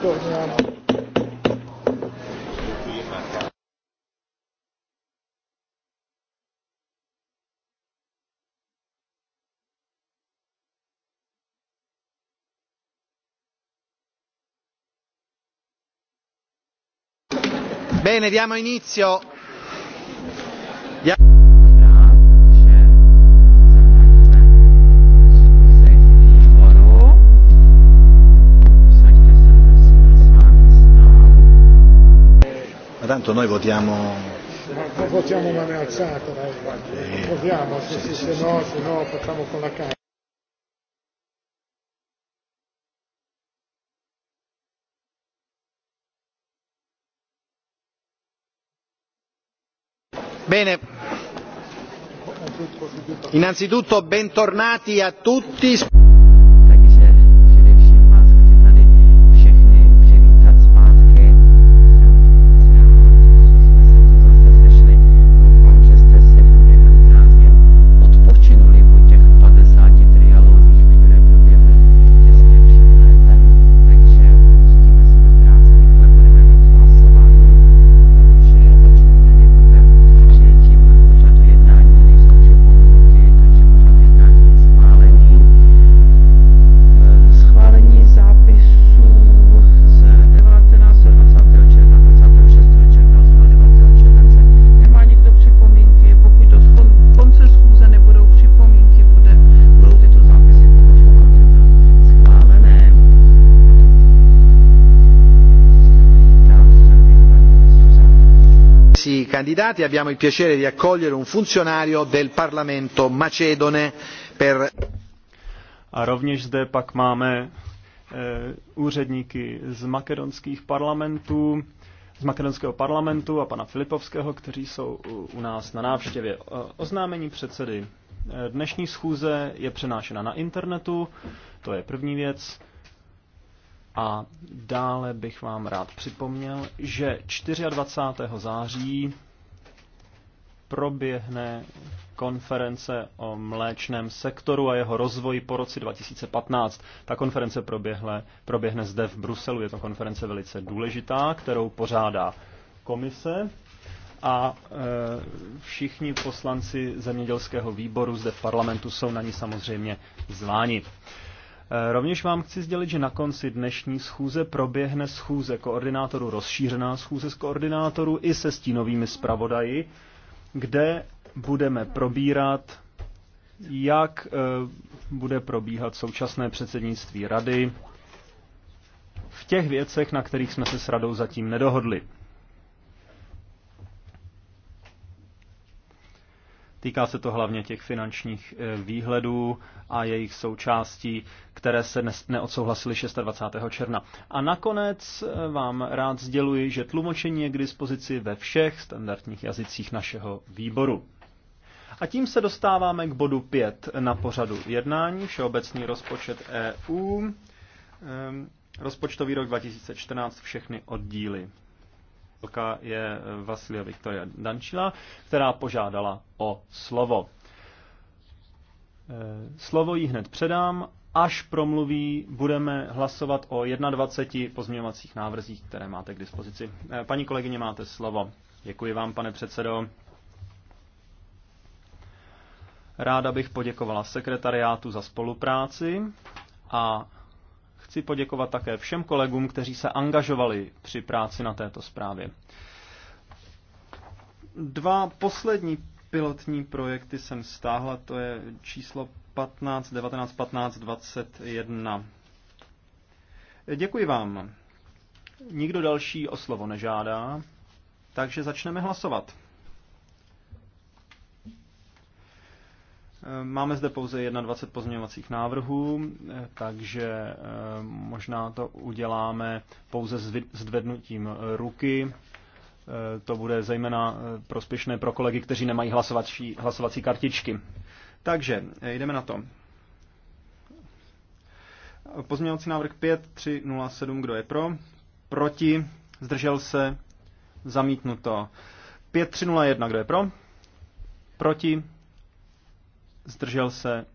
torniamo. Bene, diamo inizio. Ma tanto noi votiamo... Ma votiamo una alzata, Eh, votiamo, se, sì, se, sì, se sì. no, se no facciamo con la carta. Bene, innanzitutto bentornati a tutti. candidati abbiamo il piacere di accogliere un funzionario del Parlamento macedone per a rovněž zde pak máme eh, úředníky z makedonských parlamentů, z makedonského parlamentu a pana Filipovského, kteří jsou u, u nás na návštěvě. Oznámení předsedy. Eh, dnešní schůze je přenášena na internetu, to je první věc. A dále bych vám rád připomněl, že 24. září proběhne konference o mléčném sektoru a jeho rozvoji po roce 2015. Ta konference proběhle, proběhne zde v Bruselu. Je to konference velice důležitá, kterou pořádá komise a e, všichni poslanci zemědělského výboru zde v parlamentu jsou na ní samozřejmě zváni. E, rovněž vám chci sdělit, že na konci dnešní schůze proběhne schůze koordinátorů, rozšířená schůze z koordinátorů i se stínovými zpravodaji kde budeme probírat, jak eh, bude probíhat současné předsednictví rady v těch věcech, na kterých jsme se s radou zatím nedohodli. Týká se to hlavně těch finančních eh, výhledů a jejich součástí, které se neodsouhlasily 26. června. A nakonec eh, vám rád sděluji, že tlumočení je k dispozici ve všech standardních jazycích našeho výboru. A tím se dostáváme k bodu 5 na pořadu jednání, všeobecný rozpočet EU, ehm, rozpočtový rok 2014, všechny oddíly. Velká je eh, Vasilia Viktoria Dančila, která požádala o slovo. Eh, slovo jí hned předám. Až promluví, budeme hlasovat o 21 pozměňovacích návrzích, které máte k dispozici. Eh, paní kolegyně, máte slovo. Děkuji vám, pane předsedo. Ráda bych poděkovala sekretariátu za spolupráci a Chci poděkovat také všem kolegům, kteří se angažovali při práci na této zprávě. Dva poslední pilotní projekty jsem stáhla, to je číslo 15, 19, 15, 21. Děkuji vám. Nikdo další o slovo nežádá, takže začneme hlasovat. Máme zde pouze 21 pozměňovacích návrhů, eh, takže eh, možná to uděláme pouze zvednutím ruky. Eh, to bude zejména prospěšné pro kolegy, kteří nemají hlasovací, hlasovací kartičky. Takže jdeme na to. Pozměňovací návrh 5307, kdo je pro? Proti? Zdržel se? Zamítnuto. 5301, kdo je pro? Proti? zdržel se.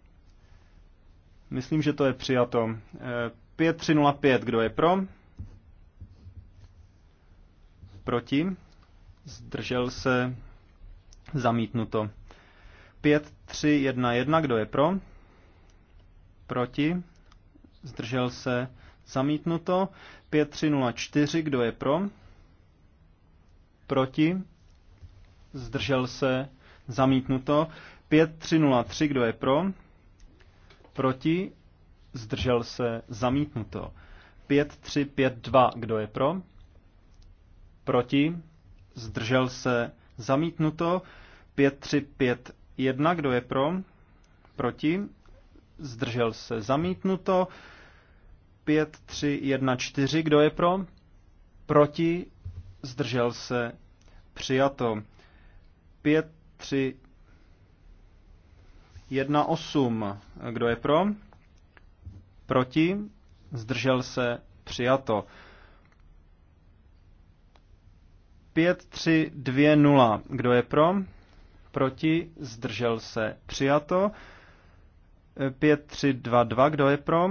Myslím, že to je přijato. 5305, eh, kdo je pro? Proti? Zdržel se. Zamítnuto. 5311, kdo je pro? Proti? Zdržel se. Zamítnuto. 5304, kdo je pro? Proti? Zdržel se. Zamítnuto. 5303, kdo je pro? Proti? Zdržel se? Zamítnuto. 5352, kdo je pro? Proti? Zdržel se? Zamítnuto. 5351, kdo je pro? Proti? Zdržel se? Zamítnuto. 5314, kdo je pro? Proti? Zdržel se? Přijato. 5, 3, 1.8. Kdo je pro? Proti? Zdržel se? Přijato. 5.3.2.0. Kdo je pro? Proti? Zdržel se? Přijato. 5.3.2.2. Kdo je pro?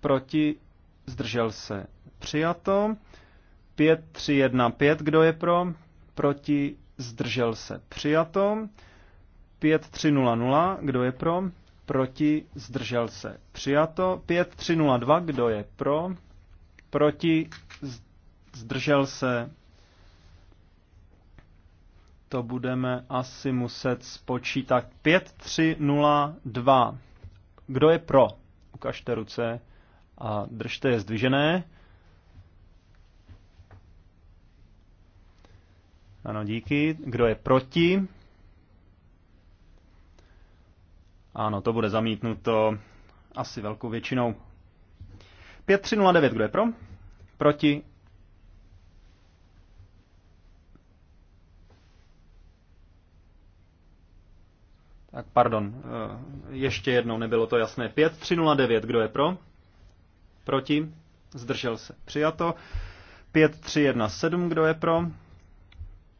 Proti? Zdržel se? Přijato. 5.3.1.5. Kdo je pro? Proti? Zdržel se? Přijato. 5, 3, 1, 5, 5300, kdo je pro? Proti, zdržel se. Přijato. 5302, kdo je pro? Proti, zdržel se. To budeme asi muset spočítat. 5302. Kdo je pro? Ukažte ruce a držte je zdvižené. Ano, díky. Kdo je proti? Ano, to bude zamítnuto asi velkou většinou. 5309, kdo je pro? Proti? Tak pardon, eh, ještě jednou nebylo to jasné. 5309, kdo je pro? Proti? Zdržel se. Přijato. 5317, kdo je pro?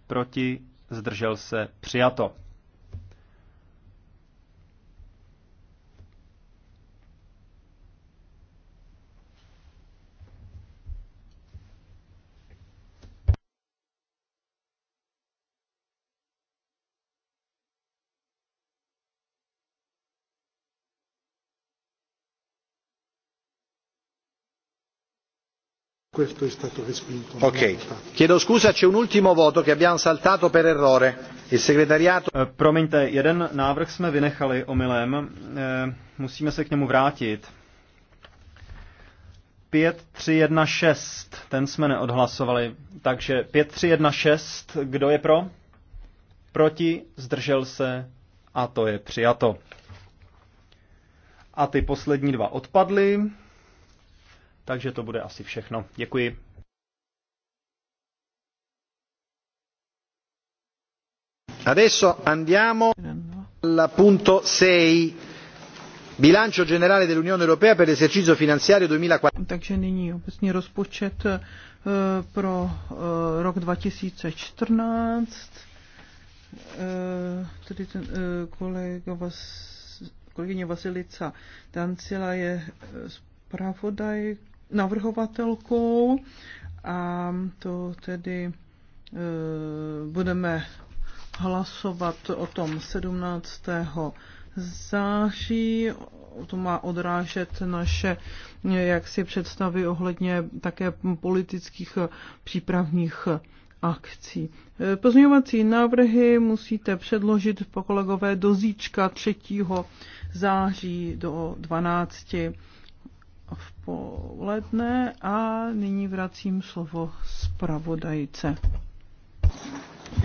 Proti? Zdržel se. Přijato. Questo è stato respinto. Ok. Chiedo scusa, c'è un ultimo voto che abbiamo saltato per errore. Il segretariato... Eh, promiňte, jeden návrh jsme vynechali omylem. Eh, musíme se k němu vrátit. 5316, ten jsme neodhlasovali. Takže 5316, kdo je pro? Proti, zdržel se a to je přijato. A ty poslední dva odpadly. Takže to bude asi všechno. Děkuji. Adesso andiamo al punto 6. Bilancio generale dell'Unione Europea per l'esercizio finanziario 2014. Takže nyní obecný rozpočet eh, pro eh, rok 2014. Eh, tedy ten kolega Vas, kolegyně Vasilica Dancila je zpravodajka navrhovatelkou a to tedy e, budeme hlasovat o tom 17. září. To má odrážet naše e, jak si představy ohledně také politických přípravních akcí. E, pozměňovací návrhy musíte předložit po kolegové do zíčka 3. září do 12 v poledne a nyní vracím slovo zpravodajce.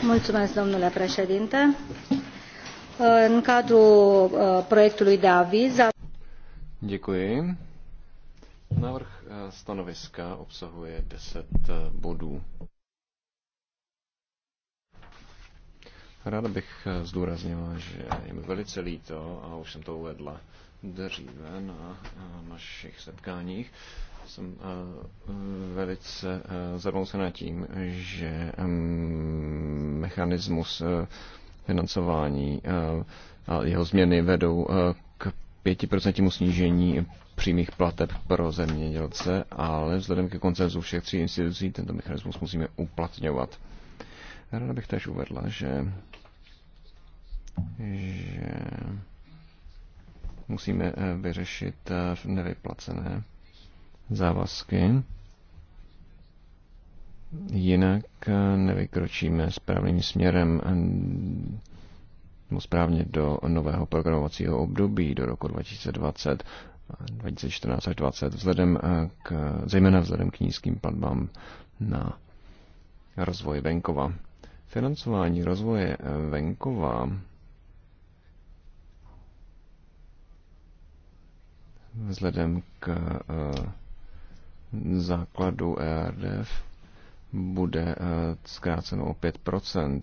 Mulțumesc, domnule președinte. În cadrul uh, proiectului de aviz... Děkuji. Návrh uh, stanoviska obsahuje 10 uh, bodů. Ráda bych zdůraznila, že je mi velice líto, a už jsem to uvedla, dříve na našich setkáních. Jsem eh, velice eh, zarmoucená tím, že mechanismus eh, financování a jeho změny vedou k 5% snížení přímých plateb pro zemědělce, ale vzhledem ke koncenzu všech tří institucí tento mechanismus musíme uplatňovat. Ráda bych též uvedla, že, že Musíme eh, vyřešit eh, nevyplacené závazky. Jinak eh, nevykročíme správným směrem nebo správně do nového programovacího období do roku 2020, 2014 až 2020, vzhledem k, zejména vzhledem k nízkým platbám na rozvoj venkova. Financování rozvoje venkova vzhledem k eh, základu ERDF bude eh, zkráceno o 5%.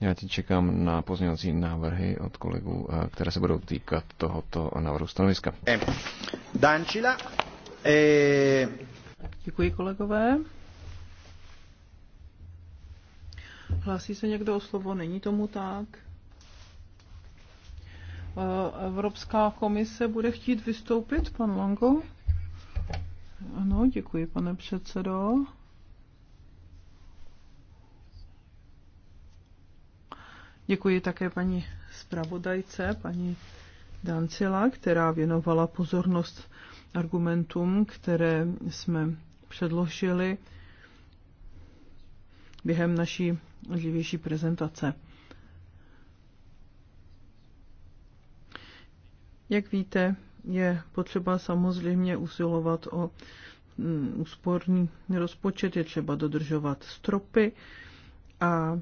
Já ti čekám na pozměňovací návrhy od kolegů, eh, které se budou týkat tohoto návrhu stanoviska. Dančila. E... Děkuji kolegové. Hlásí se někdo o slovo? Není tomu tak. Eh, Evropská komise bude chtít vystoupit, pan Lango? Ano, děkuji, pane předsedo. Děkuji také paní zpravodajce, paní Dancila, která věnovala pozornost argumentům, které jsme předložili během naší živější prezentace. Jak víte, je potřeba samozřejmě usilovat o mm, úsporný rozpočet, je třeba dodržovat stropy a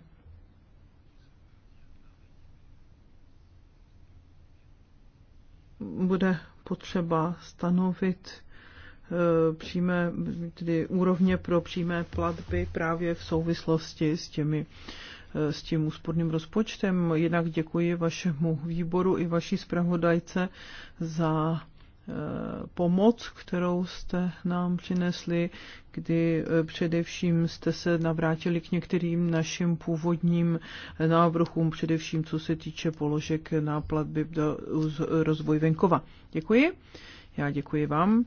bude potřeba stanovit e, přímé, tedy úrovně pro přímé platby právě v souvislosti s těmi s tím úsporným rozpočtem. Jinak děkuji vašemu výboru i vaší zpravodajce za eh, pomoc, kterou jste nám přinesli, kdy eh, především jste se navrátili k některým našim původním eh, návrhům, především co se týče položek na platby do rozvoj venkova. Děkuji. Já děkuji vám.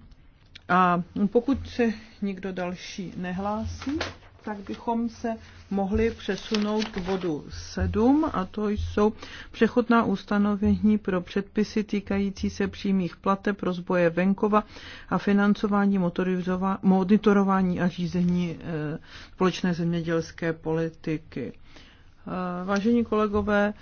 A pokud se nikdo další nehlásí, tak bychom se mohli přesunout k bodu 7 a to jsou přechodná ustanovení pro předpisy týkající se přímých plateb, rozboje venkova a financování monitorování a řízení eh, společné zemědělské politiky. Vážení kolegové,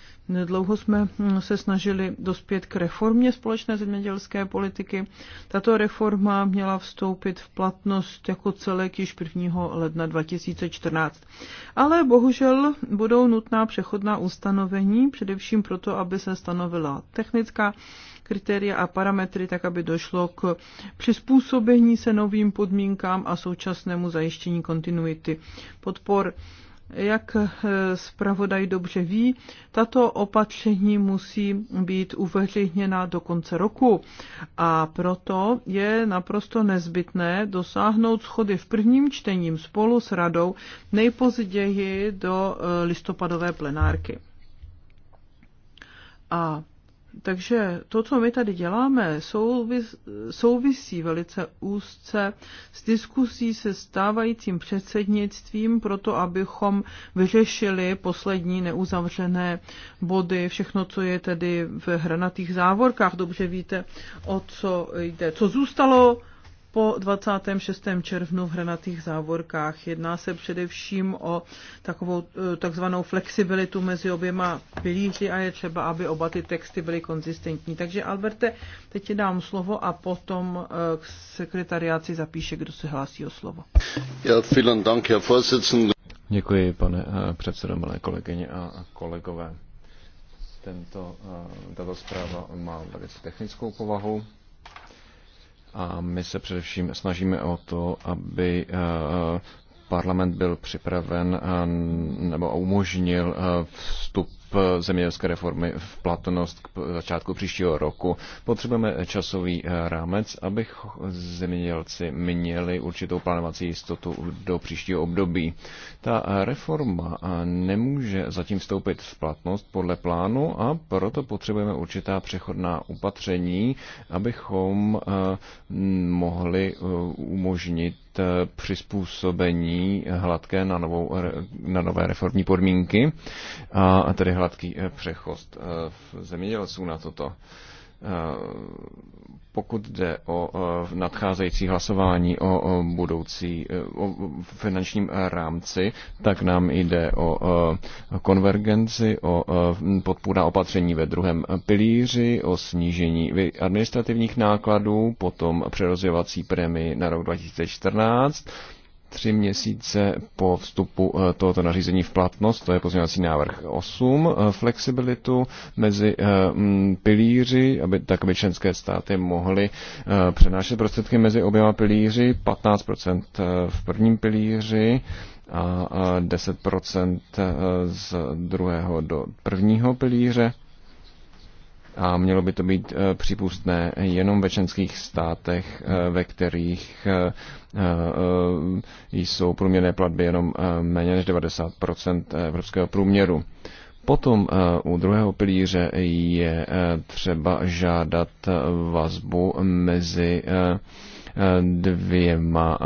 dlouho jsme hm, se snažili dospět k reformě společné zemědělské politiky. Tato reforma měla vstoupit v platnost jako celek již 1. ledna 2014. Ale bohužel budou nutná přechodná ustanovení, především proto, aby se stanovila technická kritéria a parametry, tak aby došlo k přizpůsobení se novým podmínkám a současnému zajištění kontinuity podpor jak eh, zpravodaj dobře ví, tato opatření musí být uveřejněna do konce roku a proto je naprosto nezbytné dosáhnout schody v prvním čtením spolu s radou nejpozději do eh, listopadové plenárky. A takže to, co my tady děláme, souvisí velice úzce s diskusí se stávajícím předsednictvím, proto abychom vyřešili poslední neuzavřené body, všechno, co je tedy v hranatých závorkách. Dobře víte, o co jde, co zůstalo po 26. červnu v hranatých závorkách. Jedná se především o takovou e, takzvanou flexibilitu mezi oběma pilíři a je třeba, aby oba ty texty byly konzistentní. Takže Alberte, teď ti dám slovo a potom k e, sekretariáci zapíše, kdo se hlásí o slovo. Ja, vielen Dank, Herr Děkuji, pane e, předsedo, milé kolegyně a kolegové. Tento, tato zpráva má velice technickou povahu a my se především snažíme o to, aby eh, parlament byl připraven eh, nebo umožnil eh, vstup zemědělské reformy v platnost k začátku příštího roku. Potřebujeme časový eh, rámec, aby zemědělci měli určitou plánovací jistotu do příštího období. Ta eh, reforma eh, nemůže zatím vstoupit v platnost podle plánu a proto potřebujeme určitá přechodná opatření, abychom mohli umožnit Eh, přizpůsobení hladké na, novou, na nové reformní podmínky a tedy hladký eh, přechod eh, zemědělců na toto pokud jde o e, nadcházející hlasování o budoucí e, o finančním rámci, tak nám jde o e, konvergenci, o podpůra opatření ve druhém pilíři, o snížení administrativních nákladů, potom přerozdělovací prémii na rok 2014, tři měsíce po vstupu eh, tohoto nařízení v platnost, to je pozměňovací návrh 8, eh, flexibilitu mezi eh, pilíři, aby, tak aby členské státy mohly přenášet prostředky mezi oběma pilíři, 15% v prvním pilíři, a 10% z druhého do prvního pilíře a mělo by to být eh, přípustné jenom ve členských státech, eh, ve kterých eh, jsou průměrné platby jenom méně než 90 evropského průměru. Potom u druhého pilíře je třeba žádat vazbu mezi dvěma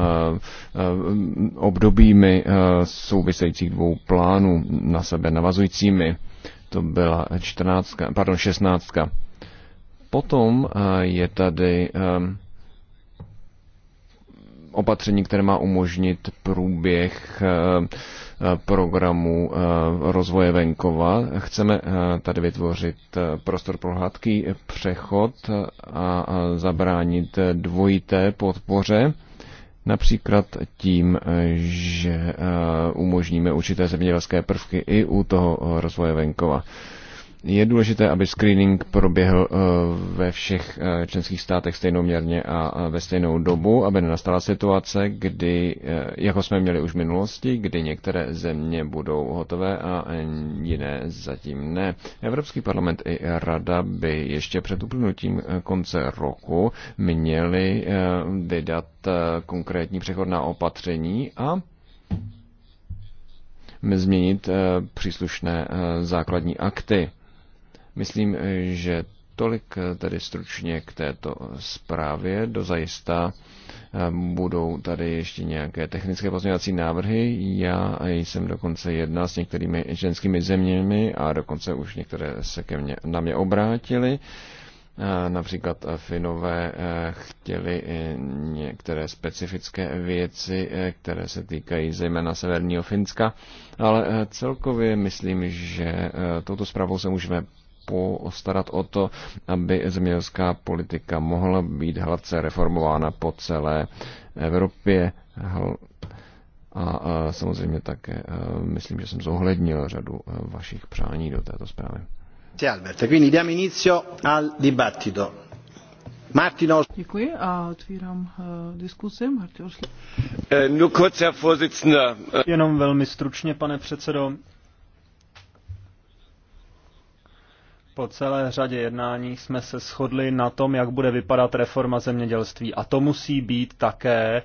obdobími souvisejících dvou plánů na sebe navazujícími to byla 14, pardon, 16. Potom eh, je tady ehm, opatření, které má umožnit průběh eh, eh, programu rozvoje venkova. Chceme tady vytvořit prostor pro hladký přechod a zabránit dvojité podpoře Například tím, že eh, umožníme určité zemědělské prvky i u toho eh, rozvoje venkova. Je důležité, aby screening proběhl eh, ve všech eh, členských státech stejnoměrně a ve stejnou dobu, aby nenastala situace, kdy, eh, jako jsme měli už v minulosti, kdy některé země budou hotové a jiné zatím ne. Evropský parlament i rada by ještě před uplynutím konce roku měli vydat konkrétní přechodná opatření a změnit příslušné základní akty. Myslím, eh, že tolik eh, tedy stručně k této zprávě. zajista eh, budou tady ještě nějaké technické pozměňovací návrhy. Já jsem dokonce jedna s některými ženskými zeměmi a dokonce už některé se ke mně, na mě obrátili. Například Finové chtěli některé specifické věci, které se týkají zejména severního Finska, ale celkově myslím, že touto zprávou se můžeme postarat o to, aby zemědělská politika mohla být hladce reformována po celé Evropě. A samozřejmě také e, myslím, že jsem zohlednil řadu e, vašich přání do této zprávy. Děkuji a otvírám uh, diskusi. Martin Jenom velmi stručně, pane předsedo. Po celé řadě jednání jsme se shodli na tom, jak bude vypadat reforma zemědělství. A to musí být také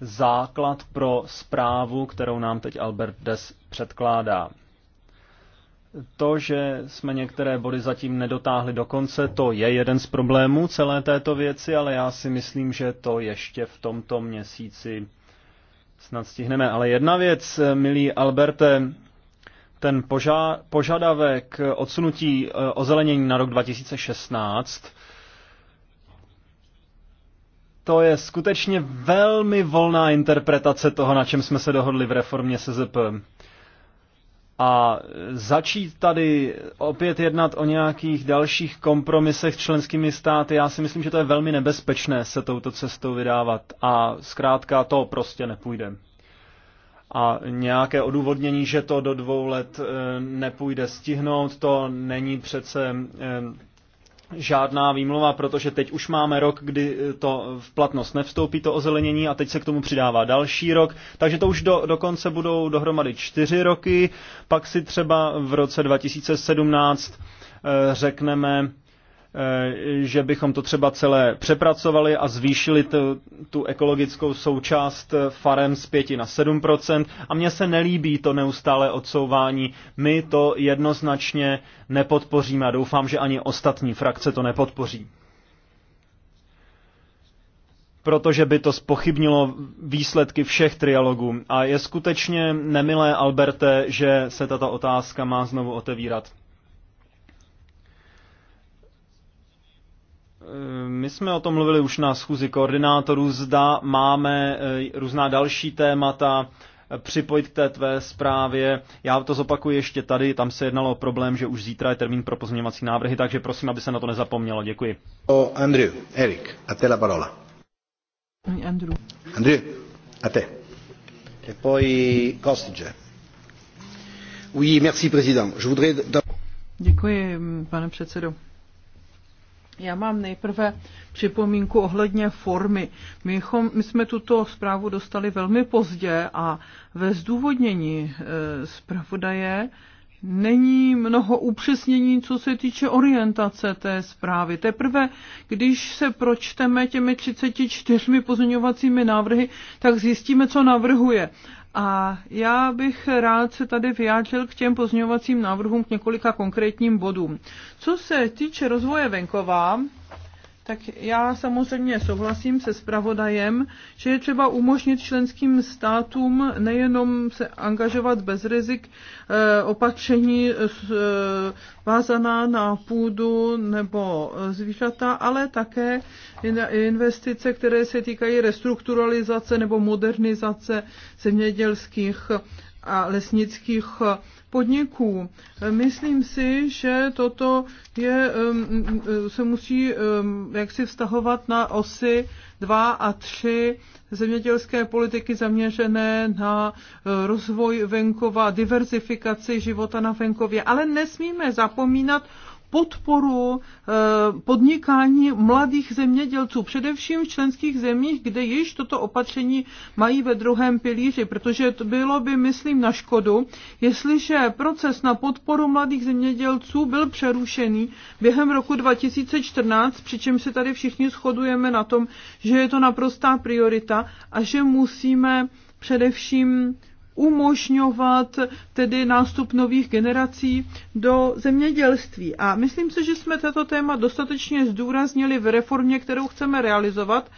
základ pro zprávu, kterou nám teď Albert Des předkládá. To, že jsme některé body zatím nedotáhli do konce, to je jeden z problémů celé této věci, ale já si myslím, že to ještě v tomto měsíci snad stihneme. Ale jedna věc, milý Alberte, ten poža- požadavek odsunutí eh, ozelenění na rok 2016, to je skutečně velmi volná interpretace toho, na čem jsme se dohodli v reformě SZP. A začít tady opět jednat o nějakých dalších kompromisech s členskými státy, já si myslím, že to je velmi nebezpečné se touto cestou vydávat. A zkrátka to prostě nepůjde. A nějaké odůvodnění, že to do dvou let eh, nepůjde stihnout, to není přece eh, žádná výmluva, protože teď už máme rok, kdy eh, to v platnost nevstoupí, to ozelenění, a teď se k tomu přidává další rok, takže to už do, dokonce budou dohromady čtyři roky, pak si třeba v roce 2017 řekneme, Eh, že bychom to třeba celé přepracovali a zvýšili tu, tu ekologickou součást farem z 5 na 7 A mně se nelíbí to neustále odsouvání. My to jednoznačně nepodpoříme a doufám, že ani ostatní frakce to nepodpoří. Protože by to spochybnilo výsledky všech trialogů. A je skutečně nemilé, Alberte, že se tato otázka má znovu otevírat. Eh, my jsme o tom mluvili už na schůzi koordinátorů, zda máme eh, různá další témata eh, připojit k té tvé zprávě. Já to zopakuji ještě tady, tam se jednalo o problém, že už zítra je termín pro pozměňovací návrhy, takže prosím, aby se na to nezapomnělo. Děkuji. O Andrew, Erik, a te la parola. Andrew. Andrew, a te. E poi Kostinger. Oui, merci, président. Je voudrais... Děkuji, mm, pane předsedo. Já mám nejprve připomínku ohledně formy. My, chom, my jsme tuto zprávu dostali velmi pozdě a ve zdůvodnění e, zpravodaje e, není mnoho upřesnění, co se týče orientace té zprávy. Teprve, když se pročteme těmi 34 pozměňovacími návrhy, tak zjistíme, co navrhuje. A já bych rád se tady vyjádřil k těm pozměňovacím návrhům k několika konkrétním bodům. Co se týče rozvoje venkova, tak já samozřejmě souhlasím se spravodajem, že je třeba umožnit členským státům nejenom se angažovat bez rizik eh, opatření eh, vázaná na půdu nebo eh, zvířata, ale také investice, které se týkají restrukturalizace nebo modernizace zemědělských a lesnických podniků. Myslím si, že toto je, um, um, se musí um, jaksi vztahovat na osy 2 a 3 zemědělské politiky zaměřené na eh, rozvoj venkova, diverzifikaci života na venkově. Ale nesmíme zapomínat podporu eh, podnikání mladých zemědělců, především v členských zemích, kde již toto opatření mají ve druhém pilíři, protože to bylo by, myslím, na škodu, jestliže proces na podporu mladých zemědělců byl přerušený během roku 2014, přičemž se tady všichni shodujeme na tom, že je to naprostá priorita a že musíme především umožňovat tedy nástup nových generací do zemědělství. A myslím si, že jsme tato téma dostatečně zdůraznili v reformě, kterou chceme realizovat,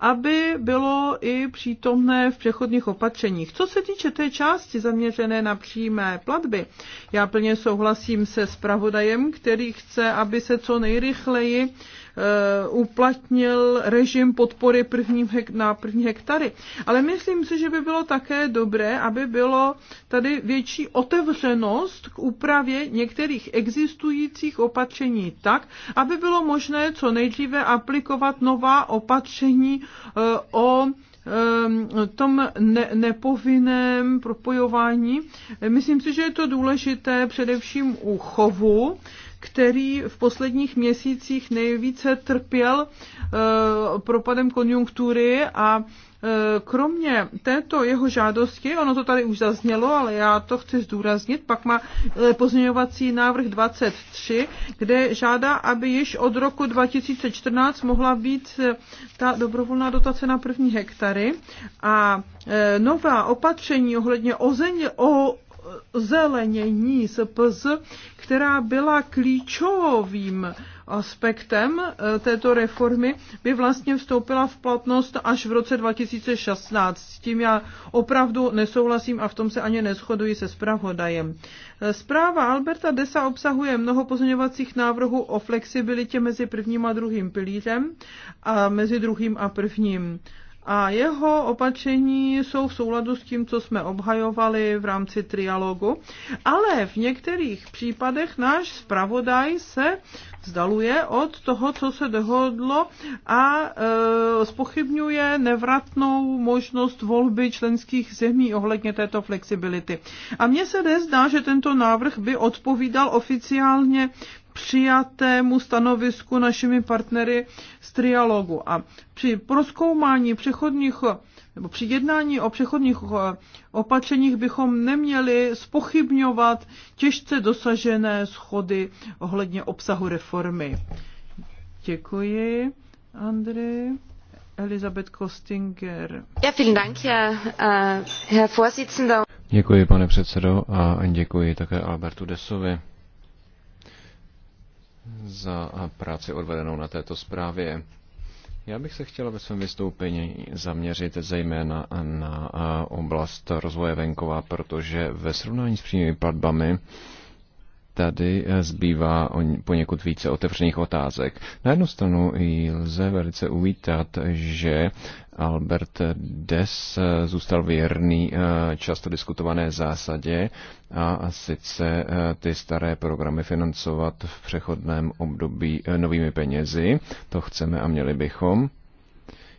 aby bylo i přítomné v přechodných opatřeních. Co se týče té části zaměřené na přímé platby, já plně souhlasím se spravodajem, který chce, aby se co nejrychleji Eh, uplatnil režim podpory první, na první hektary. Ale myslím si, že by bylo také dobré, aby bylo tady větší otevřenost k úpravě některých existujících opatření tak, aby bylo možné co nejdříve aplikovat nová opatření eh, o eh, tom ne- nepovinném propojování. Myslím si, že je to důležité především u chovu, který v posledních měsících nejvíce trpěl eh, propadem konjunktury a eh, kromě této jeho žádosti, ono to tady už zaznělo, ale já to chci zdůraznit, pak má eh, pozměňovací návrh 23, kde žádá, aby již od roku 2014 mohla být ta dobrovolná dotace na první hektary a nová opatření ohledně ozeň, o zelenění, SPZ, která byla klíčovým aspektem eh, této reformy, by vlastně vstoupila v platnost až v roce 2016. S tím já opravdu nesouhlasím a v tom se ani neschoduji se zpravodajem. Eh, zpráva Alberta Desa obsahuje mnoho pozměňovacích návrhů o flexibilitě mezi prvním a druhým pilířem a mezi druhým a prvním a jeho opatření jsou v souladu s tím, co jsme obhajovali v rámci trialogu, ale v některých případech náš zpravodaj se vzdaluje od toho, co se dohodlo a e, spochybňuje nevratnou možnost volby členských zemí ohledně této flexibility. A mně se nezdá, že tento návrh by odpovídal oficiálně přijatému stanovisku našimi partnery z trialogu. A při proskoumání přechodních nebo při jednání o přechodních eh, opatřeních bychom neměli spochybňovat těžce dosažené schody ohledně obsahu reformy. Děkuji, Andrej. Elisabeth Kostinger. Ja, vielen Dank, uh, Herr Vorsitzender. Děkuji, pane předsedo, a děkuji také Albertu Desovi za práci odvedenou na této zprávě. Já bych se chtěla ve svém vystoupení zaměřit zejména na eh, oblast rozvoje venkova, protože ve srovnání s přímými platbami tady eh, zbývá poněkud více otevřených otázek. Na jednu stranu lze velice uvítat, že Albert Des eh, zůstal věrný eh, často diskutované zásadě a sice ty staré programy financovat v přechodném období novými penězi. To chceme a měli bychom.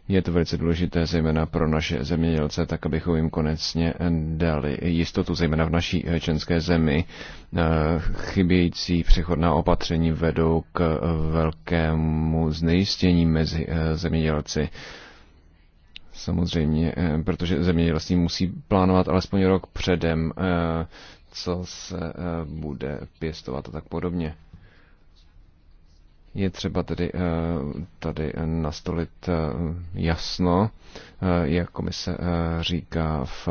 Je to velice důležité, zejména pro naše zemědělce, tak abychom jim konecně dali jistotu, zejména v naší eh, české zemi. Eh, chybějící přechodná opatření vedou k eh, velkému znejistění mezi zemědělci. Samozřejmě, protože zemědělství musí plánovat alespoň rok předem, co se bude pěstovat a tak podobně je třeba tedy eh, tady nastolit eh, jasno, eh, jak komise říká v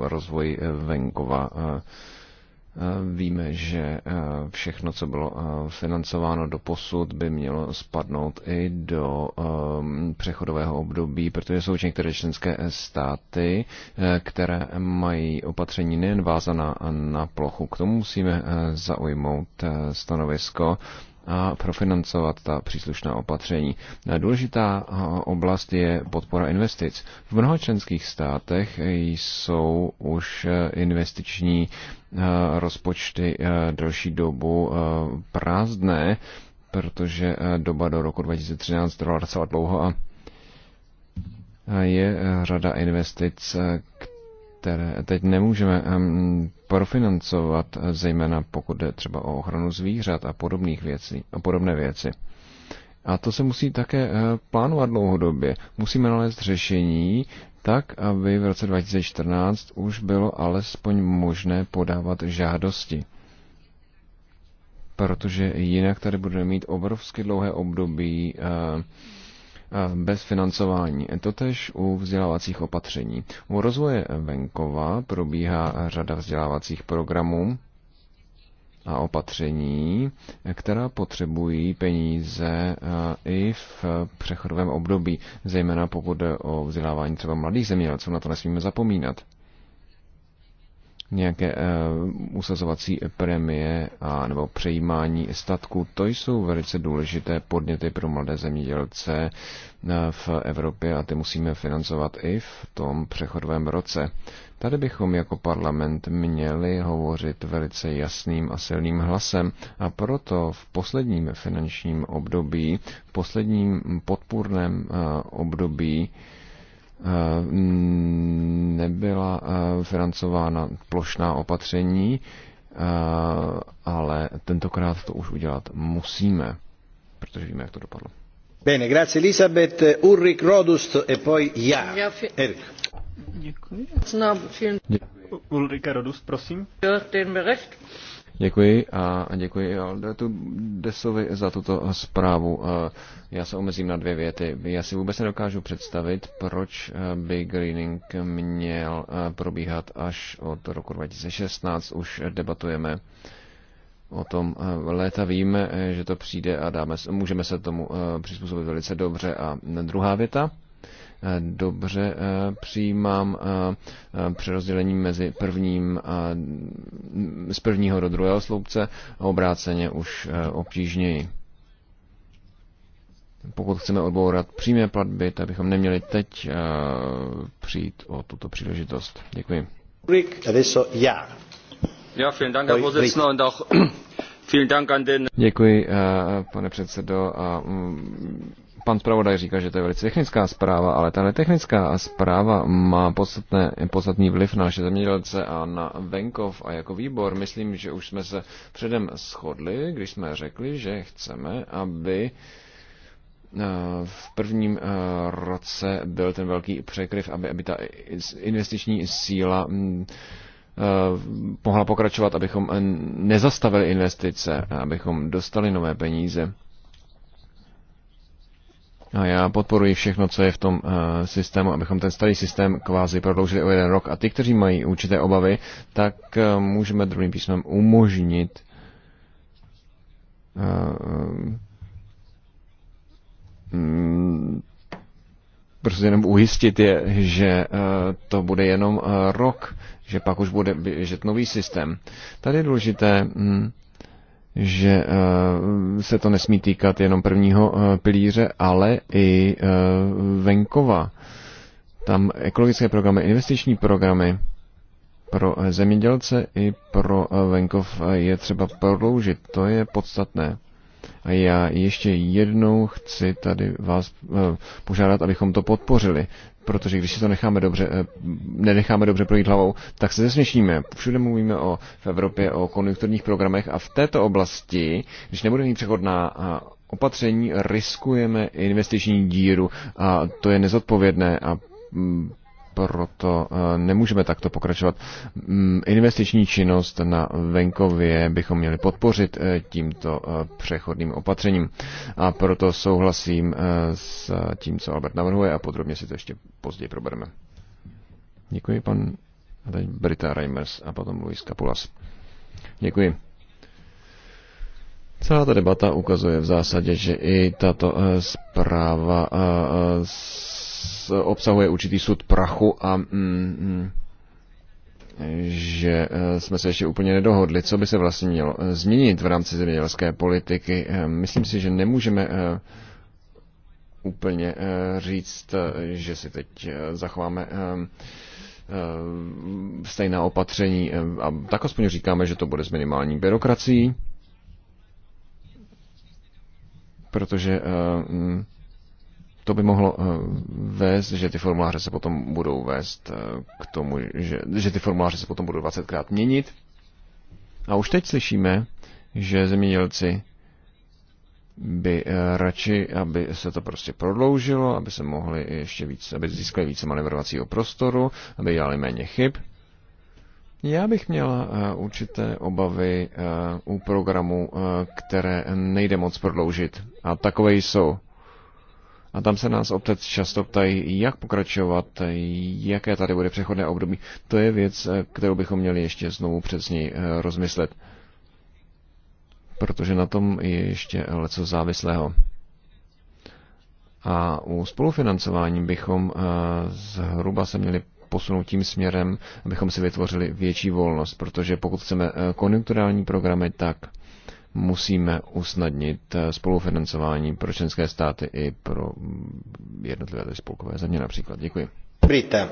rozvoji venkova. Víme, že všechno, co bylo financováno do posud, by mělo spadnout i do přechodového období, protože jsou některé členské státy, které mají opatření nejen vázaná na plochu. K tomu musíme zaujmout stanovisko a profinancovat ta příslušná opatření. Důležitá oblast je podpora investic. V mnoha členských státech jsou už e, investiční e, rozpočty e, další dobu prázdné, protože doba do roku 2013 trvala docela dlouho a je řada investic, které teď nemůžeme profinancovat, zejména pokud jde třeba o ochranu zvířat a podobných věcí, a podobné věci. A to se musí také eh, plánovat dlouhodobě. Musíme nalézt řešení tak, aby v roce 2014 už bylo alespoň možné podávat žádosti. Protože jinak tady budeme mít obrovsky dlouhé období uh, bez financování. Totež u vzdělávacích opatření. U rozvoje venkova probíhá řada vzdělávacích programů a opatření, která potřebují peníze i v přechodovém období, zejména pokud jde o vzdělávání třeba mladých zemědělců, na to nesmíme zapomínat nějaké uh, usazovací premie a nebo přejímání statku. To jsou velice důležité podněty pro mladé zemědělce eh, v Evropě a ty musíme financovat i v tom přechodovém roce. Tady bychom jako parlament měli hovořit velice jasným a silným hlasem a proto v posledním finančním období, v posledním podpůrném eh, období, Ehm, nebyla eh, financována plošná opatření, eh, ale tentokrát to už udělat musíme, protože víme, jak to dopadlo. Bene, grazie Elisabeth, Ulrich Rodust e poi Ja. Erik. Děkuji. Ulrika Rodust, prosím. Den Bericht. Děkuji a děkuji Aldetu Desovi za tuto zprávu. E, já se omezím na dvě věty. Já si vůbec nedokážu představit, proč e, by greening měl e, probíhat až od roku 2016. Už debatujeme o tom léta víme, že to přijde a dáme, můžeme se tomu přizpůsobit velice dobře. A druhá věta, dobře eh, přijímám eh, eh, přerozdělení mezi prvním a mm, z prvního do druhého sloupce a obráceně už obtížněji. Pokud chceme odbourat přímé platby, tak bychom neměli teď přijít o tuto příležitost. Děkuji. Děkuji, pane předsedo, a mm, pan zpravodaj říká, že to je velice technická zpráva, ale tahle technická zpráva má podstatné, podstatný vliv na naše zemědělce a na venkov a jako výbor. Myslím, že už jsme se předem shodli, když jsme řekli, že chceme, aby eh, v prvním eh, roce byl ten velký překryv, aby, aby ta investiční síla mm, eh, mohla pokračovat, abychom nezastavili investice, abychom dostali nové peníze. A já podporuji všechno, co je v tom uh, systému, abychom ten starý systém kvázi prodloužili o jeden rok. A ty, kteří mají určité obavy, tak uh, můžeme druhým písmem umožnit uh, um, prostě jenom ujistit je, že to bude jenom rok, že pak už bude běžet nový systém. Tady je důležité, Um, že eh, se to nesmí týkat jenom prvního eh, pilíře, ale i eh, venkova. Tam ekologické programy, investiční programy pro zemědělce i pro venkov je třeba prodloužit. To je podstatné. A já ještě jednou chci tady vás požádat, abychom to podpořili protože když si to necháme dobře, eh, nenecháme dobře projít hlavou, tak se zesměšníme. Všude mluvíme o, v Evropě o konjunkturních programech a v této oblasti, když nebudeme mít přechodná opatření, riskujeme investiční díru a to je nezodpovědné a mm, proto eh, nemůžeme takto pokračovat. Mm, investiční činnost na venkově bychom měli podpořit eh, tímto eh, přechodným opatřením a proto souhlasím s tím, co Albert navrhuje a podrobně si to ještě později probereme. Děkuji, pan Brita Reimers a potom Luis Capulas. Děkuji. Celá ta debata ukazuje v zásadě, že i tato zpráva s obsahuje určitý sud prachu a mm, mm že eh, jsme se ještě úplně nedohodli, co by se vlastně mělo eh, změnit v rámci zemědělské politiky. Eh, myslím si, že nemůžeme úplně říct, že si teď zachováme stejná opatření. A tak aspoň říkáme, že to bude s minimální byrokracií, protože mm, to by mohlo eh, vést, že ty formuláře se potom budou vést eh, k tomu, že, že ty formuláře se potom budou 20krát měnit. A už teď slyšíme, že zemědělci by eh, radši, aby se to prostě prodloužilo, aby se mohli ještě víc, aby získali více manevrovacího prostoru, aby dělali méně chyb. Já bych měl určité obavy u programů, které nejde moc prodloužit. A takové jsou a tam se nás občas často ptají, jak pokračovat, jaké tady bude přechodné období. To je věc, eh, kterou bychom měli ještě znovu přesně eh, rozmyslet. Protože na tom je ještě leco závislého. A u spolufinancování bychom eh, zhruba se měli posunout tím směrem, abychom si vytvořili větší volnost, protože pokud chceme konjunkturální programy, tak musíme usnadnit eh, spolufinancování pro členské státy i pro mm, jednotlivé spolkové země například. Děkuji. Brita.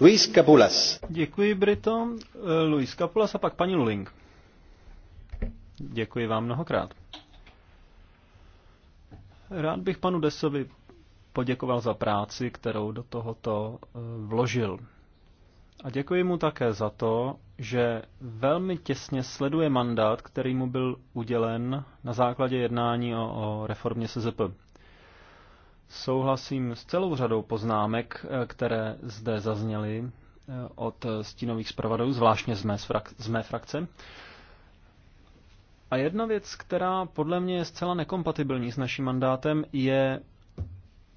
Luis Capulas. Děkuji, Brito. Eh, Luis Capulas a pak paní Luling. Děkuji vám mnohokrát. Rád bych panu Desovi poděkoval za práci, kterou do tohoto eh, vložil. A děkuji mu také za to, že velmi těsně sleduje mandát, který mu byl udělen na základě jednání o, o reformě SZP. Souhlasím s celou řadou poznámek, eh, které zde zazněly eh, od stínových zpravodajů, zvláštně z mé, frak- z mé frakce. A jedna věc, která podle mě je zcela nekompatibilní s naším mandátem, je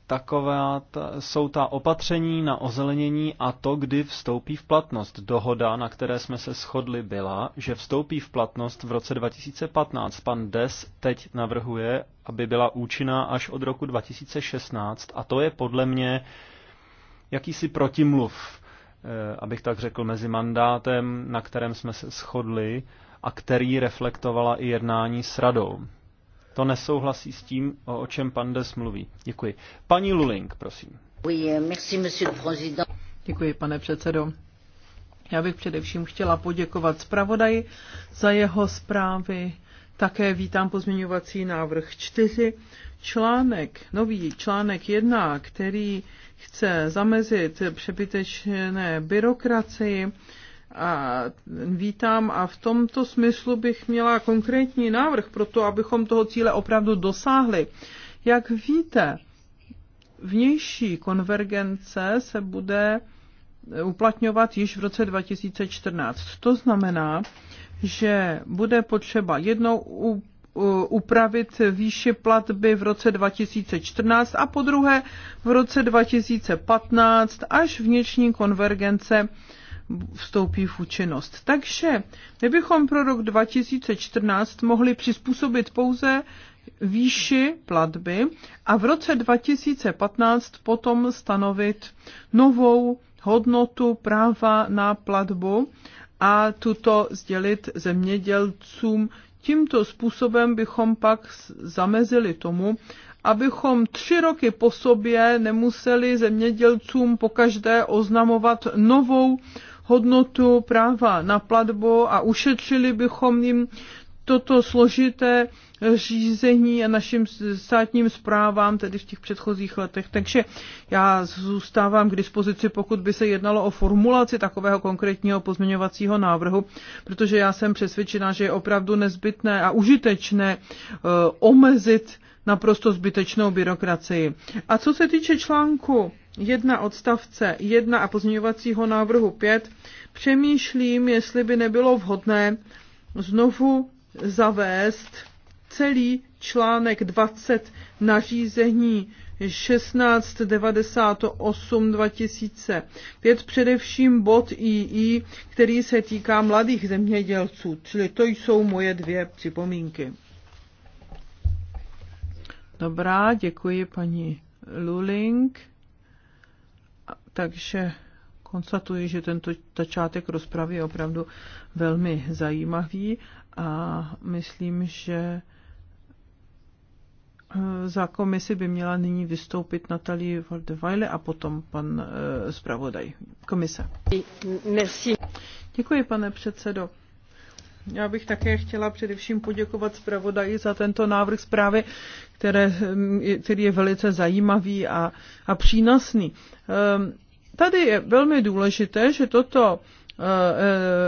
taková ta, jsou ta opatření na ozelenění a to, kdy vstoupí v platnost. Dohoda, na které jsme se shodli, byla, že vstoupí v platnost v roce 2015. Pan Des teď navrhuje, aby byla účinná až od roku 2016 a to je podle mě jakýsi protimluv, eh, abych tak řekl, mezi mandátem, na kterém jsme se shodli a který reflektovala i jednání s radou to nesouhlasí s tím, o čem pan Des mluví. Děkuji. Paní Luling, prosím. Děkuji, pane předsedo. Já bych především chtěla poděkovat zpravodaji za jeho zprávy. Také vítám pozměňovací návrh 4. Článek, nový článek 1, který chce zamezit přebytečné byrokracii, a vítám a v tomto smyslu bych měla konkrétní návrh pro to, abychom toho cíle opravdu dosáhli. Jak víte, vnější konvergence se bude uplatňovat již v roce 2014. To znamená, že bude potřeba jednou upravit výši platby v roce 2014 a po druhé v roce 2015, až vnitřní konvergence vstoupí v účinnost. Takže my bychom pro rok 2014 mohli přizpůsobit pouze výši platby a v roce 2015 potom stanovit novou hodnotu práva na platbu a tuto sdělit zemědělcům. Tímto způsobem bychom pak zamezili tomu, abychom tři roky po sobě nemuseli zemědělcům pokaždé oznamovat novou hodnotu práva na platbu a ušetřili bychom jim toto složité řízení a našim státním zprávám, tedy v těch předchozích letech. Takže já zůstávám k dispozici, pokud by se jednalo o formulaci takového konkrétního pozměňovacího návrhu, protože já jsem přesvědčena, že je opravdu nezbytné a užitečné e, omezit naprosto zbytečnou byrokracii. A co se týče článku 1 odstavce 1 a pozměňovacího návrhu 5 přemýšlím, jestli by nebylo vhodné znovu zavést celý článek 20 nařízení 1698-2005, především bod II, který se týká mladých zemědělců. Čili to jsou moje dvě připomínky. Dobrá, děkuji paní Luling takže konstatuji, že tento začátek rozpravy je opravdu velmi zajímavý a myslím, že eh, za komisi by měla nyní vystoupit Natalie Valdevajle a potom pan eh, zpravodaj komise. Merci. Děkuji, pane předsedo. Já bych také chtěla především poděkovat zpravodaji za tento návrh zprávy, které, eh, který je velice zajímavý a, a přínosný. Ehm, Tady je velmi důležité, že toto, eh,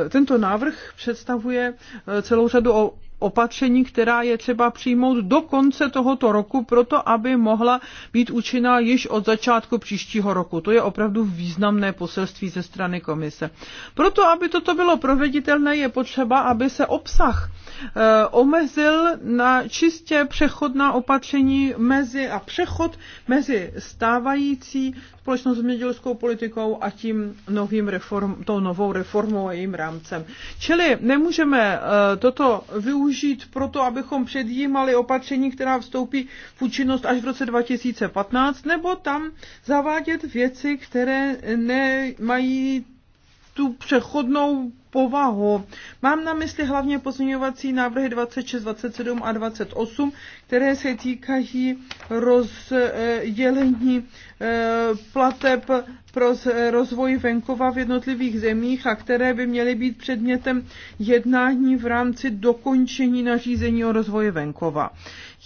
eh, tento návrh představuje eh, celou řadu opatření, která je třeba přijmout do konce tohoto roku, proto aby mohla být účinná již od začátku příštího roku. To je opravdu významné poselství ze strany komise. Proto, aby toto bylo proveditelné, je potřeba, aby se obsah e, omezil na čistě přechodná opatření mezi a přechod mezi stávající společnou zemědělskou politikou a tím novým reform, tou novou reformou a jejím rámcem. Čili nemůžeme e, toto využít využít proto, abychom předjímali opatření, která vstoupí v účinnost až v roce 2015, nebo tam zavádět věci, které nemají tu přechodnou povahu. Mám na mysli hlavně pozměňovací návrhy 26, 27 a 28, které se týkají rozdělení eh, plateb pro rozvoj venkova v jednotlivých zemích a které by měly být předmětem jednání v rámci dokončení nařízení o rozvoji venkova.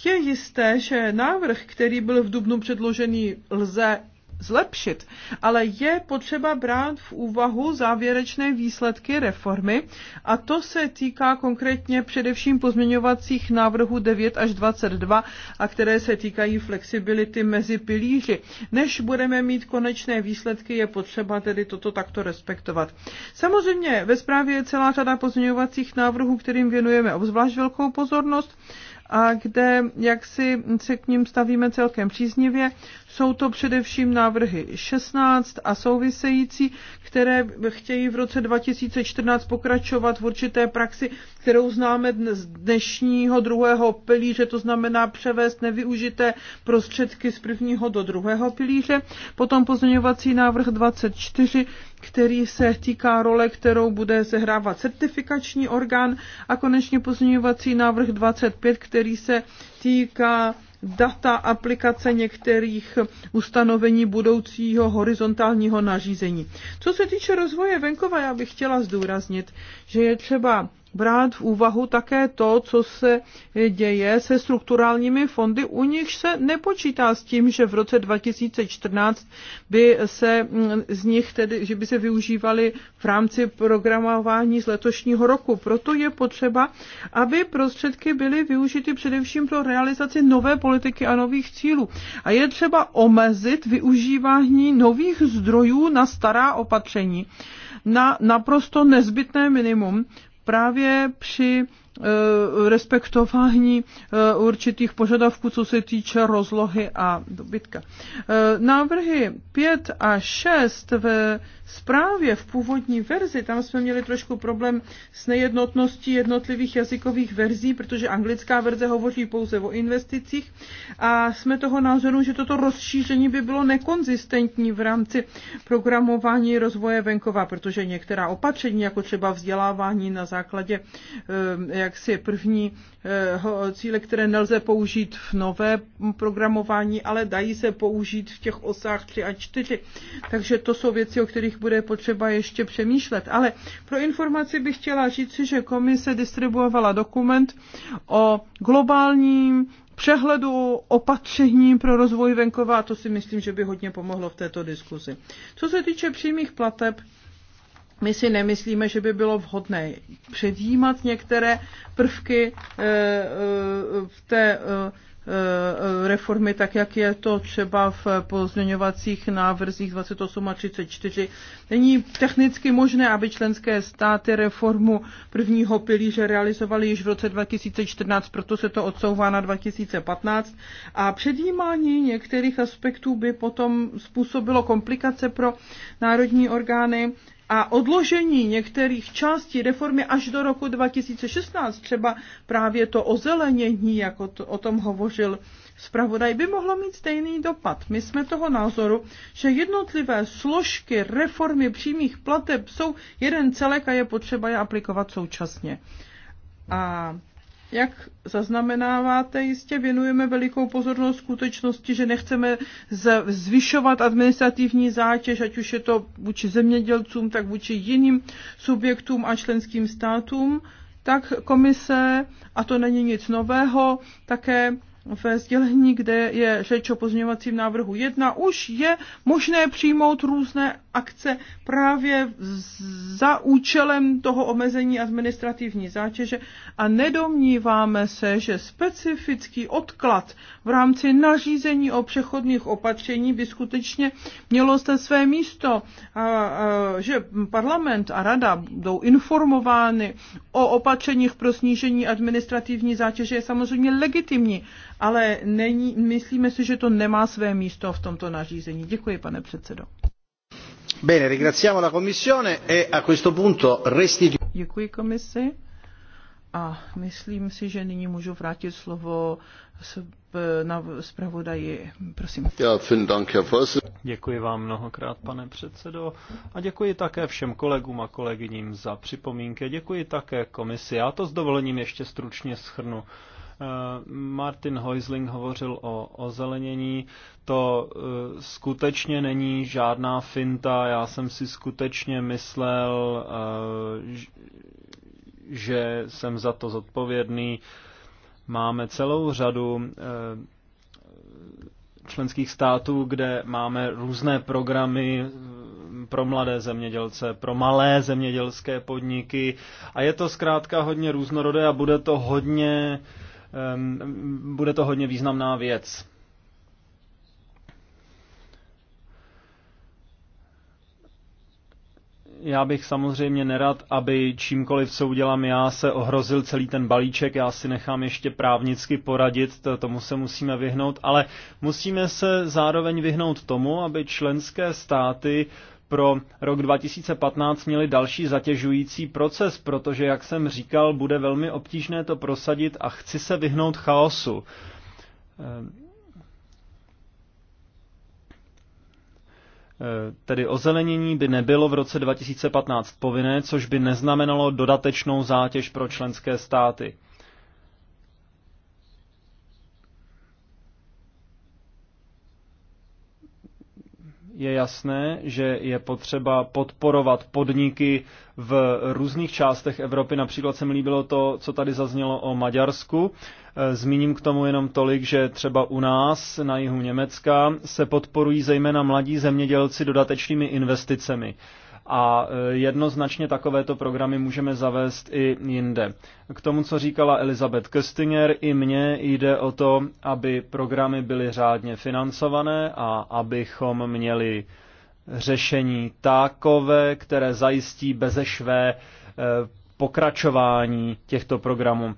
Je jisté, že návrh, který byl v Dubnu předložený, lze zlepšit, ale je potřeba brát v úvahu závěrečné výsledky reformy a to se týká konkrétně především pozměňovacích návrhů 9 až 22 a které se týkají flexibility mezi pilíři. Než budeme mít konečné výsledky, je potřeba tedy toto takto respektovat. Samozřejmě ve zprávě je celá řada pozměňovacích návrhů, kterým věnujeme obzvlášť velkou pozornost a kde jak si se k ním stavíme celkem příznivě. Jsou to především návrhy 16 a související, které chtějí v roce 2014 pokračovat v určité praxi, kterou známe z dnešního druhého pilíře, to znamená převést nevyužité prostředky z prvního do druhého pilíře. Potom pozměňovací návrh 24, který se týká role, kterou bude sehrávat certifikační orgán a konečně pozměňovací návrh 25, který se týká data aplikace některých ustanovení budoucího horizontálního nařízení. Co se týče rozvoje venkova, já bych chtěla zdůraznit, že je třeba brát v úvahu také to, co se děje se strukturálními fondy, u nich se nepočítá s tím, že v roce 2014 by se mm, z nich tedy, že by se využívali v rámci programování z letošního roku. Proto je potřeba, aby prostředky byly využity především pro realizaci nové politiky a nových cílů. A je třeba omezit využívání nových zdrojů na stará opatření na naprosto nezbytné minimum, právě při Eh, respektování eh, určitých požadavků, co se týče rozlohy a dobytka. Eh, návrhy 5 a 6 ve zprávě v původní verzi, tam jsme měli trošku problém s nejednotností jednotlivých jazykových verzí, protože anglická verze hovoří pouze o investicích a jsme toho názoru, že toto rozšíření by bylo nekonzistentní v rámci programování rozvoje venkova, protože některá opatření, jako třeba vzdělávání na základě jaksi první eh, cíle, které nelze použít v nové programování, ale dají se použít v těch osách 3 a 4. Takže to jsou věci, o kterých bude potřeba ještě přemýšlet. Ale pro informaci bych chtěla říci, že komise distribuovala dokument o globálním přehledu opatření pro rozvoj venkova a to si myslím, že by hodně pomohlo v této diskuzi. Co se týče přímých plateb, my si nemyslíme, že by bylo vhodné předjímat některé prvky eh, eh, v té eh, reformy, tak jak je to třeba v pozměňovacích návrzích 28 a 34. Není technicky možné, aby členské státy reformu prvního pilíře realizovaly již v roce 2014, proto se to odsouvá na 2015 a předjímání některých aspektů by potom způsobilo komplikace pro národní orgány a odložení některých částí reformy až do roku 2016, třeba právě to ozelenění, jako to, o tom hovořil zpravodaj, by mohlo mít stejný dopad. My jsme toho názoru, že jednotlivé složky reformy přímých plateb jsou jeden celek a je potřeba je aplikovat současně. A jak zaznamenáváte, jistě věnujeme velikou pozornost skutečnosti, že nechceme zvyšovat administrativní zátěž, ať už je to vůči zemědělcům, tak vůči jiným subjektům a členským státům, tak komise, a to není nic nového, také ve sdělení, kde je řeč o pozměňovacím návrhu 1, už je možné přijmout různé akce právě za účelem toho omezení administrativní zátěže a nedomníváme se, že specifický odklad v rámci nařízení o přechodných opatření by skutečně mělo se své místo, a, a, že parlament a rada budou informovány o opatřeních pro snížení administrativní zátěže je samozřejmě legitimní, ale není, myslíme si, že to nemá své místo v tomto nařízení. Děkuji, pane předsedo. Bene, ringraziamo la Commissione e a questo punto restituiamo. Děkuji komisi a myslím si, že nyní můžu vrátit slovo na zpravodaji. Prosím. Děkuji vám mnohokrát, pane předsedo. A děkuji také všem kolegům a kolegyním za připomínky. Děkuji také komisi. Já to s dovolením ještě stručně schrnu. Eh, Martin Heusling hovořil o ozelenění. To eh, skutečně není žádná finta. Já jsem si skutečně myslel, eh, že jsem za to zodpovědný. Máme celou řadu členských států, kde máme různé programy pro mladé zemědělce, pro malé zemědělské podniky a je to zkrátka hodně různorodé a bude to hodně uh, Ehm, bude to hodně významná věc. já bych samozřejmě nerad, aby čímkoliv, co udělám já, se ohrozil celý ten balíček. Já si nechám ještě právnicky poradit, to, tomu se musíme vyhnout, ale musíme se zároveň vyhnout tomu, aby členské státy pro rok 2015 měli další zatěžující proces, protože, jak jsem říkal, bude velmi obtížné to prosadit a chci se vyhnout chaosu. Eh, tedy ozelenění by nebylo v roce 2015 povinné, což by neznamenalo dodatečnou zátěž pro členské státy. je jasné, že je potřeba podporovat podniky v různých částech Evropy. Například se mi líbilo to, co tady zaznělo o Maďarsku. E, zmíním k tomu jenom tolik, že třeba u nás na jihu Německa se podporují zejména mladí zemědělci dodatečnými investicemi a e, jednoznačně takovéto programy můžeme zavést i jinde. K tomu, co říkala Elizabeth Köstinger, i mně jde o to, aby programy byly řádně financované a abychom měli řešení takové, které zajistí bezešvé e, pokračování těchto programů.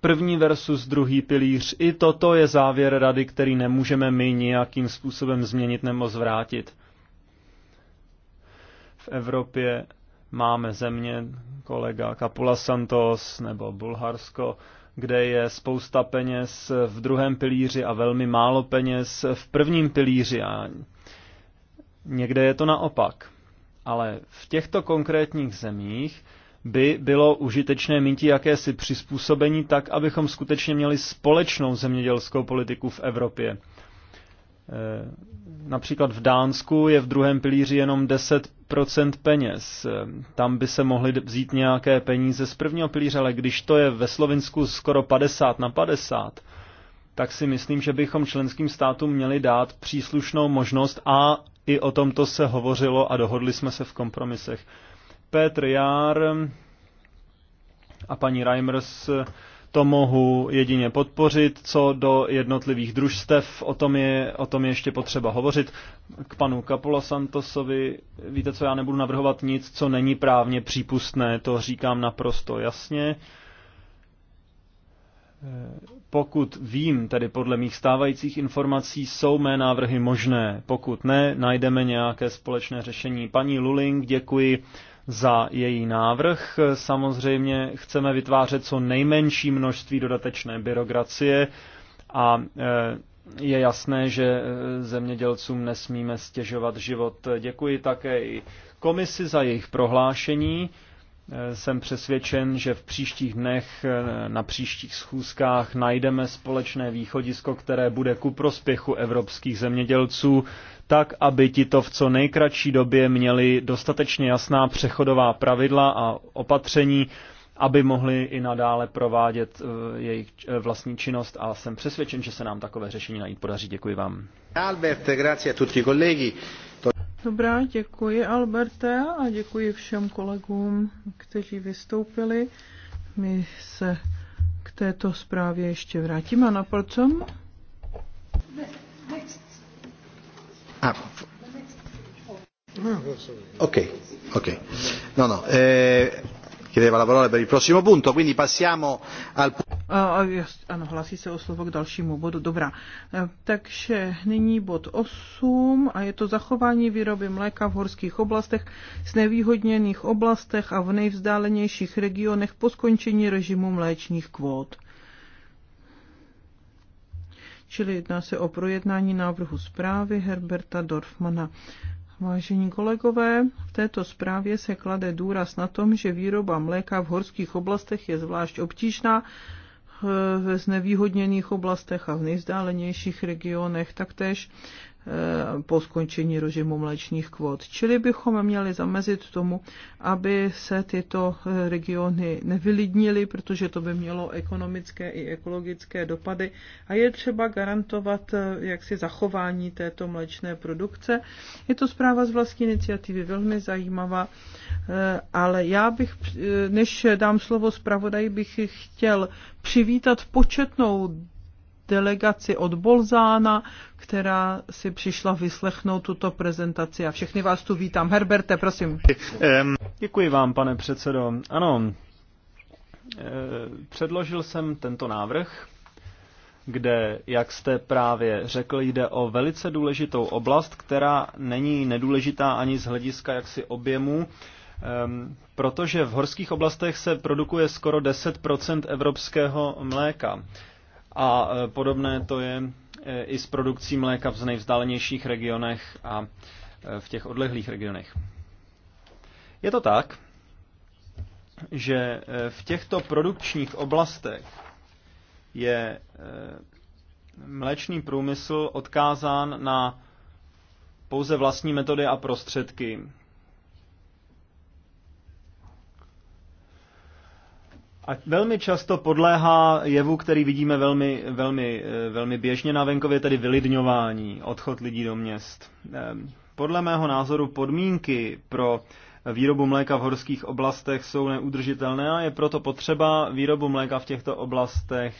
První versus druhý pilíř, i toto je závěr rady, který nemůžeme my nějakým způsobem změnit nebo zvrátit v Evropě máme země, kolega Kapula Santos nebo Bulharsko, kde je spousta peněz v druhém pilíři a velmi málo peněz v prvním pilíři. A někde je to naopak. Ale v těchto konkrétních zemích by bylo užitečné mít jakési přizpůsobení tak, abychom skutečně měli společnou zemědělskou politiku v Evropě Eh, například v Dánsku je v druhém pilíři jenom 10% peněz. Eh, tam by se mohly vzít nějaké peníze z prvního pilíře, ale když to je ve Slovensku skoro 50 na 50, tak si myslím, že bychom členským státům měli dát příslušnou možnost a i o tomto se hovořilo a dohodli jsme se v kompromisech. Petr Jár a paní Reimers eh, to mohu jedině podpořit. Co do jednotlivých družstev, o tom je, o tom je ještě potřeba hovořit. K panu Kapula Santosovi, víte co, já nebudu navrhovat nic, co není právně přípustné, to říkám naprosto jasně. Pokud vím, tedy podle mých stávajících informací, jsou mé návrhy možné. Pokud ne, najdeme nějaké společné řešení. Paní Luling, děkuji za její návrh. Samozřejmě chceme vytvářet co nejmenší množství dodatečné byrokracie a eh, je jasné, že eh, zemědělcům nesmíme stěžovat život. Děkuji také i komisi za jejich prohlášení jsem přesvědčen, že v příštích dnech, eh, na příštích schůzkách najdeme společné východisko, které bude ku prospěchu evropských zemědělců, tak, aby ti to v co nejkratší době měli dostatečně jasná přechodová pravidla a opatření, aby mohli i nadále provádět eh, jejich eh, vlastní činnost a jsem přesvědčen, že se nám takové řešení najít podaří. Děkuji vám. Albert, grazie a tutti colleghi. Dobrá, děkuji Alberte a děkuji všem kolegům, kteří vystoupili. My se k této zprávě ještě vrátíme. A na porcom? Ah. OK, OK. No, no. Eh, chiedeva la parola per il prossimo punto, quindi passiamo al... Ano, hlasí se o slovo k dalšímu bodu, dobrá. E, takže nyní bod 8 a je to zachování výroby mléka v horských oblastech, s nevýhodněných oblastech a v nejvzdálenějších regionech po skončení režimu mléčních kvót. Čili jedná se o projednání návrhu zprávy Herberta Dorfmana. Vážení kolegové, v této zprávě se klade důraz na tom, že výroba mléka v horských oblastech je zvlášť obtížná, eh, ve znevýhodněných oblastech a v nejzdálenějších regionech. Taktéž Eh, po skončení režimu mléčných kvot. Čili bychom měli zamezit tomu, aby se tyto eh, regiony nevylidnily, protože to by mělo ekonomické i ekologické dopady a je třeba garantovat eh, jaksi zachování této mléčné produkce. Je to zpráva z vlastní iniciativy velmi zajímavá, ale já bych, než dám slovo zpravodaj, bych chtěl přivítat početnou delegaci od Bolzána, která si přišla vyslechnout tuto prezentaci. A všechny vás tu vítám. Herberte, prosím. Děkuji vám, pane předsedo. Ano, předložil jsem tento návrh, kde, jak jste právě řekl, jde o velice důležitou oblast, která není nedůležitá ani z hlediska jaksi objemu, protože v horských oblastech se produkuje skoro 10 evropského mléka. A e, podobné to je e, i s produkcí mléka v nejvzdálenějších regionech a e, v těch odlehlých regionech. Je to tak, že v těchto produkčních oblastech je mléčný průmysl odkázán na pouze vlastní metody a prostředky, A velmi často podléhá jevu, který vidíme velmi, velmi, eh, velmi běžně na venkově, tedy vylidňování, odchod lidí do měst. Ehm, podle mého názoru podmínky pro výrobu mléka v horských oblastech jsou neudržitelné a je proto potřeba výrobu mléka v těchto oblastech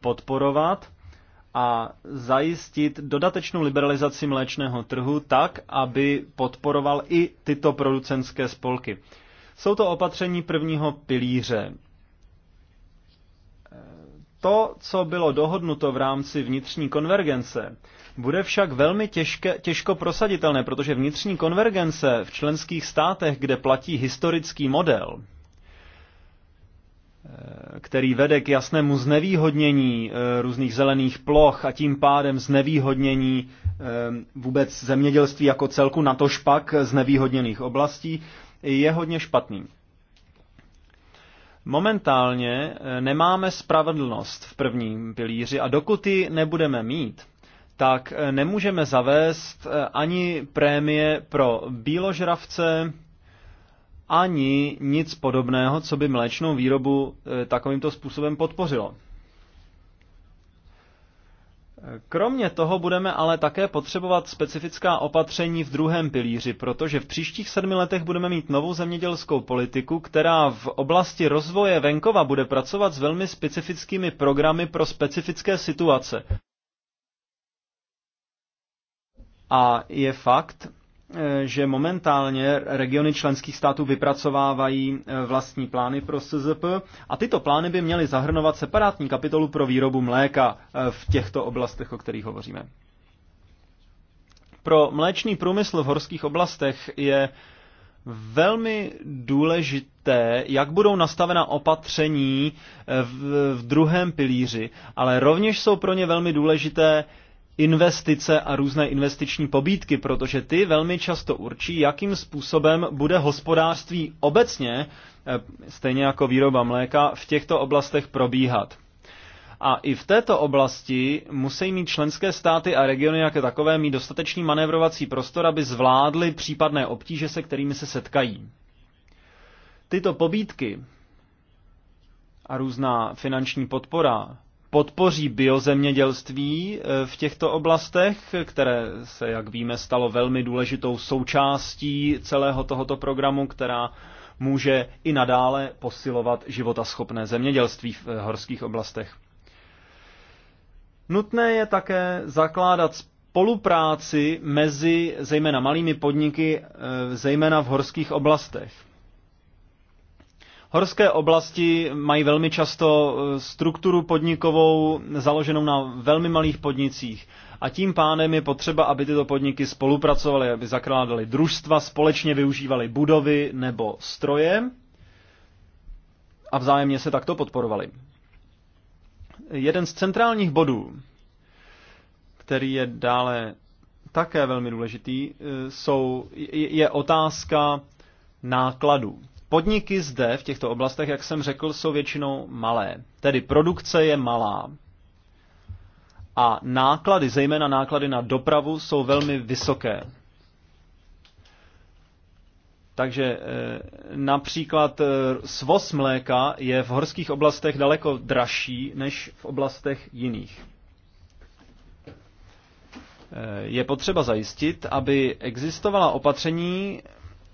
podporovat a zajistit dodatečnou liberalizaci mléčného trhu tak, aby podporoval i tyto producenské spolky. Jsou to opatření prvního pilíře, to, co bylo dohodnuto v rámci vnitřní konvergence, bude však velmi těžké, těžko prosaditelné, protože vnitřní konvergence v členských státech, kde platí historický model, eh, který vede k jasnému znevýhodnění eh, různých zelených ploch a tím pádem znevýhodnění eh, vůbec zemědělství jako celku, natož pak znevýhodněných oblastí, je hodně špatný. Momentálně eh, nemáme spravedlnost v prvním pilíři a dokud ji nebudeme mít, tak eh, nemůžeme zavést eh, ani prémie pro bíložravce, ani nic podobného, co by mléčnou výrobu takovýmto způsobem podpořilo. Kromě toho budeme ale také potřebovat specifická opatření v druhém pilíři, protože v příštích sedmi letech budeme mít novou zemědělskou politiku, která v oblasti rozvoje venkova bude pracovat s velmi specifickými programy pro specifické situace. A je fakt, Eh, že momentálně regiony členských států vypracovávají eh, vlastní plány pro SZP a tyto plány by měly zahrnovat separátní kapitolu pro výrobu mléka eh, v těchto oblastech, o kterých hovoříme. Pro mléčný průmysl v horských oblastech je velmi důležité, jak budou nastavena opatření v, v druhém pilíři, ale rovněž jsou pro ně velmi důležité investice a různé investiční pobídky, protože ty velmi často určí, jakým způsobem bude hospodářství obecně, eh, stejně jako výroba mléka, v těchto oblastech probíhat. A i v této oblasti musí mít členské státy a regiony jako takové mít dostatečný manévrovací prostor, aby zvládly případné obtíže, se kterými se setkají. Tyto pobídky a různá finanční podpora podpoří biozemědělství eh, v těchto oblastech, které se, jak víme, stalo velmi důležitou součástí celého tohoto programu, která může i nadále posilovat životaschopné zemědělství v eh, horských oblastech. Nutné je také zakládat spolupráci mezi zejména malými podniky, eh, zejména v horských oblastech. Horské oblasti mají velmi často eh, strukturu podnikovou založenou na velmi malých podnicích. A tím pádem je potřeba, aby tyto podniky spolupracovaly, aby zakládaly družstva, společně využívaly budovy nebo stroje a vzájemně se takto podporovaly. Jeden z centrálních bodů, který je dále také velmi důležitý, eh, jsou, je otázka nákladů. Podniky zde, v těchto oblastech, jak jsem řekl, jsou většinou malé. Tedy produkce je malá. A náklady, zejména náklady na dopravu, jsou velmi vysoké. Takže eh, například eh, svoz mléka je v horských oblastech daleko dražší než v oblastech jiných. Eh, je potřeba zajistit, aby existovala opatření,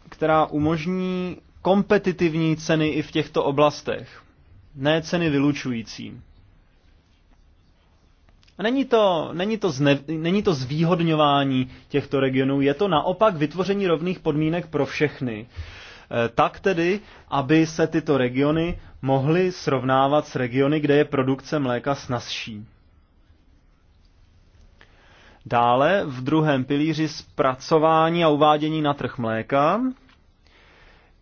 která umožní kompetitivní ceny i v těchto oblastech, ne ceny vylučující. A není to, není, to zne, není to zvýhodňování těchto regionů, je to naopak vytvoření rovných podmínek pro všechny. E, tak tedy, aby se tyto regiony mohly srovnávat s regiony, kde je produkce mléka snazší. Dále v druhém pilíři zpracování a uvádění na trh mléka,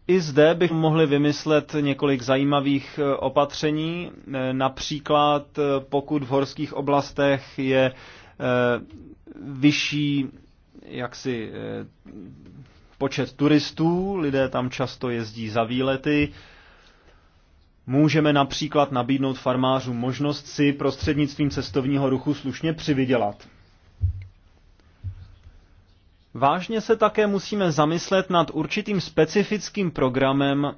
i zde bych mohli vymyslet několik zajímavých e, opatření, e, například e, pokud v horských oblastech je vyšší jaksi počet turistů, lidé tam často jezdí za výlety, Můžeme například nabídnout farmářům možnost si prostřednictvím cestovního ruchu slušně přivydělat. Vážně se také musíme zamyslet nad určitým specifickým programem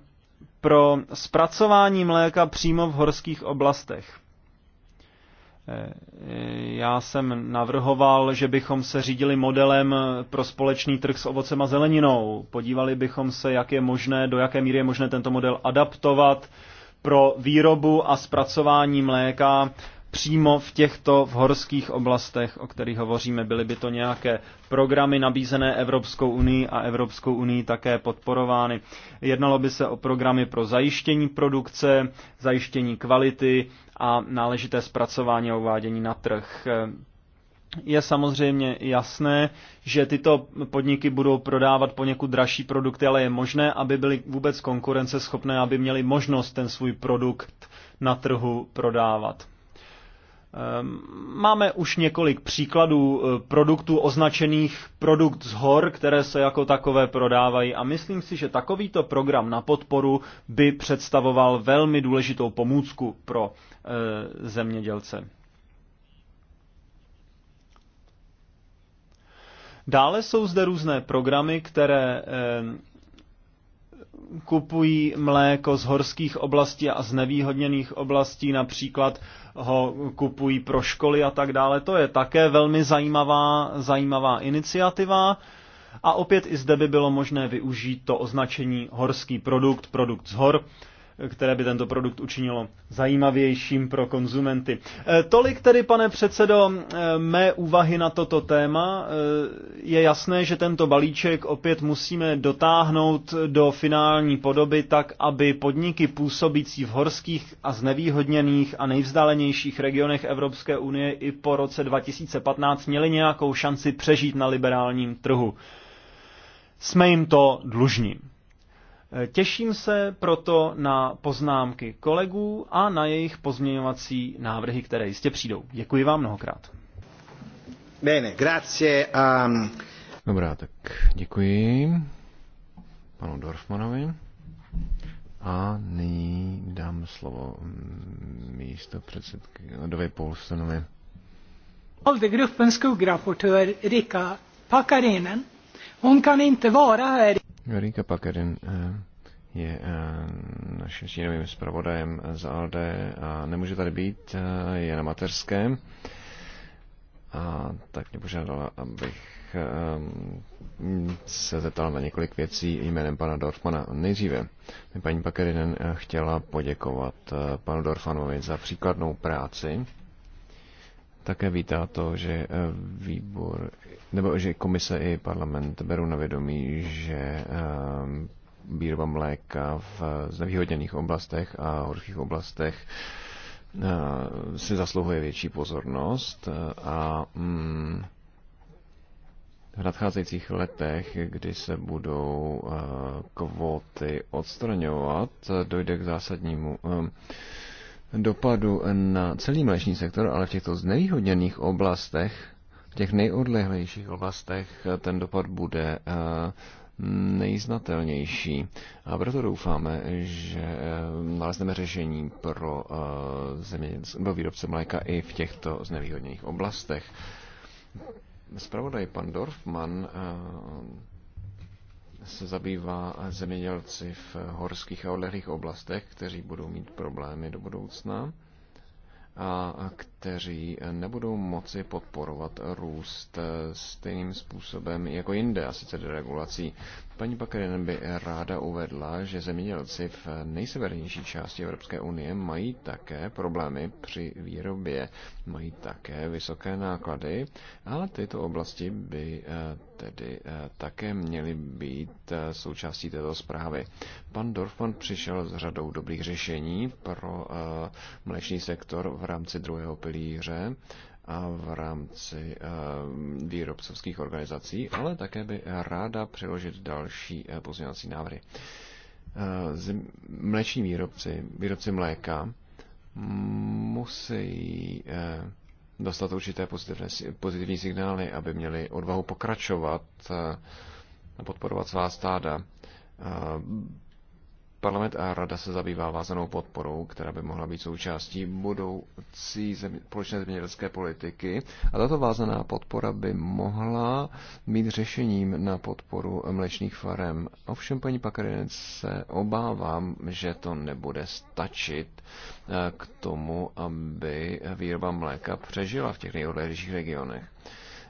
pro zpracování mléka přímo v horských oblastech. Eh, já jsem navrhoval, že bychom se řídili modelem pro společný trh s ovocem a zeleninou. Podívali bychom se, jak je možné, do jaké míry je možné tento model adaptovat pro výrobu a zpracování mléka přímo v těchto v horských oblastech, o kterých hovoříme. Byly by to nějaké programy nabízené Evropskou unii a Evropskou unii také podporovány. Jednalo by se o programy pro zajištění produkce, zajištění kvality a náležité zpracování a uvádění na trh. Je samozřejmě jasné, že tyto podniky budou prodávat poněkud dražší produkty, ale je možné, aby byly vůbec konkurenceschopné, aby měly možnost ten svůj produkt na trhu prodávat. Ehm, máme už několik příkladů eh, produktů označených produkt z hor, které se jako takové prodávají a myslím si, že takovýto program na podporu by představoval velmi důležitou pomůcku pro e, zemědělce. Dále jsou zde různé programy, které e, kupují mléko z horských oblastí a z nevýhodněných oblastí, například ho kupují pro školy a tak dále. To je také velmi zajímavá, zajímavá iniciativa. A opět i zde by bylo možné využít to označení horský produkt, produkt z hor, které by tento produkt učinilo zajímavějším pro konzumenty. E, tolik tedy, pane předsedo, e, mé úvahy na toto téma. E, je jasné, že tento balíček opět musíme dotáhnout do finální podoby tak, aby podniky působící v horských a znevýhodněných a nejvzdálenějších regionech Evropské unie i po roce 2015 měly nějakou šanci přežít na liberálním trhu. Jsme jim to dlužní. Eh, těším se proto na poznámky kolegů a na jejich pozměňovací návrhy, které jistě přijdou. Děkuji vám mnohokrát. Bene, grazie. Um... Dobrá, tak děkuji panu Dorfmanovi. A nyní dám slovo mm, místo předsedkyni Poulsonovi. Aldergruppens skuggrapportör Rika Pakarinen. Hon kan inte vara här Verika Pakerin eh, je eh, naším stínovým zpravodajem za ALD a nemůže tady být, eh, je na mateřském. A tak mě požádala, abych se zeptal na několik věcí jménem pana Dorfmana nejdříve. Paní pakerin chtěla poděkovat panu Dorfanovi za příkladnou práci také vítá to, že eh, výbor, nebo že komise i parlament berou na vědomí, že eh, výroba mléka v znevýhodněných oblastech a horších oblastech eh, si zasluhuje větší pozornost a mm, v nadcházejících letech, kdy se budou kvóty odstraňovat, dojde k zásadnímu dopadu na celý mléčný sektor, ale v těchto znevýhodněných oblastech, v těch nejodlehlejších oblastech, ten dopad bude eh, nejznatelnější. A proto doufáme, že eh, nalezneme řešení pro, eh, země, pro výrobce mléka i v těchto znevýhodněných oblastech. Spravodaj pan Dorfman se zabývá zemědělci v horských a odlehlých oblastech, kteří budou mít problémy do budoucna a kteří eh, nebudou moci podporovat růst eh, stejným způsobem jako jinde, a sice deregulací. Paní Pakarinen by ráda uvedla, že zemědělci v nejsevernější části Evropské unie mají také problémy při výrobě, mají také vysoké náklady ale tyto oblasti by eh, tedy také měly být součástí této zprávy. Pan Dorfman přišel s řadou dobrých řešení pro mléčný sektor v rámci druhého pilíře a v rámci eh, výrobcovských organizací, ale také by ráda přiložit další eh, pozměňovací návrhy. Eh, mléční výrobci, výrobci mléka, musí dostat určité pozitivní signály, aby měli odvahu pokračovat a podporovat svá stáda. Parlament a rada se zabývá vázanou podporou, která by mohla být součástí budoucí země, společné zemědělské politiky. A tato vázaná podpora by mohla být řešením na podporu mlečných farem. Ovšem, paní Pakarinec, se obávám, že to nebude stačit eh, k tomu, aby výroba mléka přežila v těch nejodlehlejších regionech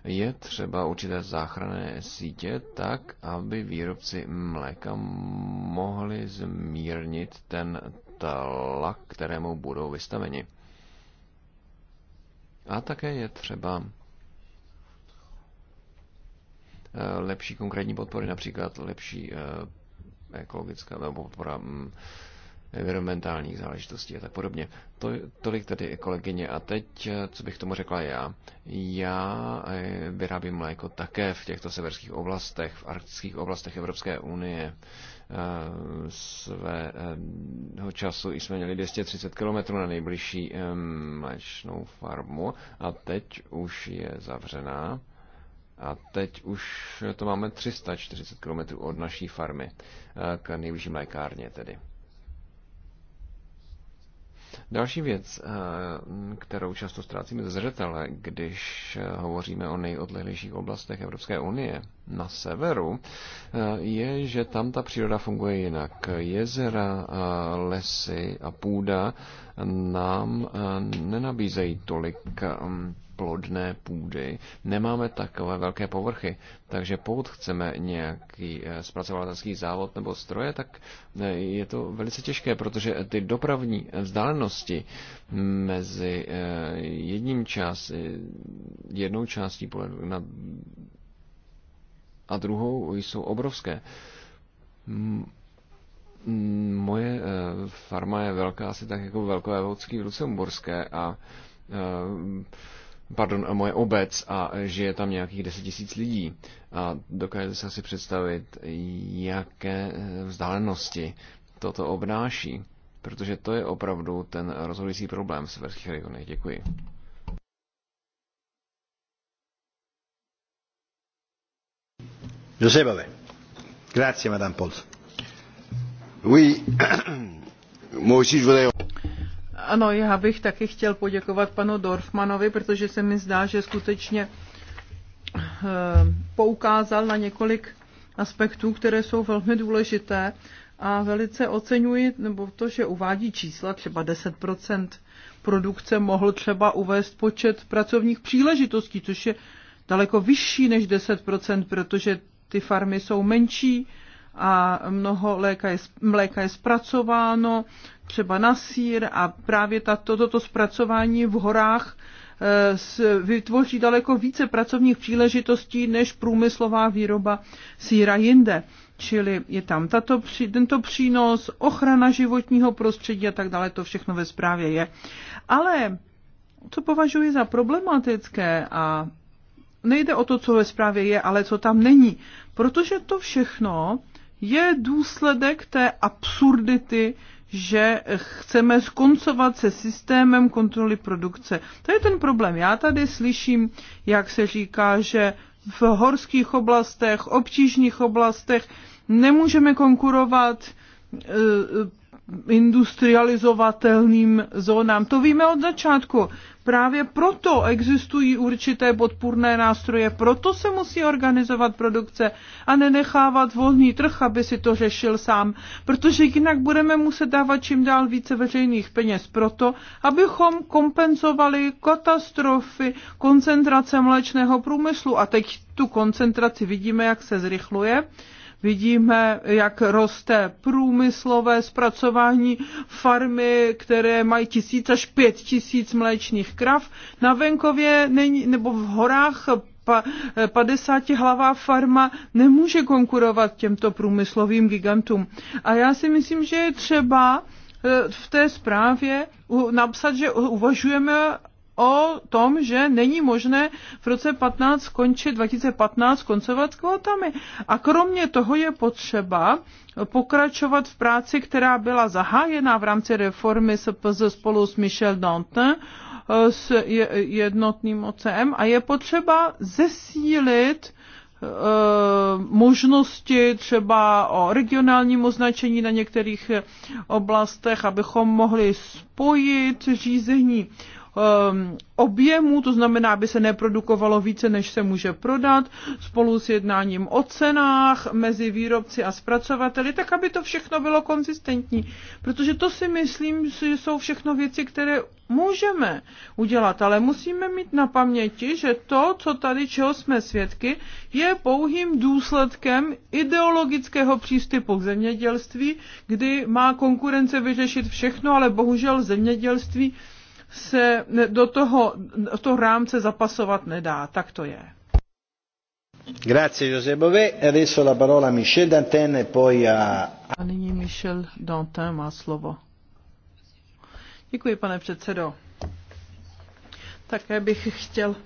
je třeba určité záchranné sítě tak, aby výrobci mléka mohli zmírnit ten tlak, kterému budou vystaveni. A také je třeba eh, lepší konkrétní podpory, například lepší eh, ekologická nebo podpora mm, environmentálních záležitostí a tak podobně. To, tolik tedy kolegyně. A teď, co bych tomu řekla já? Já eh, vyrábím mléko také v těchto severských oblastech, v arktických oblastech Evropské unie. Eh, svého času jsme měli 230 km na nejbližší eh, mléčnou farmu a teď už je zavřená. A teď už to máme 340 km od naší farmy k nejbližší mlékárně tedy. Další věc, eh, kterou často ztrácíme ze zřetele, když eh, hovoříme o nejodlehlejších oblastech Evropské unie na severu, eh, je, že tam ta příroda funguje jinak. Jezera, lesy a půda nám nenabízejí tolik plodné půdy, nemáme takové velké povrchy. Takže pokud chceme nějaký eh, zpracovatelský závod nebo stroje, tak eh, je to velice těžké, protože ty dopravní vzdálenosti mezi eh, jedním čas, jednou částí pole a druhou jsou obrovské. Moje farma je velká asi tak jako velkovévodský v Lucemburské a pardon, moje obec a žije tam nějakých 10 tisíc lidí. A dokážete si asi představit, jaké eh, vzdálenosti toto obnáší, protože to je opravdu ten rozhodující problém v severských regionech. Děkuji. Giuseppe, grazie Madame Pols. Oui, moi aussi je voudrais... Ano, já bych taky chtěl poděkovat panu Dorfmanovi, protože se mi zdá, že skutečně eh, poukázal na několik aspektů, které jsou velmi důležité a velice oceňuji, nebo to, že uvádí čísla, třeba 10% produkce mohl třeba uvést počet pracovních příležitostí, což je daleko vyšší než 10%, protože ty farmy jsou menší a mnoho mléka je, mléka je zpracováno, třeba na sír a právě tato, toto zpracování v horách e, vytvoří daleko více pracovních příležitostí než průmyslová výroba síra jinde. Čili je tam tato, tento přínos, ochrana životního prostředí a tak dále, to všechno ve zprávě je. Ale co považuji za problematické a nejde o to, co ve zprávě je, ale co tam není, protože to všechno je důsledek té absurdity že chceme skoncovat se systémem kontroly produkce. To je ten problém. Já tady slyším, jak se říká, že v horských oblastech, obtížných oblastech nemůžeme konkurovat eh, industrializovatelným zónám. To víme od začátku. Právě proto existují určité podpůrné nástroje, proto se musí organizovat produkce a nenechávat volný trh, aby si to řešil sám, protože jinak budeme muset dávat čím dál více veřejných peněz proto, abychom kompenzovali katastrofy koncentrace mléčného průmyslu. A teď tu koncentraci vidíme, jak se zrychluje. Vidíme, jak roste průmyslové zpracování farmy, které mají tisíc až pět tisíc mléčných krav. Na venkově není, nebo v horách 50 hlavá farma nemůže konkurovat těmto průmyslovým gigantům. A já si myslím, že je třeba eh, v té zprávě napsat, že uvažujeme o tom, že není možné v roce 15 skončit, 2015 koncovat kvotami. A kromě toho je potřeba pokračovat v práci, která byla zahájena v rámci reformy SPZ spolu s Michel Dantin, s jednotným OCM a je potřeba zesílit eh, možnosti třeba o regionálním označení na některých oblastech, abychom mohli spojit řízení Um, objemu, to znamená, aby se neprodukovalo více, než se může prodat, spolu s jednáním o cenách mezi výrobci a zpracovateli, tak aby to všechno bylo konzistentní. Protože to si myslím, že jsou všechno věci, které můžeme udělat, ale musíme mít na paměti, že to, co tady, čeho jsme svědky, je pouhým důsledkem ideologického přístupu k zemědělství, kdy má konkurence vyřešit všechno, ale bohužel zemědělství se do toho, do toho rámce zapasovat nedá. Tak to je. Grazie José Bové. Adesso la parola Michel Dantin e poi a... a nyní Michel Dantin má slovo. Děkuji, pane předsedo. Také bych chtěl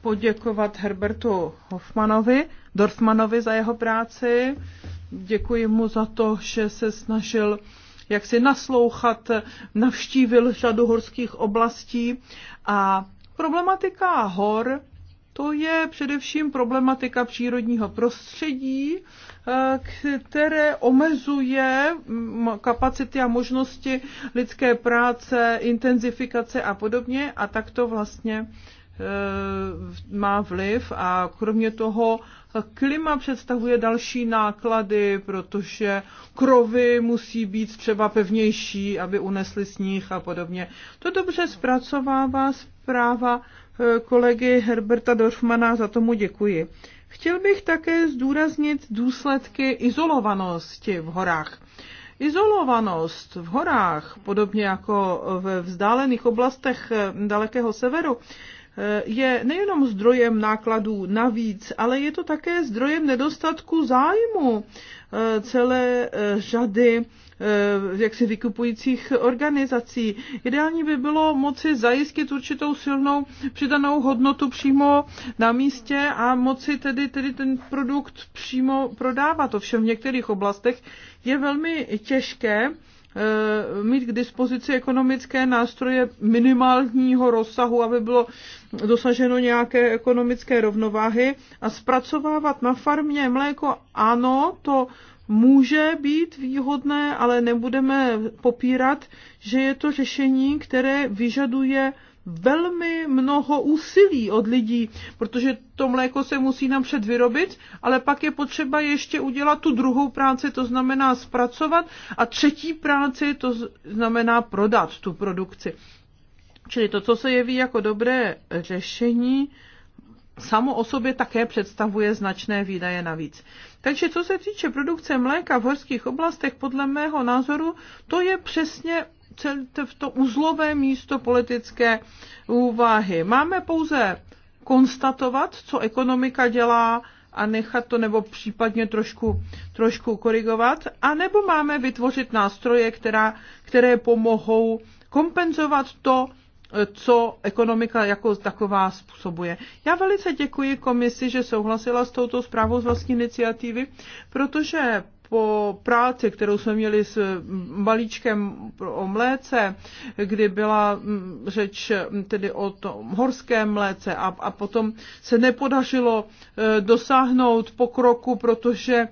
poděkovat Herbertu Hoffmanovi, Dorfmanovi za jeho práci. Děkuji mu za to, že se snažil jak si naslouchat, navštívil řadu horských oblastí a problematika hor to je především problematika přírodního prostředí, eh, které omezuje mm, kapacity a možnosti lidské práce, intenzifikace a podobně a tak to vlastně eh, má vliv a kromě toho Klima představuje další náklady, protože krovy musí být třeba pevnější, aby unesly sníh a podobně. To dobře zpracovává zpráva eh, kolegy Herberta Dorfmana, za tomu děkuji. Chtěl bych také zdůraznit důsledky izolovanosti v horách. Izolovanost v horách, podobně jako ve vzdálených oblastech eh, dalekého severu, je nejenom zdrojem nákladů navíc, ale je to také zdrojem nedostatku zájmu eh, celé eh, řady eh, jaksi vykupujících organizací. Ideální by bylo moci zajistit určitou silnou přidanou hodnotu přímo na místě a moci tedy, tedy ten produkt přímo prodávat. Ovšem v některých oblastech je velmi těžké Eh, mít k dispozici ekonomické nástroje minimálního rozsahu, aby bylo dosaženo nějaké ekonomické rovnováhy a zpracovávat na farmě mléko, ano, to může být výhodné, ale nebudeme popírat, že je to řešení, které vyžaduje velmi mnoho úsilí od lidí, protože to mléko se musí napřed vyrobit, ale pak je potřeba ještě udělat tu druhou práci, to znamená zpracovat, a třetí práci, to znamená prodat tu produkci. Čili to, co se jeví jako dobré řešení, samo o sobě také představuje značné výdaje navíc. Takže co se týče produkce mléka v horských oblastech, podle mého názoru, to je přesně v to uzlové místo politické úvahy. Máme pouze konstatovat, co ekonomika dělá a nechat to nebo případně trošku, trošku korigovat, a nebo máme vytvořit nástroje, která, které pomohou kompenzovat to, co ekonomika jako taková způsobuje. Já velice děkuji komisi, že souhlasila s touto zprávou z vlastní iniciativy, protože po práci, kterou jsme měli s balíčkem o mléce, kdy byla mm, řeč mm, tedy o tom horském mléce a, a potom se nepodařilo e, dosáhnout pokroku, protože e,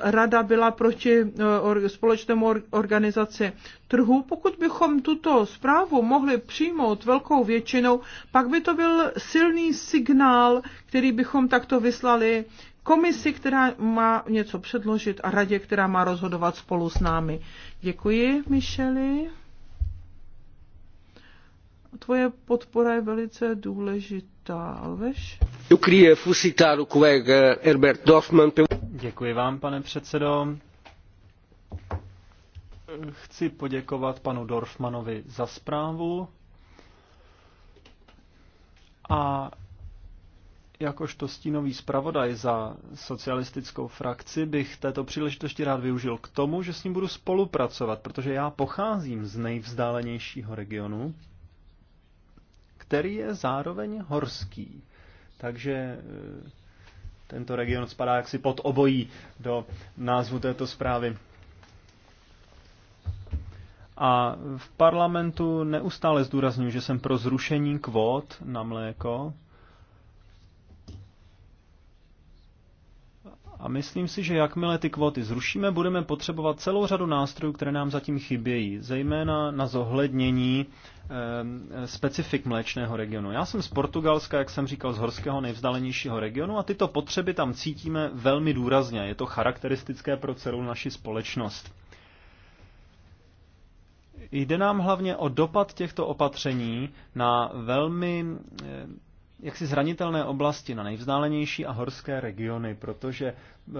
rada byla proti e, společnému organizaci trhu. Pokud bychom tuto zprávu mohli přijmout velkou většinou, pak by to byl silný signál, který bychom takto vyslali komisi, která má něco předložit a radě, která má rozhodovat spolu s námi. Děkuji, Micheli. Tvoje podpora je velice důležitá, Alveš. Děkuji vám, pane předsedo. Chci poděkovat panu Dorfmanovi za zprávu a Jakožto stínový zpravodaj za socialistickou frakci bych této příležitosti rád využil k tomu, že s ním budu spolupracovat, protože já pocházím z nejvzdálenějšího regionu, který je zároveň horský. Takže e, tento region spadá jaksi pod obojí do názvu této zprávy. A v parlamentu neustále zdůraznuju, že jsem pro zrušení kvót na mléko, A myslím si, že jakmile ty kvóty zrušíme, budeme potřebovat celou řadu nástrojů, které nám zatím chybějí, zejména na zohlednění eh, specifik mléčného regionu. Já jsem z Portugalska, jak jsem říkal, z horského nejvzdálenějšího regionu a tyto potřeby tam cítíme velmi důrazně. Je to charakteristické pro celou naši společnost. Jde nám hlavně o dopad těchto opatření na velmi ehm, jaksi zranitelné oblasti, na nejvzdálenější a horské regiony, protože e,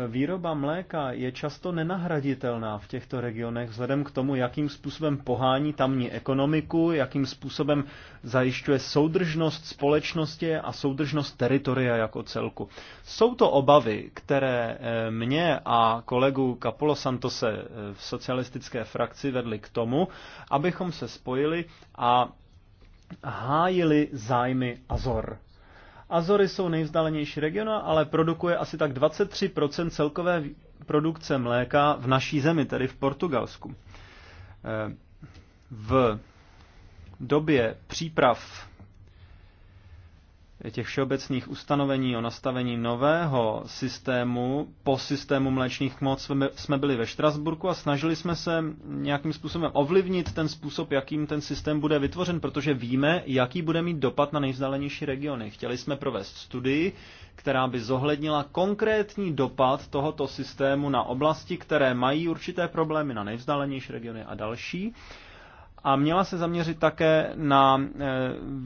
výroba mléka je často nenahraditelná v těchto regionech vzhledem k tomu, jakým způsobem pohání tamní ekonomiku, jakým způsobem zajišťuje soudržnost společnosti a soudržnost teritoria jako celku. Jsou to obavy, které e, mě a kolegu Capolo Santose e, v socialistické frakci vedly k tomu, abychom se spojili a hájili zájmy Azor. Azory jsou nejvzdálenější region, ale produkuje asi tak 23% celkové produkce mléka v naší zemi, tedy v Portugalsku. Eh, v době příprav těch všeobecných ustanovení o nastavení nového systému po systému mléčných moc jsme byli ve Štrasburku a snažili jsme se nějakým způsobem ovlivnit ten způsob, jakým ten systém bude vytvořen, protože víme, jaký bude mít dopad na nejvzdálenější regiony. Chtěli jsme provést studii, která by zohlednila konkrétní dopad tohoto systému na oblasti, které mají určité problémy na nejvzdálenější regiony a další a měla se zaměřit také na e,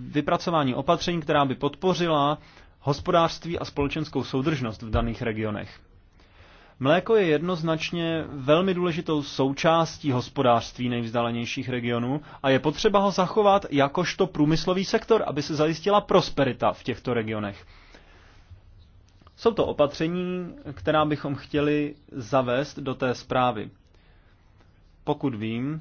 vypracování opatření, která by podpořila hospodářství a společenskou soudržnost v daných regionech. Mléko je jednoznačně velmi důležitou součástí hospodářství nejvzdálenějších regionů a je potřeba ho zachovat jakožto průmyslový sektor, aby se zajistila prosperita v těchto regionech. Jsou to opatření, která bychom chtěli zavést do té zprávy. Pokud vím,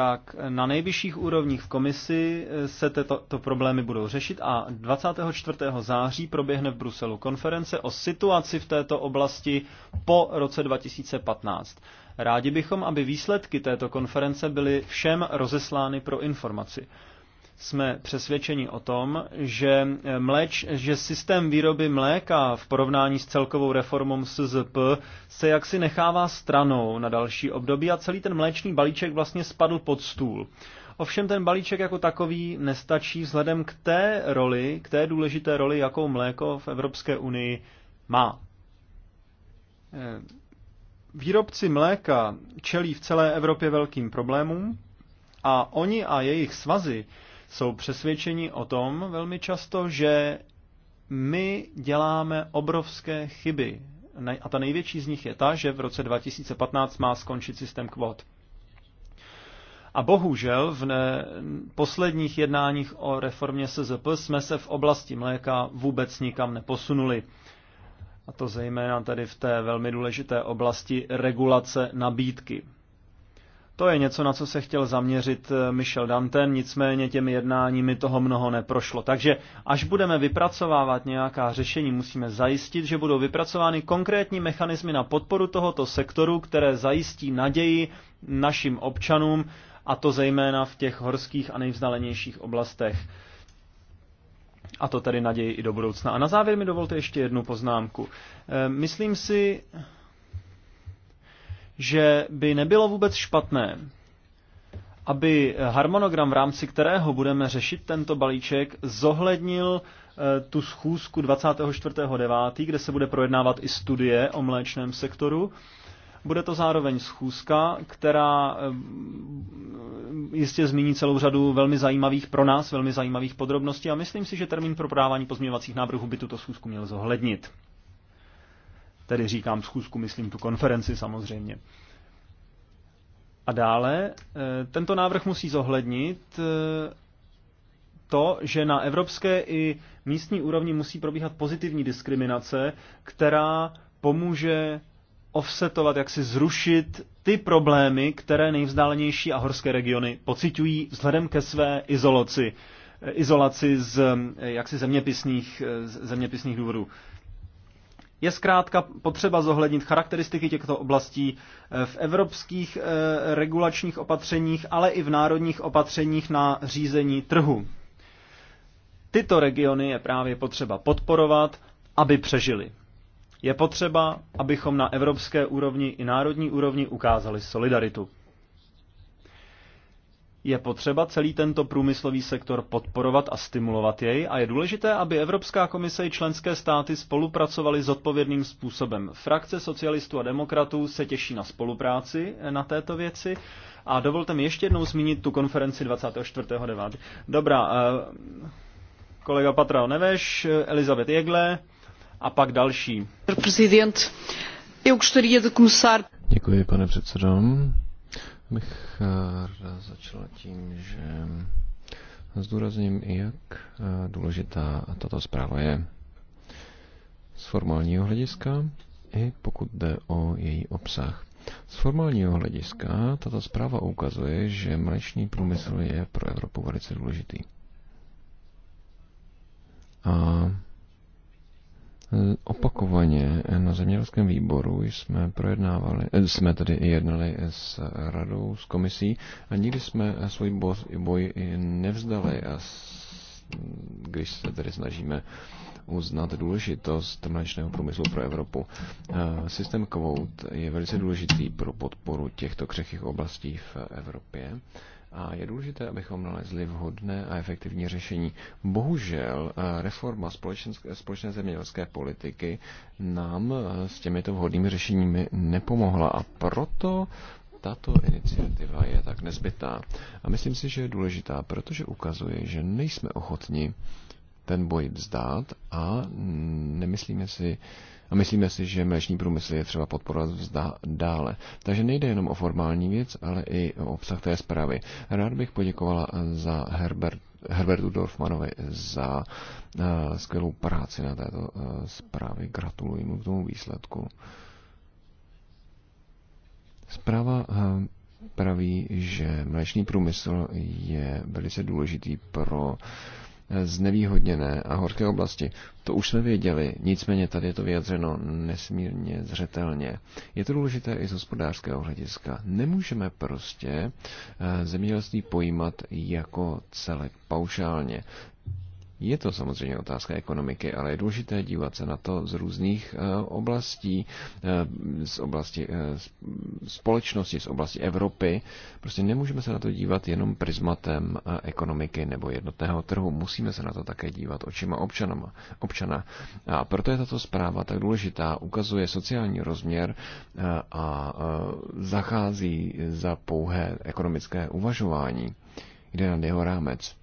tak na nejvyšších úrovních v komisi eh, se tyto problémy budou řešit a 24. září proběhne v Bruselu konference o situaci v této oblasti po roce 2015. Rádi bychom, aby výsledky této konference byly všem rozeslány pro informaci jsme přesvědčeni o tom, že, eh, mléč, že systém výroby mléka v porovnání s celkovou reformou SZP se jaksi nechává stranou na další období a celý ten mléčný balíček vlastně spadl pod stůl. Ovšem ten balíček jako takový nestačí vzhledem k té roli, k té důležité roli, jakou mléko v Evropské unii má. Eh, výrobci mléka čelí v celé Evropě velkým problémům a oni a jejich svazy jsou přesvědčeni o tom velmi často, že my děláme obrovské chyby. A ta největší z nich je ta, že v roce 2015 má skončit systém kvot. A bohužel v ne, posledních jednáních o reformě SZP jsme se v oblasti mléka vůbec nikam neposunuli. A to zejména tady v té velmi důležité oblasti regulace nabídky. To je něco, na co se chtěl zaměřit eh, Michel Danten, nicméně těmi jednáními toho mnoho neprošlo. Takže až budeme vypracovávat nějaká řešení, musíme zajistit, že budou vypracovány konkrétní mechanismy na podporu tohoto sektoru, které zajistí naději našim občanům, a to zejména v těch horských a nejvzdalenějších oblastech. A to tedy naději i do budoucna. A na závěr mi dovolte ještě jednu poznámku. Eh, myslím si, že by nebylo vůbec špatné, aby harmonogram, v rámci kterého budeme řešit tento balíček, zohlednil eh, tu schůzku 24.9., kde se bude projednávat i studie o mléčném sektoru. Bude to zároveň schůzka, která eh, jistě zmíní celou řadu velmi zajímavých pro nás, velmi zajímavých podrobností a myslím si, že termín pro podávání pozměňovacích návrhů by tuto schůzku měl zohlednit. Tedy říkám schůzku, myslím tu konferenci samozřejmě. A dále, eh, tento návrh musí zohlednit eh, to, že na evropské i místní úrovni musí probíhat pozitivní diskriminace, která pomůže offsetovat, jak si zrušit ty problémy, které nejvzdálenější a horské regiony pociťují vzhledem ke své izolaci, izolaci z eh, jaksi zeměpisných, zeměpisných důvodů. Je zkrátka potřeba zohlednit charakteristiky těchto oblastí eh, v evropských eh, regulačních opatřeních, ale i v národních opatřeních na řízení trhu. Tyto regiony je právě potřeba podporovat, aby přežili. Je potřeba, abychom na evropské úrovni i národní úrovni ukázali solidaritu je potřeba celý tento průmyslový sektor podporovat a stimulovat jej a je důležité, aby Evropská komise i členské státy spolupracovaly zodpovědným způsobem. Frakce socialistů a demokratů se těší na spolupráci na této věci a dovolte mi ještě jednou zmínit tu konferenci 24.9. Dobrá, eh, kolega Patrao Neveš, Elizabeth Jegle a pak další. Děkuji, pane předsedo bych začal tím, že zdůrazním, jak eh, důležitá tato zpráva je z formálního hlediska, i pokud jde o její obsah. Z formálního hlediska tato zpráva ukazuje, že mléčný průmysl je pro Evropu velice důležitý. A Opakovaně na zemědělském výboru jsme projednávali, eh, jsme tedy jednali s radou, s komisí a nikdy jsme svůj boj nevzdali, a když se tedy snažíme uznat důležitost mléčného průmyslu pro Evropu. Eh, systém kvót je velice důležitý pro podporu těchto křehkých oblastí v Evropě a je důležité, abychom nalezli vhodné a efektivní řešení. Bohužel eh, reforma společné zemědělské politiky nám eh, s těmito vhodnými řešeními nepomohla a proto tato iniciativa je tak nezbytná. A myslím si, že je důležitá, protože ukazuje, že nejsme ochotni ten boj vzdát a nemyslíme si, a myslíme si, že mléční průmysl je třeba podporovat vzda- dále. Takže nejde jenom o formální věc, ale i o obsah té zprávy. Rád bych poděkovala za Herbert Herbertu Dorfmanovi za uh, skvělou práci na této uh, zprávě. Gratuluji mu k tomu výsledku. Zpráva uh, praví, že mléčný průmysl je velice důležitý pro uh, znevýhodněné a horké oblasti. To už jsme věděli, nicméně tady je to vyjadřeno nesmírně zřetelně. Je to důležité i z hospodářského hlediska. Nemůžeme prostě eh, zemědělství pojímat jako celek paušálně. Je to samozřejmě otázka ekonomiky, ale je důležité dívat se na to z různých eh, oblastí, eh, z oblasti eh, společnosti, z oblasti Evropy. Prostě nemůžeme se na to dívat jenom prismatem ekonomiky nebo jednotného trhu. Musíme se na to také dívat očima občanama, občana. A proto je tato zpráva tak důležitá. Ukazuje sociální rozměr a zachází za pouhé ekonomické uvažování. Jde na jeho rámec.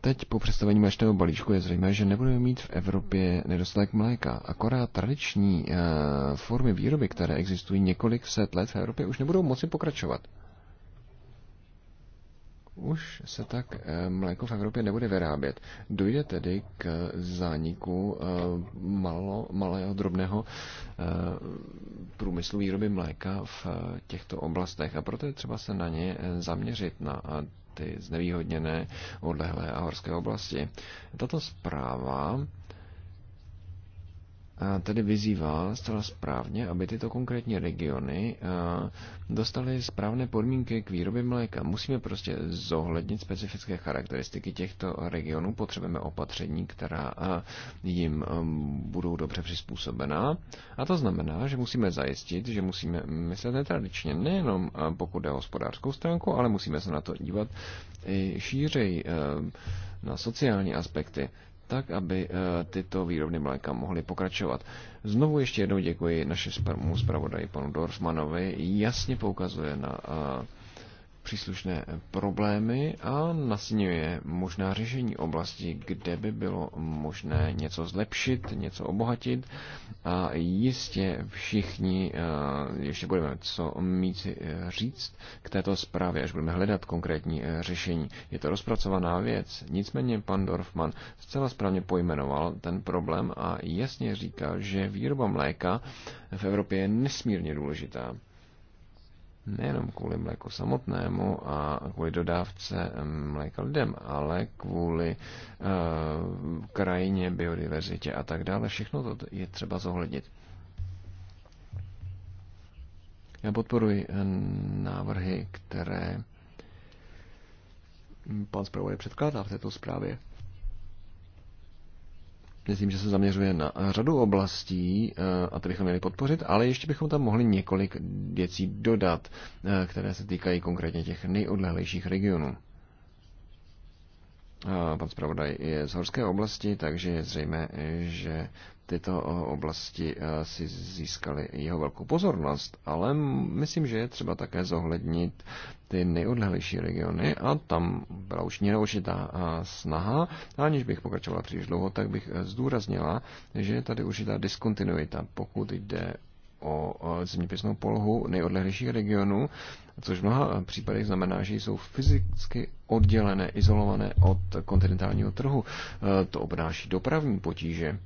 Teď po představení mléčného balíčku je zřejmé, že nebudeme mít v Evropě nedostatek mléka. Akorát tradiční e, formy výroby, které existují několik set let v Evropě, už nebudou moci pokračovat. Už se tak e, mléko v Evropě nebude vyrábět. Dojde tedy k zániku e, malo, malého drobného e, průmyslu výroby mléka v e, těchto oblastech. A proto je třeba se na ně zaměřit na no ty znevýhodněné, odlehlé a horské oblasti. Tato zpráva tedy vyzýval zcela správně, aby tyto konkrétní regiony dostaly správné podmínky k výrobě mléka. Musíme prostě zohlednit specifické charakteristiky těchto regionů, potřebujeme opatření, která jim budou dobře přizpůsobená. A to znamená, že musíme zajistit, že musíme myslet netradičně, nejenom pokud jde o hospodářskou stránku, ale musíme se na to dívat i šířej na sociální aspekty tak aby eh, tyto výrobny mléka mohly pokračovat. Znovu ještě jednou děkuji našemu zpravodaji panu Dorfmanovi. Jasně poukazuje na eh, příslušné problémy a nasňuje možná řešení oblasti, kde by bylo možné něco zlepšit, něco obohatit a jistě všichni eh, ještě budeme co mít eh, říct k této zprávě, až budeme hledat konkrétní eh, řešení. Je to rozpracovaná věc, nicméně pan Dorfman zcela správně pojmenoval ten problém a jasně říkal, že výroba mléka v Evropě je nesmírně důležitá nejenom kvůli mléku samotnému a kvůli dodávce mléka lidem, ale kvůli uh, krajině, biodiverzitě a tak dále. Všechno to je třeba zohlednit. Já podporuji eh, návrhy, které pan zpravodaj předkládá v této zprávě myslím, že se zaměřuje na eh, řadu oblastí eh, a ty bychom měli podpořit, ale ještě bychom tam mohli několik věcí dodat, eh, které se týkají konkrétně těch nejodlehlejších regionů. Pan zpravodaj je z horské oblasti, takže je zřejmé, že tyto eh, oblasti eh, si získaly jeho velkou pozornost, ale myslím, že je třeba také zohlednit ty nejodlehlejší regiony a tam byla už určitá eh, snaha. A aniž bych pokračovala příliš dlouho, tak bych zdůraznila, že je tady určitá diskontinuita, pokud jde o zeměpisnou polohu nejodlehlejších regionů, což v mnoha případech znamená, že jsou fyzicky oddělené, izolované od kontinentálního trhu. To obnáší dopravní potíže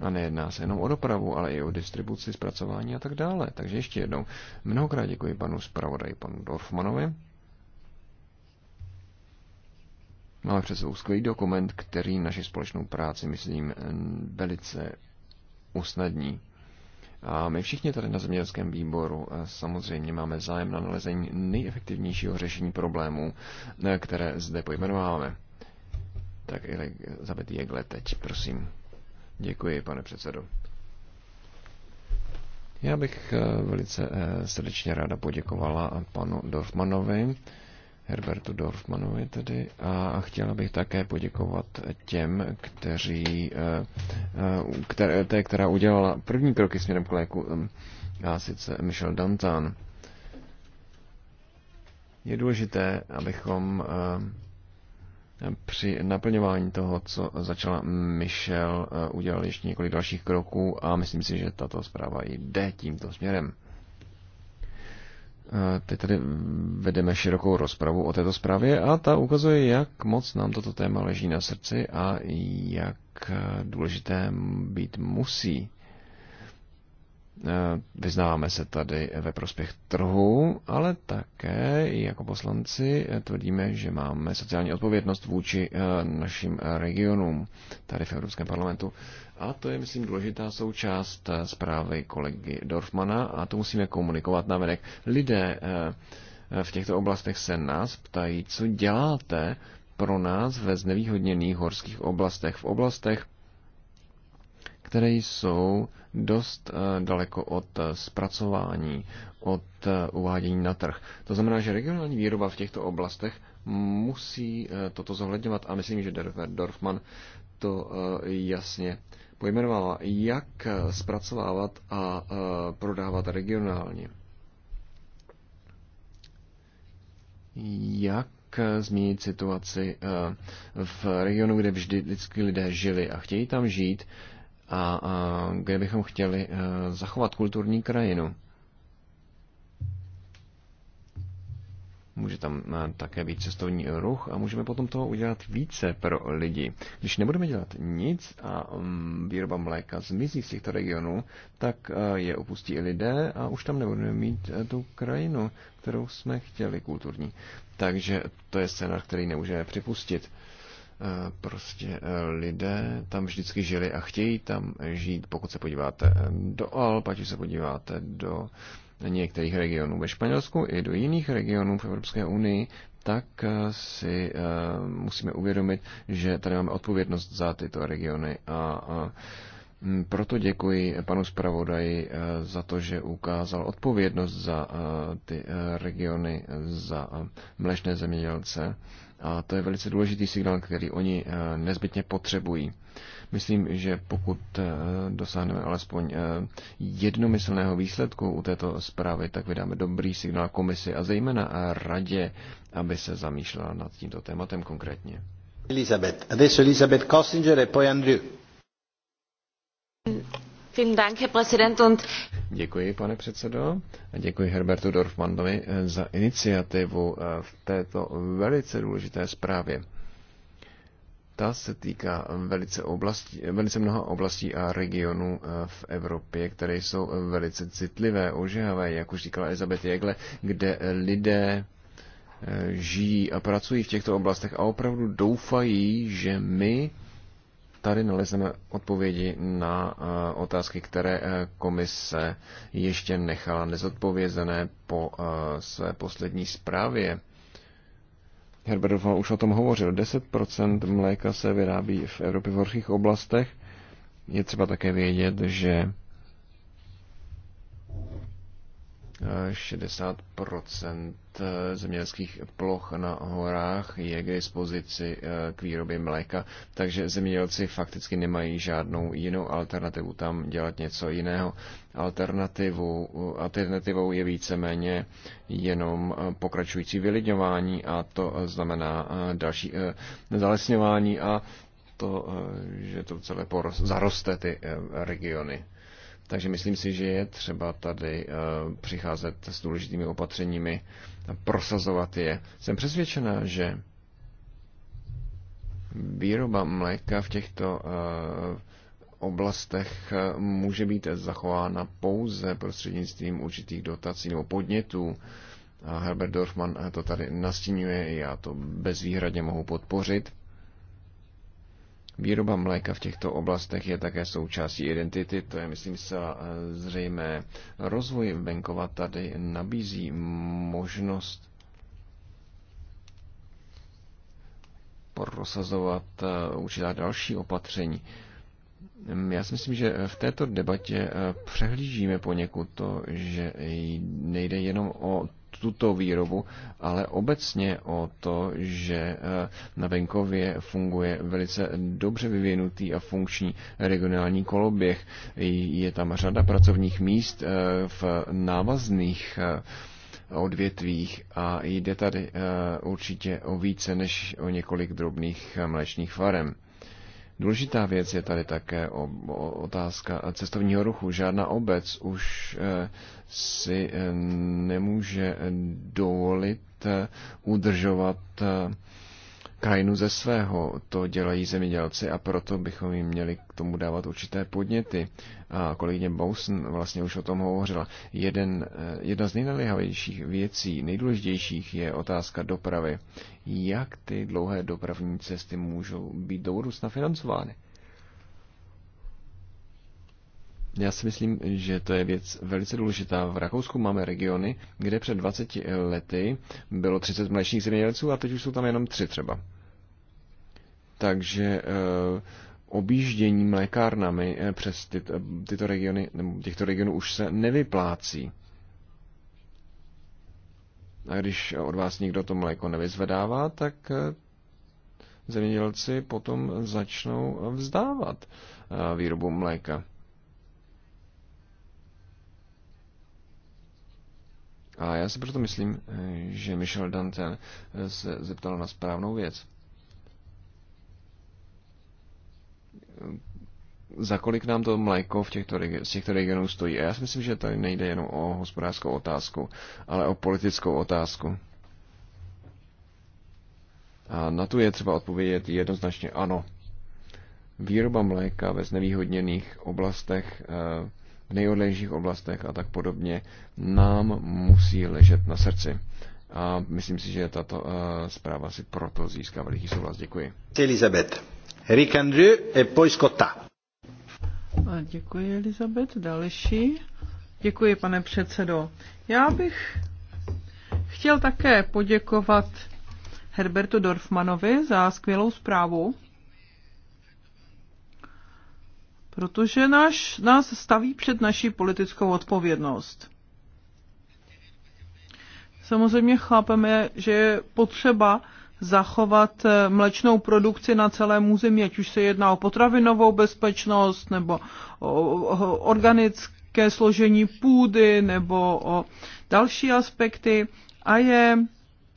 A nejedná se jenom o dopravu, ale i o distribuci, zpracování a tak dále. Takže ještě jednou mnohokrát děkuji panu zpravodaji, panu Dorfmanovi. Máme před sebou skvělý dokument, který naši společnou práci, myslím, velice usnadní. A my všichni tady na zemědělském výboru eh, samozřejmě máme zájem na nalezení nejefektivnějšího řešení problémů, eh, které zde pojmenováváme. Tak zabitý Jegle teď, prosím. Děkuji, pane předsedo. Já bych eh, velice eh, srdečně ráda poděkovala panu Dorfmanovi, Herbertu Dorfmanovi tedy, a chtěla bych také poděkovat těm, kteří, eh, které, té, která udělala první kroky směrem k léku, a sice Michel Dantan. Je důležité, abychom při naplňování toho, co začala Michel, eh, udělal ještě několik dalších kroků a myslím si, že tato zpráva jde tímto směrem. Eh, teď tady vedeme širokou rozpravu o této zprávě a ta ukazuje, jak moc nám toto téma leží na srdci a jak eh, důležité být musí. Eh, vyznáváme se tady ve prospěch trhu, ale také jako poslanci eh, tvrdíme, že máme sociální odpovědnost vůči eh, našim regionům tady v Evropském parlamentu. A to je, myslím, důležitá součást zprávy kolegy Dorfmana a to musíme komunikovat na venek. Lidé v těchto oblastech se nás ptají, co děláte pro nás ve znevýhodněných horských oblastech, v oblastech, které jsou dost eh, daleko od eh, zpracování, od eh, uvádění na trh. To znamená, že regionální výroba v těchto oblastech musí toto zohledňovat a myslím, že Dorfman to jasně pojmenovala, jak zpracovávat a prodávat regionálně. Jak změnit situaci v regionu, kde vždy lidé žili a chtějí tam žít, a, a kde bychom chtěli e, zachovat kulturní krajinu. Může tam e, také být cestovní ruch a můžeme potom toho udělat více pro lidi. Když nebudeme dělat nic a mm, výroba mléka zmizí z těchto regionů, tak e, je opustí i lidé a už tam nebudeme mít tu krajinu, kterou jsme chtěli kulturní. Takže to je scénář, který nemůžeme připustit. Eh, prostě eh, lidé tam vždycky žili a chtějí tam žít. Pokud se podíváte eh, do Alp, ať se podíváte do některých regionů ve Španělsku i do jiných regionů v Evropské unii, tak si musíme uvědomit, že tady máme odpovědnost za tyto regiony a hm, proto děkuji panu zpravodaji za to, že ukázal odpovědnost za ty regiony, za mlečné zemědělce a to je velice důležitý signál, který oni eh, nezbytně potřebují. Myslím, že pokud eh, dosáhneme alespoň eh, jednomyslného výsledku u této zprávy, tak vydáme dobrý signál komisi a zejména a radě, aby se zamýšlela nad tímto tématem konkrétně. Elizabeth. Adesso Elizabeth Kossinger e poi Andrew. Děkuji, pane předsedo, a děkuji Herbertu Dorfmanovi eh, za iniciativu eh, v této velice důležité zprávě. Ta se týká velice, oblastí, velice mnoha oblastí a regionů eh, v Evropě, které jsou velice citlivé, ožehavé, jak už říkala Elizabeth Jegle, kde lidé žijí a pracují v těchto oblastech a opravdu doufají, že my tady nalezneme odpovědi na eh, otázky, které eh, komise ještě nechala nezodpovězené po eh, své poslední zprávě. Herbert už o tom hovořil. 10% mléka se vyrábí v Evropě v horších oblastech. Je třeba také vědět, že 60 eh, zemědělských ploch na horách je k dispozici eh, k výrobě mléka, takže zemědělci fakticky nemají žádnou jinou alternativu tam dělat něco jiného. Alternativou, alternativou je víceméně jenom eh, pokračující vylidňování a to znamená další zalesňování a to, že to celé zaroste ty regiony. Takže myslím si, že je třeba tady eh, přicházet s důležitými opatřeními a prosazovat je. Jsem přesvědčená, že výroba mléka v těchto eh, oblastech eh, může být zachována pouze prostřednictvím určitých dotací nebo podnětů. Herbert Dorfman to tady nastínuje, já to bezvýhradně mohu podpořit. Výroba mléka v těchto oblastech je také součástí identity, to je, myslím, se eh, zřejmé. Rozvoj venkova tady nabízí možnost prosazovat eh, určitá další opatření. Mm, já si myslím, že v této debatě eh, přehlížíme poněkud to, že nejde jenom o tuto výrobu, ale obecně o to, že eh, na venkově funguje velice dobře vyvinutý a funkční regionální koloběh. Je tam řada pracovních míst eh, v návazných eh, odvětvích a jde tady určitě o více než o několik drobných mléčných farem. Důležitá věc je tady také o, o, otázka cestovního ruchu. Žádná obec už eh, si eh, nemůže dovolit eh, udržovat krajinu ze svého. To dělají zemědělci a proto bychom jim měli k tomu dávat určité podněty. A kolegyně Bousen vlastně už o tom hovořila. Jeden, eh, jedna z nejnalihavějších věcí, nejdůležitějších je otázka dopravy. Jak ty dlouhé dopravní cesty můžou být do budoucna financovány? Já si myslím, že to je věc velice důležitá. V Rakousku máme regiony, kde před 20 lety bylo 30 mléčných zemědělců a teď už jsou tam jenom 3 třeba. Takže eh, objíždění mlékárnami eh, přes ty, tyto regiony, nebo těchto regionů už se nevyplácí. A když od vás nikdo to mléko nevyzvedává, tak eh, zemědělci potom začnou vzdávat výrobu mléka. A já si proto myslím, eh, že Michel Danten eh, se zeptal na správnou věc. Za kolik nám to mléko v těchto region, z těchto regionů stojí? A já si myslím, že tady nejde jenom o hospodářskou otázku, ale o politickou otázku. A na tu je třeba odpovědět jednoznačně ano. Výroba mléka ve znevýhodněných oblastech e, v oblastech a tak podobně, nám musí ležet na srdci. A myslím si, že tato uh, zpráva si proto získá veliký souhlas. Děkuji. Elizabeth. Rick Andrew e poi Scotta. děkuji, Elizabeth. Další. Děkuji, pane předsedo. Já bych chtěl také poděkovat Herbertu Dorfmanovi za skvělou zprávu. protože náš, nás staví před naší politickou odpovědnost. Samozřejmě chápeme, že je potřeba zachovat eh, mlečnou produkci na celém území, ať už se jedná o potravinovou bezpečnost nebo o organické složení půdy nebo o další aspekty. A je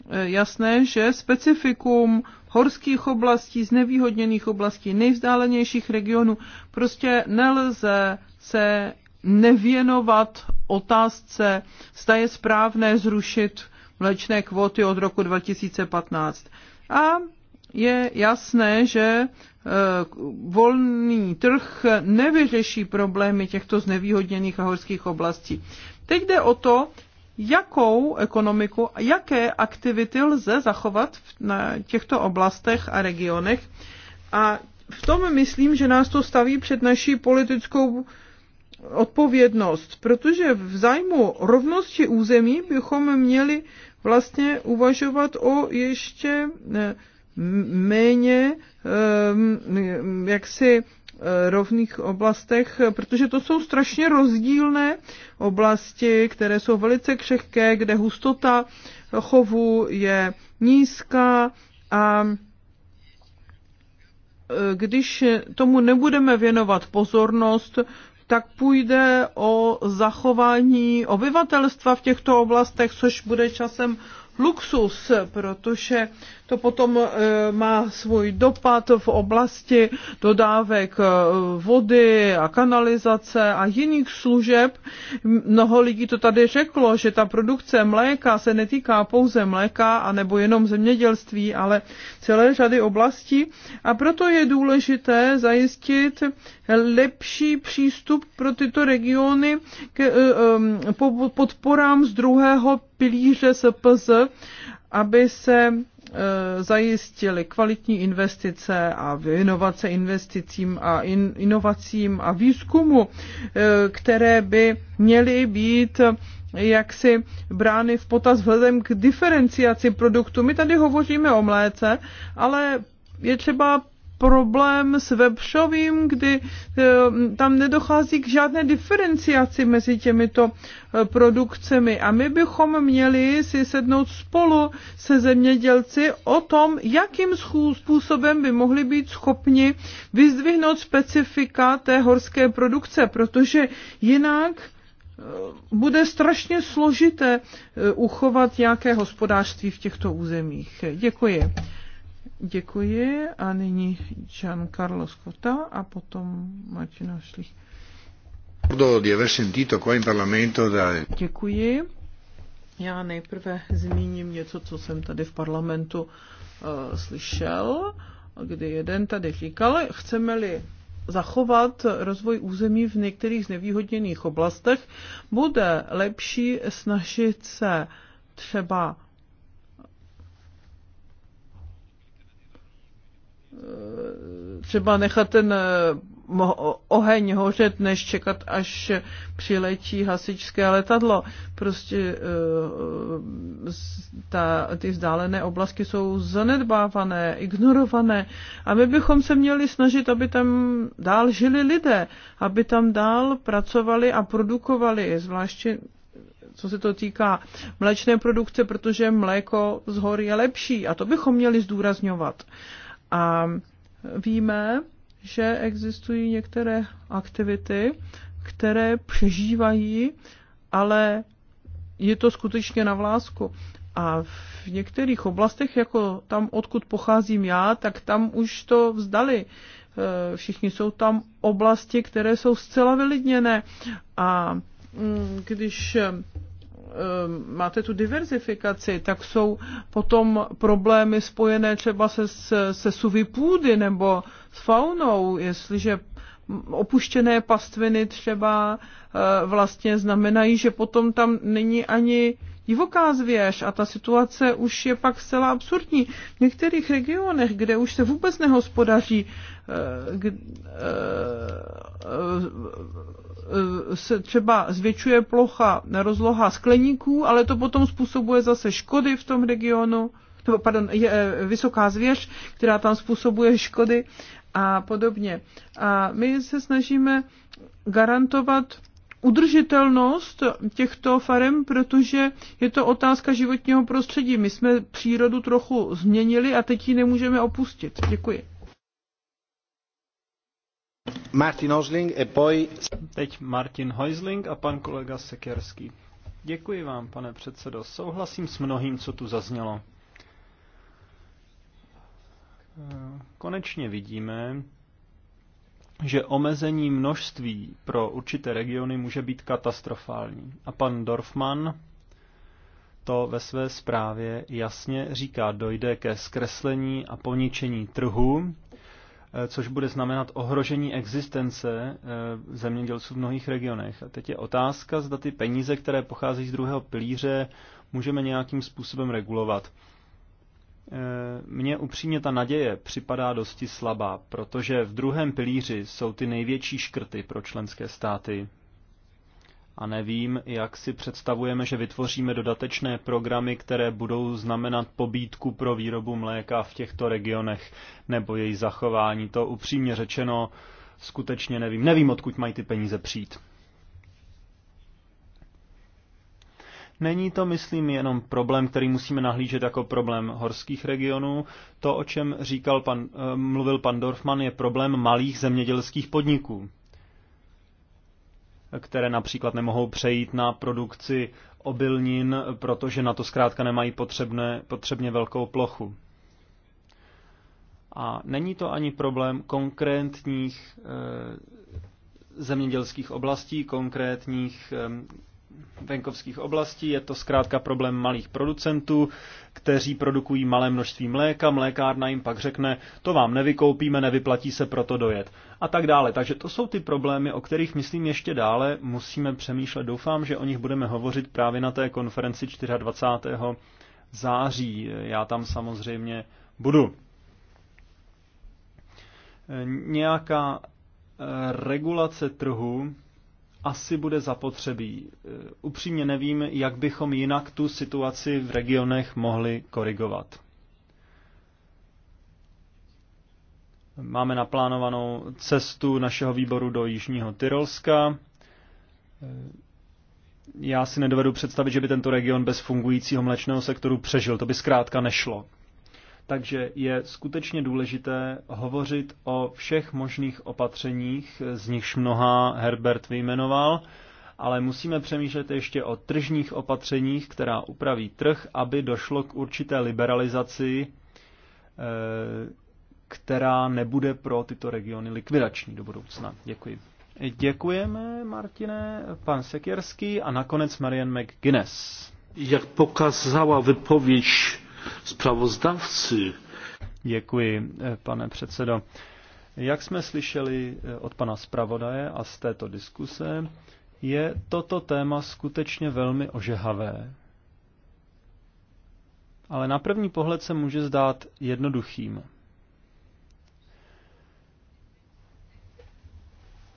Eh, jasné, že specifikum horských oblastí, znevýhodněných oblastí, nejvzdálenějších regionů, prostě nelze se nevěnovat otázce, zda je správné zrušit mléčné kvóty od roku 2015. A je jasné, že eh, volný trh nevyřeší problémy těchto znevýhodněných a horských oblastí. Teď jde o to, jakou ekonomiku, jaké aktivity lze zachovat na těchto oblastech a regionech. A v tom myslím, že nás to staví před naší politickou odpovědnost, protože v zájmu rovnosti území bychom měli vlastně uvažovat o ještě eh, méně eh, jaksi Eh, rovných oblastech, protože to jsou strašně rozdílné oblasti, které jsou velice křehké, kde hustota chovu je nízká a eh, když tomu nebudeme věnovat pozornost, tak půjde o zachování obyvatelstva v těchto oblastech, což bude časem luxus, protože to potom eh, má svůj dopad v oblasti dodávek eh, vody a kanalizace a jiných služeb. Mnoho lidí to tady řeklo, že ta produkce mléka se netýká pouze mléka a nebo jenom zemědělství, ale celé řady oblastí. A proto je důležité zajistit lepší přístup pro tyto regiony k eh, podporám z druhého pilíře SPZ, aby se Eh, zajistili kvalitní investice a inovace investicím a in, inovacím a výzkumu, eh, které by měly být eh, jaksi brány v potaz vzhledem k diferenciaci produktu. My tady hovoříme o mléce, ale je třeba problém s webshovým, kdy eh, tam nedochází k žádné diferenciaci mezi těmito eh, produkcemi. A my bychom měli si sednout spolu se zemědělci o tom, jakým způsobem by mohli být schopni vyzdvihnout specifika té horské produkce, protože jinak eh, bude strašně složité uchovat nějaké hospodářství v těchto územích. Děkuji. Děkuji a nyní Jean Carlos Cota a potom Martina Šlich. Děkuji. Já nejprve zmíním něco, co jsem tady v parlamentu uh, slyšel, kdy jeden tady říkal, chceme-li zachovat rozvoj území v některých znevýhodněných oblastech, bude lepší snažit se třeba Eh, třeba nechat ten eh, oheň hořet, než čekat, až přiletí hasičské letadlo. Prostě eh, ta, ty vzdálené oblasti jsou zanedbávané, ignorované a my bychom se měli snažit, aby tam dál žili lidé, aby tam dál pracovali a produkovali, zvláště co se to týká mléčné produkce, protože mléko z hor je lepší a to bychom měli zdůrazňovat. A víme, že existují některé aktivity, které přežívají, ale je to skutečně na vlásku. A v některých oblastech, jako tam, odkud pocházím já, tak tam už to vzdali. E, všichni jsou tam oblasti, které jsou zcela vylidněné. A mm, když Eh, máte tu diverzifikaci, tak jsou potom problémy spojené třeba se, se, se suvy půdy nebo s faunou, jestliže opuštěné pastviny třeba eh, vlastně znamenají, že potom tam není ani divoká zvěř a ta situace už je pak zcela absurdní. V některých regionech, kde už se vůbec nehospodaří, eh, eh, eh, se třeba zvětšuje plocha, rozloha skleníků, ale to potom způsobuje zase škody v tom regionu, nebo pardon, je vysoká zvěř, která tam způsobuje škody a podobně. A my se snažíme garantovat udržitelnost těchto farem, protože je to otázka životního prostředí. My jsme přírodu trochu změnili a teď ji nemůžeme opustit. Děkuji. Martin Hoisling a poi... Teď Martin Hoisling a pan kolega Sekerský. Děkuji vám, pane předsedo. Souhlasím s mnohým, co tu zaznělo. Konečně vidíme, že omezení množství pro určité regiony může být katastrofální. A pan Dorfman to ve své zprávě jasně říká, dojde ke zkreslení a poničení trhu, eh, což bude znamenat ohrožení existence eh, zemědělců v mnohých regionech. A teď je otázka, zda ty peníze, které pocházejí z druhého pilíře, můžeme nějakým způsobem regulovat. Eh, mně upřímně ta naděje připadá dosti slabá, protože v druhém pilíři jsou ty největší škrty pro členské státy. A nevím, jak si představujeme, že vytvoříme dodatečné programy, které budou znamenat pobídku pro výrobu mléka v těchto regionech nebo její zachování. To upřímně řečeno skutečně nevím. Nevím, odkud mají ty peníze přijít. Není to, myslím, jenom problém, který musíme nahlížet jako problém horských regionů. To, o čem říkal pan, eh, mluvil pan Dorfman, je problém malých zemědělských podniků, které například nemohou přejít na produkci obilnin, protože na to zkrátka nemají potřebné, potřebně velkou plochu. A není to ani problém konkrétních e, zemědělských oblastí, konkrétních e, venkovských oblastí. Je to zkrátka problém malých producentů, kteří produkují malé množství mléka. Mlékárna jim pak řekne, to vám nevykoupíme, nevyplatí se proto dojet. A tak dále. Takže to jsou ty problémy, o kterých myslím ještě dále musíme přemýšlet. Doufám, že o nich budeme hovořit právě na té konferenci 24. září. Já tam samozřejmě budu. Nějaká eh, regulace trhu asi bude zapotřebí. E, upřímně nevím, jak bychom jinak tu situaci v regionech mohli korigovat. Máme naplánovanou cestu našeho výboru do Jižního Tyrolska. E, já si nedovedu představit, že by tento region bez fungujícího mlečného sektoru přežil. To by zkrátka nešlo. Takže je skutečně důležité hovořit o všech možných opatřeních, z nichž mnoha Herbert vyjmenoval, ale musíme přemýšlet ještě o tržních opatřeních, která upraví trh, aby došlo k určité liberalizaci, eh, která nebude pro tyto regiony likvidační do budoucna. Děkuji. Děkujeme, Martine, pan Sekierský a nakonec Marian McGuinness. Jak pokazala vypověď sprawozdawcy. Děkuji, eh, pane předsedo. Jak jsme slyšeli eh, od pana zpravodaje a z této diskuse, je toto téma skutečně velmi ožehavé. Ale na první pohled se může zdát jednoduchým.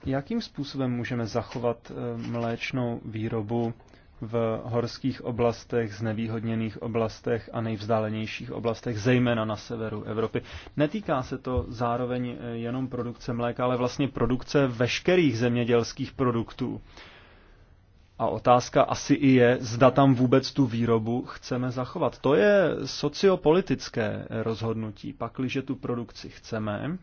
Jakým způsobem můžeme zachovat eh, mléčnou výrobu v horských oblastech, znevýhodněných oblastech a nejvzdálenějších oblastech, zejména na severu Evropy. Netýká se to zároveň eh, jenom produkce mléka, ale vlastně produkce veškerých zemědělských produktů. A otázka asi i je, zda tam vůbec tu výrobu chceme zachovat. To je sociopolitické eh, rozhodnutí. Pakliže tu produkci chceme,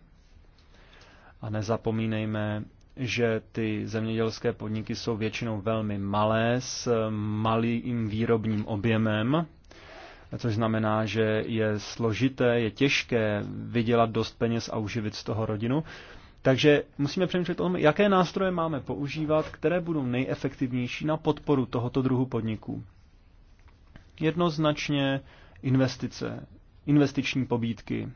a nezapomínejme, že ty zemědělské podniky jsou většinou velmi malé, s malým výrobním objemem, což znamená, že je složité, je těžké vydělat dost peněz a uživit z toho rodinu. Takže musíme přemýšlet o tom, jaké nástroje máme používat, které budou nejefektivnější na podporu tohoto druhu podniků. Jednoznačně investice, investiční pobídky,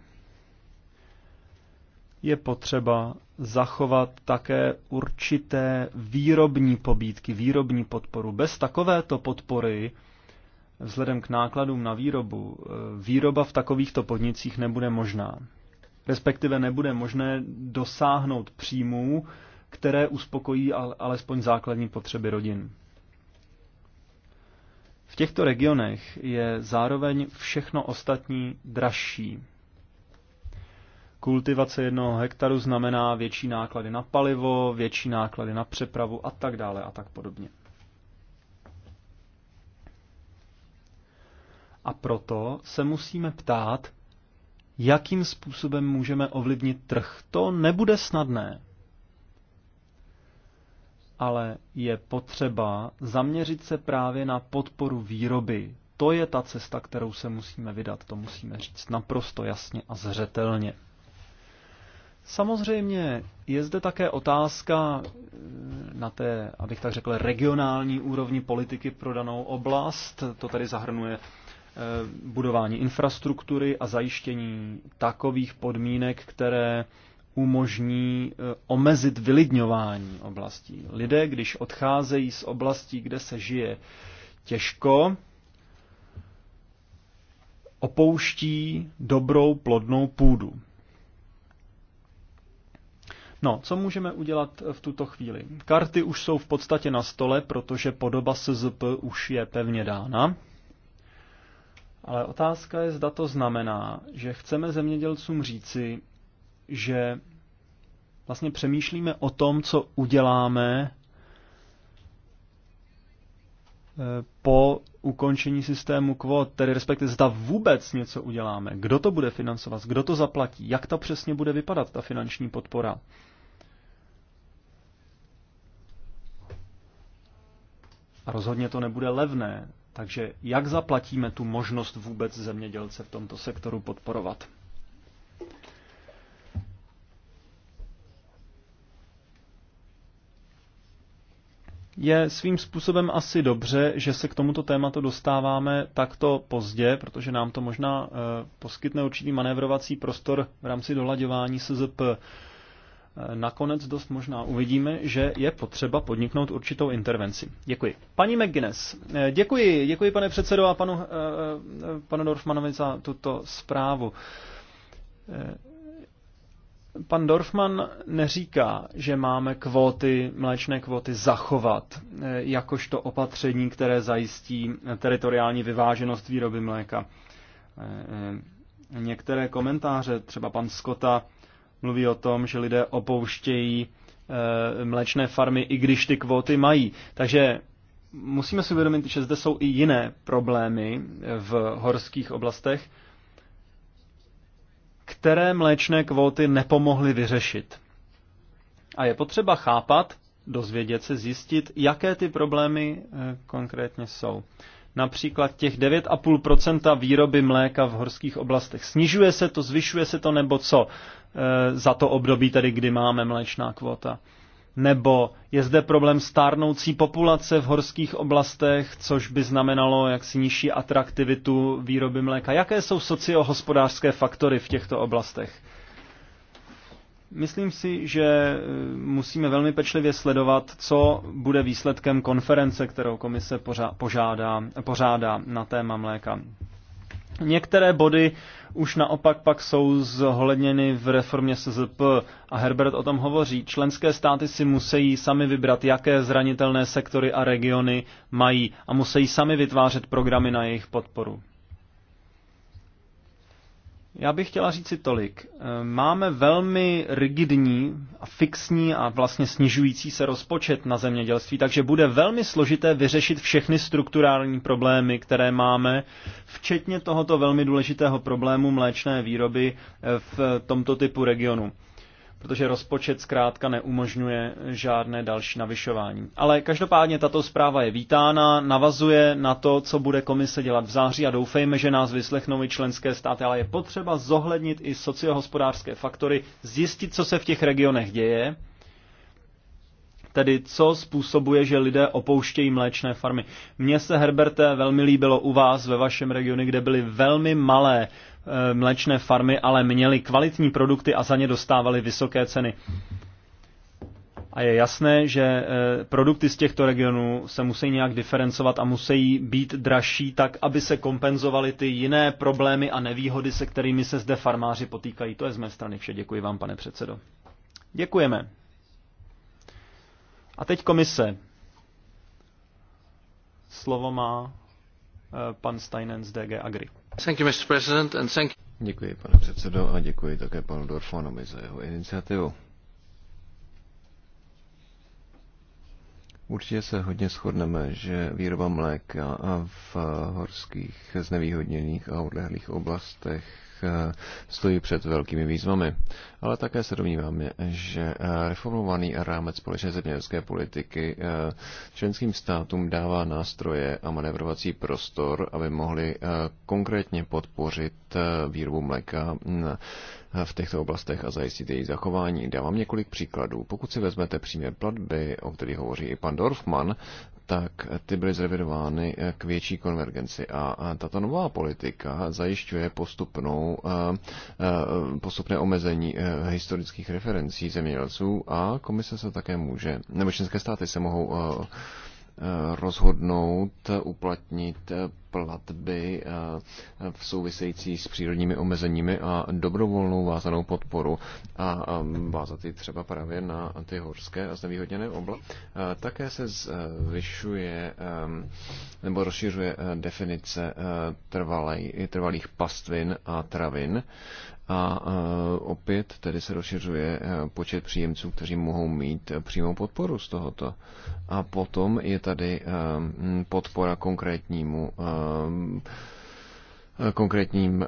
je potřeba zachovat také určité výrobní pobídky, výrobní podporu. Bez takovéto podpory, vzhledem k nákladům na výrobu, eh, výroba v takovýchto podnicích nebude možná. Respektive nebude možné dosáhnout příjmů, které uspokojí alespoň základní potřeby rodin. V těchto regionech je zároveň všechno ostatní dražší. Kultivace jednoho hektaru znamená větší náklady na palivo, větší náklady na přepravu a tak dále a tak podobně. A proto se musíme ptát, jakým způsobem můžeme ovlivnit trh. To nebude snadné, ale je potřeba zaměřit se právě na podporu výroby. To je ta cesta, kterou se musíme vydat, to musíme říct naprosto jasně a zřetelně. Samozřejmě je zde také otázka eh, na té, abych tak řekl, regionální úrovni politiky pro danou oblast. To tady zahrnuje eh, budování infrastruktury a zajištění takových podmínek, které umožní eh, omezit vylidňování oblastí. Lidé, když odcházejí z oblastí, kde se žije těžko, opouští dobrou plodnou půdu. No, co můžeme udělat v tuto chvíli? Karty už jsou v podstatě na stole, protože podoba SZP už je pevně dána. Ale otázka je, zda to znamená, že chceme zemědělcům říci, že vlastně přemýšlíme o tom, co uděláme eh, po ukončení systému kvot, tedy respektive zda vůbec něco uděláme, kdo to bude financovat, kdo to zaplatí, jak to přesně bude vypadat, ta finanční podpora. A rozhodně to nebude levné. Takže jak zaplatíme tu možnost vůbec zemědělce v tomto sektoru podporovat? Je svým způsobem asi dobře, že se k tomuto tématu dostáváme takto pozdě, protože nám to možná eh, poskytne určitý manévrovací prostor v rámci dolaďování SZP nakonec dost možná uvidíme, že je potřeba podniknout určitou intervenci. Děkuji. Paní McGuinness, děkuji, děkuji pane předsedo a panu, eh, panu Dorfmanovi za tuto zprávu. Eh, pan Dorfman neříká, že máme kvóty, mléčné kvóty zachovat eh, jakožto opatření, které zajistí teritoriální vyváženost výroby mléka. Některé komentáře, třeba pan Skota, mluví o tom, že lidé opouštějí eh, mléčné farmy, i když ty kvóty mají. Takže musíme si uvědomit, že zde jsou i jiné problémy v horských oblastech, které mléčné kvóty nepomohly vyřešit. A je potřeba chápat, dozvědět se, zjistit, jaké ty problémy eh, konkrétně jsou. Například těch 9,5% výroby mléka v horských oblastech. Snižuje se to, zvyšuje se to nebo co? Eh, za to období, tedy kdy máme mléčná kvota. Nebo je zde problém stárnoucí populace v horských oblastech, což by znamenalo jaksi nižší atraktivitu výroby mléka. Jaké jsou sociohospodářské faktory v těchto oblastech? Myslím si, že eh, musíme velmi pečlivě sledovat, co bude výsledkem konference, kterou komise pořádá, pořádá na téma mléka. Některé body už naopak pak jsou zohledněny v reformě SZP a Herbert o tom hovoří. Členské státy si musí sami vybrat, jaké zranitelné sektory a regiony mají a musí sami vytvářet programy na jejich podporu. Já bych chtěla říci tolik. Eh, máme velmi rigidní a fixní a vlastně snižující se rozpočet na zemědělství, takže bude velmi složité vyřešit všechny strukturální problémy, které máme, včetně tohoto velmi důležitého problému mléčné výroby eh, v tomto typu regionu protože rozpočet zkrátka neumožňuje žádné další navyšování. Ale každopádně tato zpráva je vítána, navazuje na to, co bude komise dělat v září a doufejme, že nás vyslechnou i členské státy, ale je potřeba zohlednit i sociohospodářské faktory, zjistit, co se v těch regionech děje, tedy co způsobuje, že lidé opouštějí mléčné farmy. Mně se, Herberte, velmi líbilo u vás ve vašem regionu, kde byly velmi malé Eh, mléčné farmy ale měly kvalitní produkty a za ně dostávaly vysoké ceny. A je jasné, že eh, produkty z těchto regionů se musí nějak diferencovat a musí být dražší tak, aby se kompenzovaly ty jiné problémy a nevýhody, se kterými se zde farmáři potýkají. To je z mé strany vše. Děkuji vám, pane předsedo. Děkujeme. A teď komise. Slovo má eh, pan Steinen z DG Agri. Děkuji, pane předsedo, a děkuji také panu Dorfanovi za jeho iniciativu. Určitě se hodně shodneme, že výroba mléka v horských znevýhodněných a odlehlých oblastech Eh, stojí před velkými výzvami. Ale také se domníváme, že eh, reformovaný rámec společné zemědělské politiky eh, členským státům dává nástroje a manevrovací prostor, aby mohli konkrétně podpořit výrobu mléka mm, v těchto oblastech a zajistit její zachování. Dávám několik příkladů. Pokud si vezmete přímé platby, o kterých hovoří i pan Dorfman, tak ty byly zrevidovány k větší konvergenci a tato nová politika zajišťuje postupnou, postupné omezení e, historických referencí zemědělců a komise se také může, nebo české státy se mohou e, rozhodnout uplatnit platby eh, v související s přírodními omezeními a dobrovolnou vázanou podporu a eh, vázat ji třeba právě na ty horské a znevýhodněné obla. Eh, také se zvyšuje nebo rozšiřuje definice trvalých pastvin a travin a e, opět tedy se rozšiřuje e, počet příjemců, kteří mohou mít e, přímou podporu z tohoto. A potom je tady podpora konkrétnímu konkrétním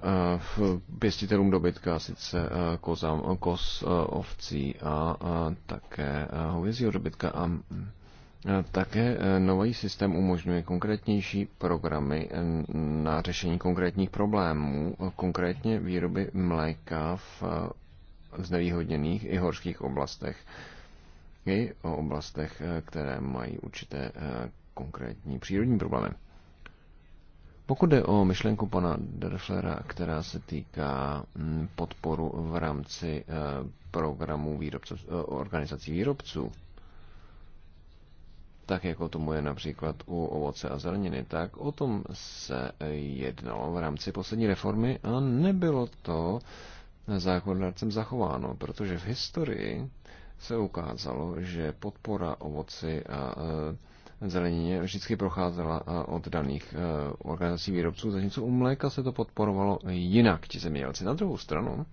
pěstitelům dobytka, sice kozám, koz, ovcí a také hovězího dobytka. A Eh, také eh, nový systém umožňuje konkrétnější programy eh, na řešení konkrétních problémů, konkrétně výroby mléka v znevýhodněných i horských oblastech i o oblastech, které mají určité konkrétní přírodní problémy. Pokud jde o myšlenku pana Derflera, která se týká mm, podporu v rámci programů výrobců, organizací výrobců, tak jako tomu je například u ovoce a zeleniny, tak o tom se jednalo v rámci poslední reformy a nebylo to zákonodárcem zachováno, protože v historii se ukázalo, že podpora ovoci a e, zelenině vždycky procházela e, od daných e, organizací výrobců, zatímco u mléka se to podporovalo jinak, ti zemědělci. Na druhou stranu,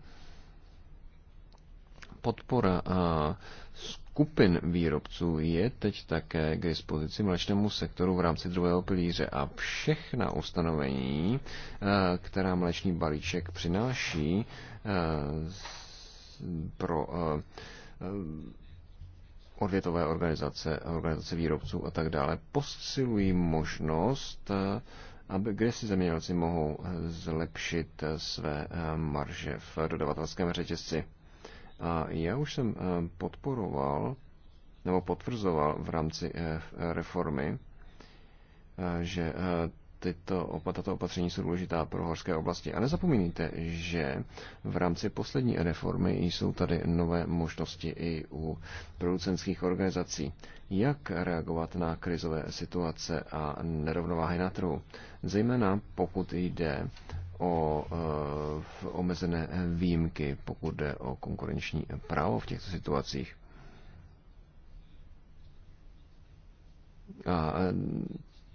podpora a skupin výrobců je teď také k dispozici mlečnému sektoru v rámci druhého pilíře a všechna ustanovení, eh, která mlečný balíček přináší eh, pro eh, odvětové organizace, organizace výrobců a tak dále, posilují možnost aby, kde si zemědělci mohou zlepšit své marže v dodavatelském řetězci. A já už jsem eh, podporoval nebo potvrzoval v rámci eh, reformy, eh, že tyto, tato opatření jsou důležitá pro horské oblasti. A nezapomínejte, že v rámci poslední reformy jsou tady nové možnosti i u producentských organizací, jak reagovat na krizové situace a nerovnováhy na trhu. Zejména pokud jde o e, omezené výjimky, pokud jde o konkurenční právo v těchto situacích. A eh,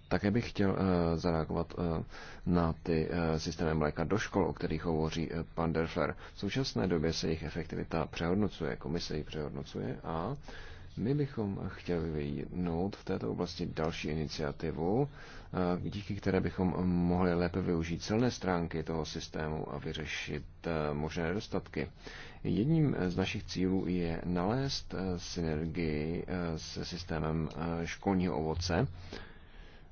také bych chtěl eh, zareagovat eh, na ty eh, systémy mléka do škol, o kterých hovoří pan Derfler. V současné době se jejich efektivita přehodnocuje, komise ji přehodnocuje a my bychom chtěli vyjít v této oblasti další iniciativu, díky které bychom mohli lépe využít silné stránky toho systému a vyřešit možné nedostatky. Jedním z našich cílů je nalézt synergii se systémem školního ovoce,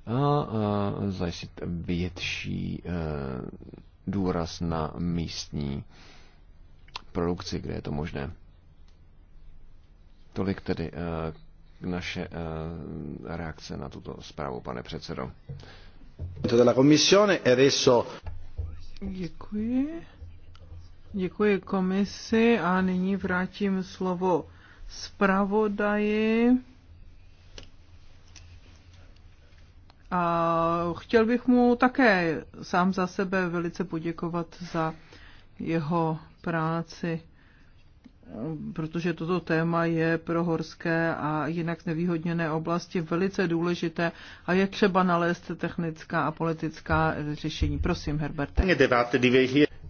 a zajistit větší e, důraz na místní produkci, kde je to možné. Tolik tedy e, naše e, reakce na tuto zprávu, pane předsedo. Děkuji. Děkuji komisi a nyní vrátím slovo zpravodaji. A chtěl bych mu také sám za sebe velice poděkovat za jeho práci, protože toto téma je pro horské a jinak nevýhodněné oblasti velice důležité a je třeba nalézt technická a politická řešení. Prosím, Herberte.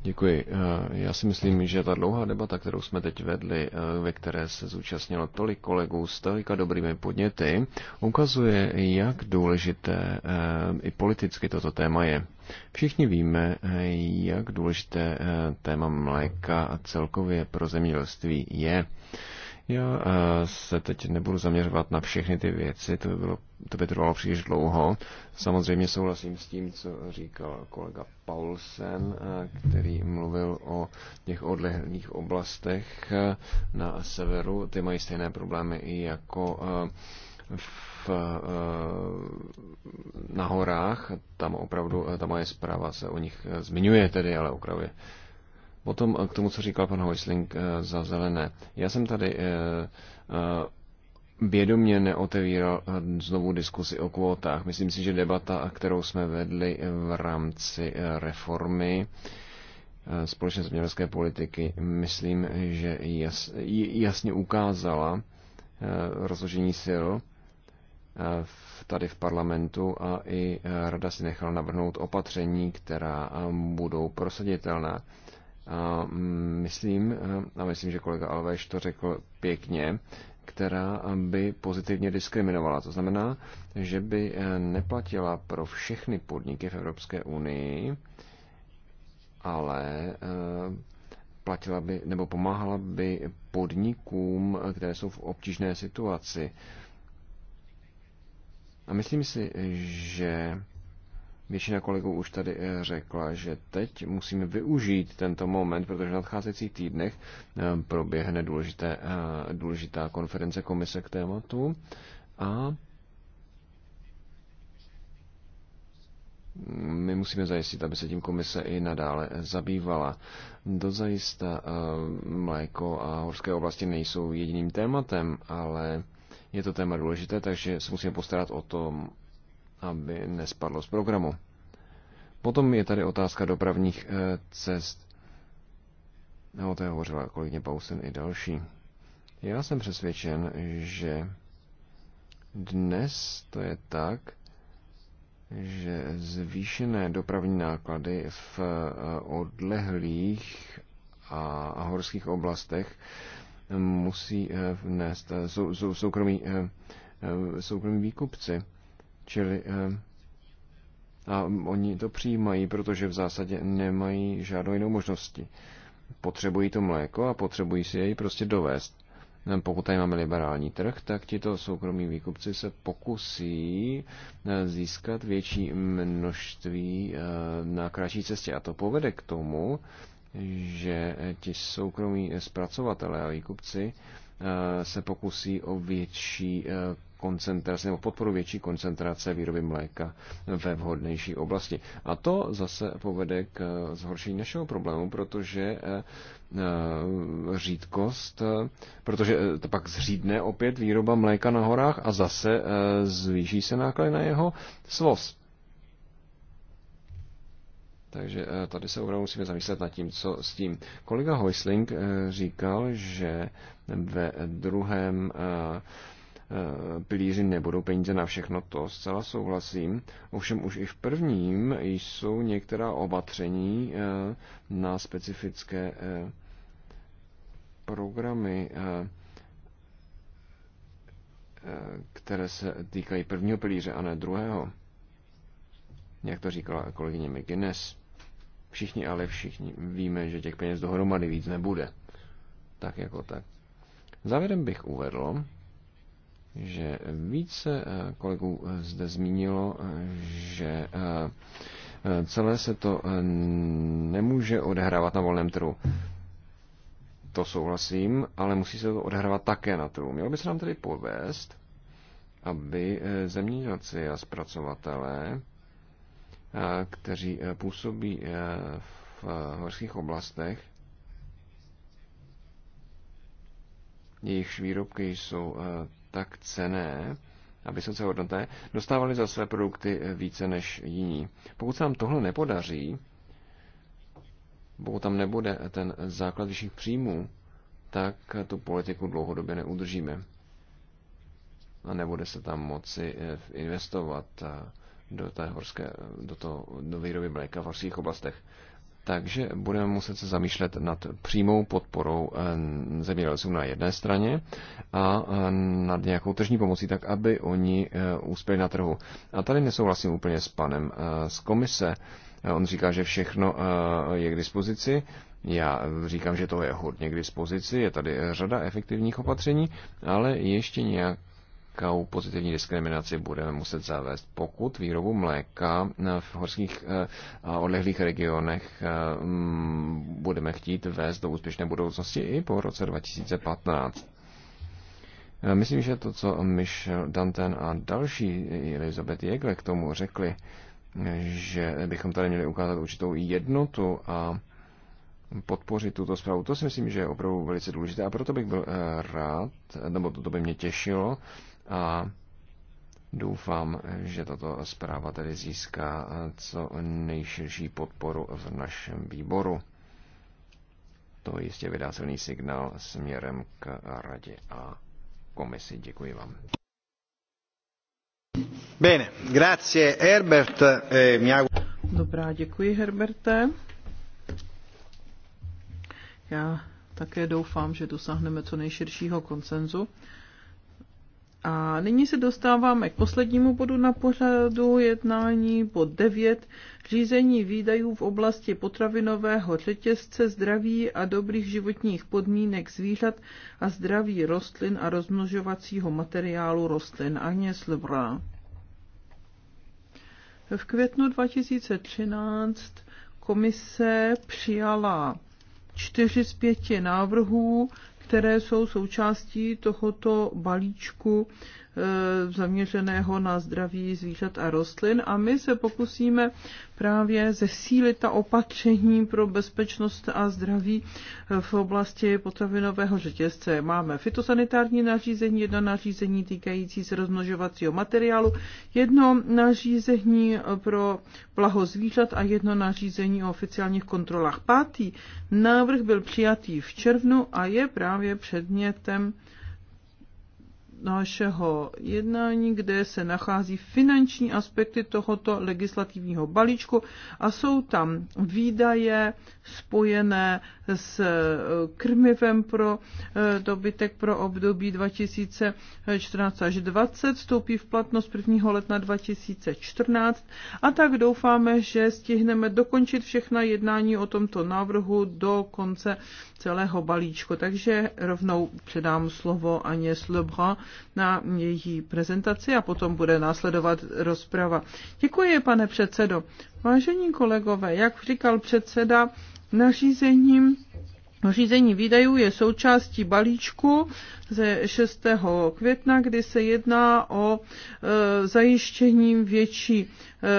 Děkuji. Eh, já si myslím, že ta dlouhá debata, kterou jsme teď vedli, eh, ve které se zúčastnilo tolik kolegů s tolika dobrými podněty, ukazuje, jak důležité eh, i politicky toto téma je. Všichni víme, jak důležité téma mléka a celkově pro zemědělství je. Já eh, se teď nebudu zaměřovat na všechny ty věci, to by, bylo, to by trvalo příliš dlouho. Samozřejmě souhlasím s tím, co říkal kolega Paulsen, eh, který mluvil o těch odlehlých oblastech eh, na severu. Ty mají stejné problémy i jako v, na horách. Tam opravdu, ta moje zpráva se o nich zmiňuje tedy, ale okrajově. Potom eh, k tomu, co říkal pan Hoisling eh, za zelené. Já jsem tady eh, vědomě neotevíral znovu diskusi o kvótách. Myslím si, že debata, kterou jsme vedli v rámci reformy společné zemědělské politiky, myslím, že jasně ukázala rozložení sil tady v parlamentu a i rada si nechala navrhnout opatření, která budou prosaditelná a mm, myslím, a myslím, že kolega Alveš to řekl pěkně, která by pozitivně diskriminovala. To znamená, že by e, neplatila pro všechny podniky v Evropské unii, ale e, platila by nebo pomáhala by podnikům, které jsou v obtížné situaci. A myslím si, že Většina kolegů už tady eh, řekla, že teď musíme využít tento moment, protože v nadcházejících týdnech eh, proběhne důležité, eh, důležitá konference komise k tématu a my musíme zajistit, aby se tím komise i nadále zabývala. Dozajista mléko a horské oblasti nejsou jediným tématem, ale je to téma důležité, takže se musíme postarat o to, aby nespadlo z programu. Potom je tady otázka dopravních eh, cest. No, o té hovořila kolegyně Pausen i další. Já jsem přesvědčen, že dnes to je tak, že zvýšené dopravní náklady v eh, odlehlých a horských oblastech musí eh, vnést sou, sou, soukromí, soukromí výkupci. Čili eh, a oni to přijímají, protože v zásadě nemají žádnou jinou možnosti. Potřebují to mléko a potřebují si jej prostě dovést. Eh, pokud tady máme liberální trh, tak tito soukromí výkupci se pokusí eh, získat větší množství na kratší cestě. A to povede k tomu, že ti soukromí zpracovatelé a výkupci se pokusí o větší koncentrace nebo podporu větší koncentrace výroby mléka ve vhodnější oblasti. A to zase povede k zhoršení našeho problému, protože eh, eh, řídkost, eh, protože to pak zřídne opět výroba mléka na horách a zase zvýší se náklady na jeho svoz. Takže tady se opravdu musíme zamyslet nad tím, co s tím. Kolega Heusling říkal, že ve druhém Eh, pilíři nebudou peníze na všechno, to zcela souhlasím. Ovšem už i v prvním jsou některá opatření eh, na specifické eh, programy, které se týkají prvního pilíře a ne druhého. Jak to říkala kolegyně McGuinness. Všichni, ale všichni víme, že těch peněz dohromady víc nebude. Tak jako tak. Závěrem bych uvedl, že více eh, kolegů eh, zde zmínilo, že eh, celé se to nemůže odehrávat na volném trhu. To souhlasím, ale musí se to odehrávat také na trhu. Mělo by se nám tedy povést, aby zemědělci a zpracovatelé, kteří působí v horských oblastech, jejichž výrobky jsou tak cené a vysoce hodnoté, dostávali za své produkty více než jiní. Pokud se nám tohle nepodaří, pokud tam nebude ten základ vyšších příjmů, tak tu politiku dlouhodobě neudržíme. A nebude se tam moci eh, investovat eh, do té horské, do, to, do výroby mléka v horských oblastech. Takže budeme muset se zamýšlet nad přímou podporou eh, zemědělců na jedné straně a eh, nad nějakou tržní pomocí, tak aby oni úspěli eh, na trhu. A tady nesouhlasím úplně s panem z komise. On říká, že všechno je k dispozici. Já říkám, že to je hodně k dispozici, je tady řada efektivních opatření, ale ještě nějak jakou pozitivní diskriminaci budeme muset zavést, pokud výrobu mléka v horských eh, a odlehlých regionech eh, mm, budeme chtít vést do úspěšné budoucnosti i po roce 2015. Eh, myslím, že to, co Michel Danten a další Elizabeth Jegle k tomu řekli, že bychom tady měli ukázat určitou jednotu a podpořit tuto zprávu. To si myslím, že je opravdu velice důležité a proto bych byl rád, nebo to by mě těšilo, a doufám, že tato zpráva tedy získá co nejširší podporu v našem výboru. To jistě vydá silný signál směrem k radě a komisi. Děkuji vám. Bene, grazie Herbert. E, Dobrá, děkuji Herberte. Já také doufám, že dosáhneme co nejširšího konsenzu a nyní se dostáváme k poslednímu bodu na pořadu jednání, bod 9, řízení výdajů v oblasti potravinového řetězce, zdraví a dobrých životních podmínek zvířat a zdraví rostlin a rozmnožovacího materiálu rostlin. Agnes Lebrun. V květnu 2013 komise přijala čtyři z pěti návrhů které jsou součástí tohoto balíčku Eh, zaměřeného na zdraví zvířat a rostlin a my se pokusíme právě zesílit ta opatření pro bezpečnost a zdraví eh, v oblasti potravinového řetězce. Máme fitosanitární nařízení, jedno nařízení týkající se rozmnožovacího materiálu, jedno nařízení eh, pro blaho zvířat a jedno nařízení o oficiálních kontrolách. Pátý návrh byl přijatý v červnu a je právě předmětem našeho jednání, kde se nachází finanční aspekty tohoto legislativního balíčku a jsou tam výdaje spojené s eh, krmivem pro eh, dobytek pro období 2014 až 2020, vstoupí v platnost 1. letna 2014 a tak doufáme, že stihneme dokončit všechna jednání o tomto návrhu do konce celého balíčku. Takže rovnou předám slovo Aně Lebrun, na její prezentaci a potom bude následovat rozprava. Děkuji, pane předsedo. Vážení kolegové, jak říkal předseda, nařízením Řízení výdajů je součástí balíčku ze 6. května, kdy se jedná o e, zajištění větší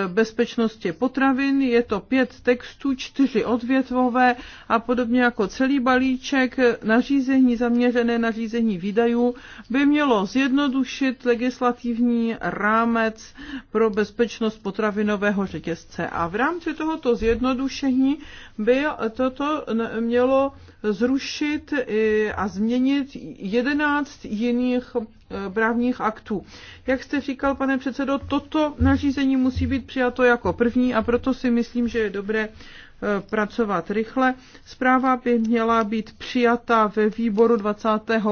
e, bezpečnosti potravin. Je to pět textů, čtyři odvětvové a podobně jako celý balíček nařízení zaměřené na řízení výdajů by mělo zjednodušit legislativní rámec pro bezpečnost potravinového řetězce. A v rámci tohoto zjednodušení by toto mělo zrušit eh, a změnit 11 jiných eh, právních aktů. Jak jste říkal, pane předsedo, toto nařízení musí být přijato jako první a proto si myslím, že je dobré eh, pracovat rychle. Zpráva by měla být přijata ve výboru 25.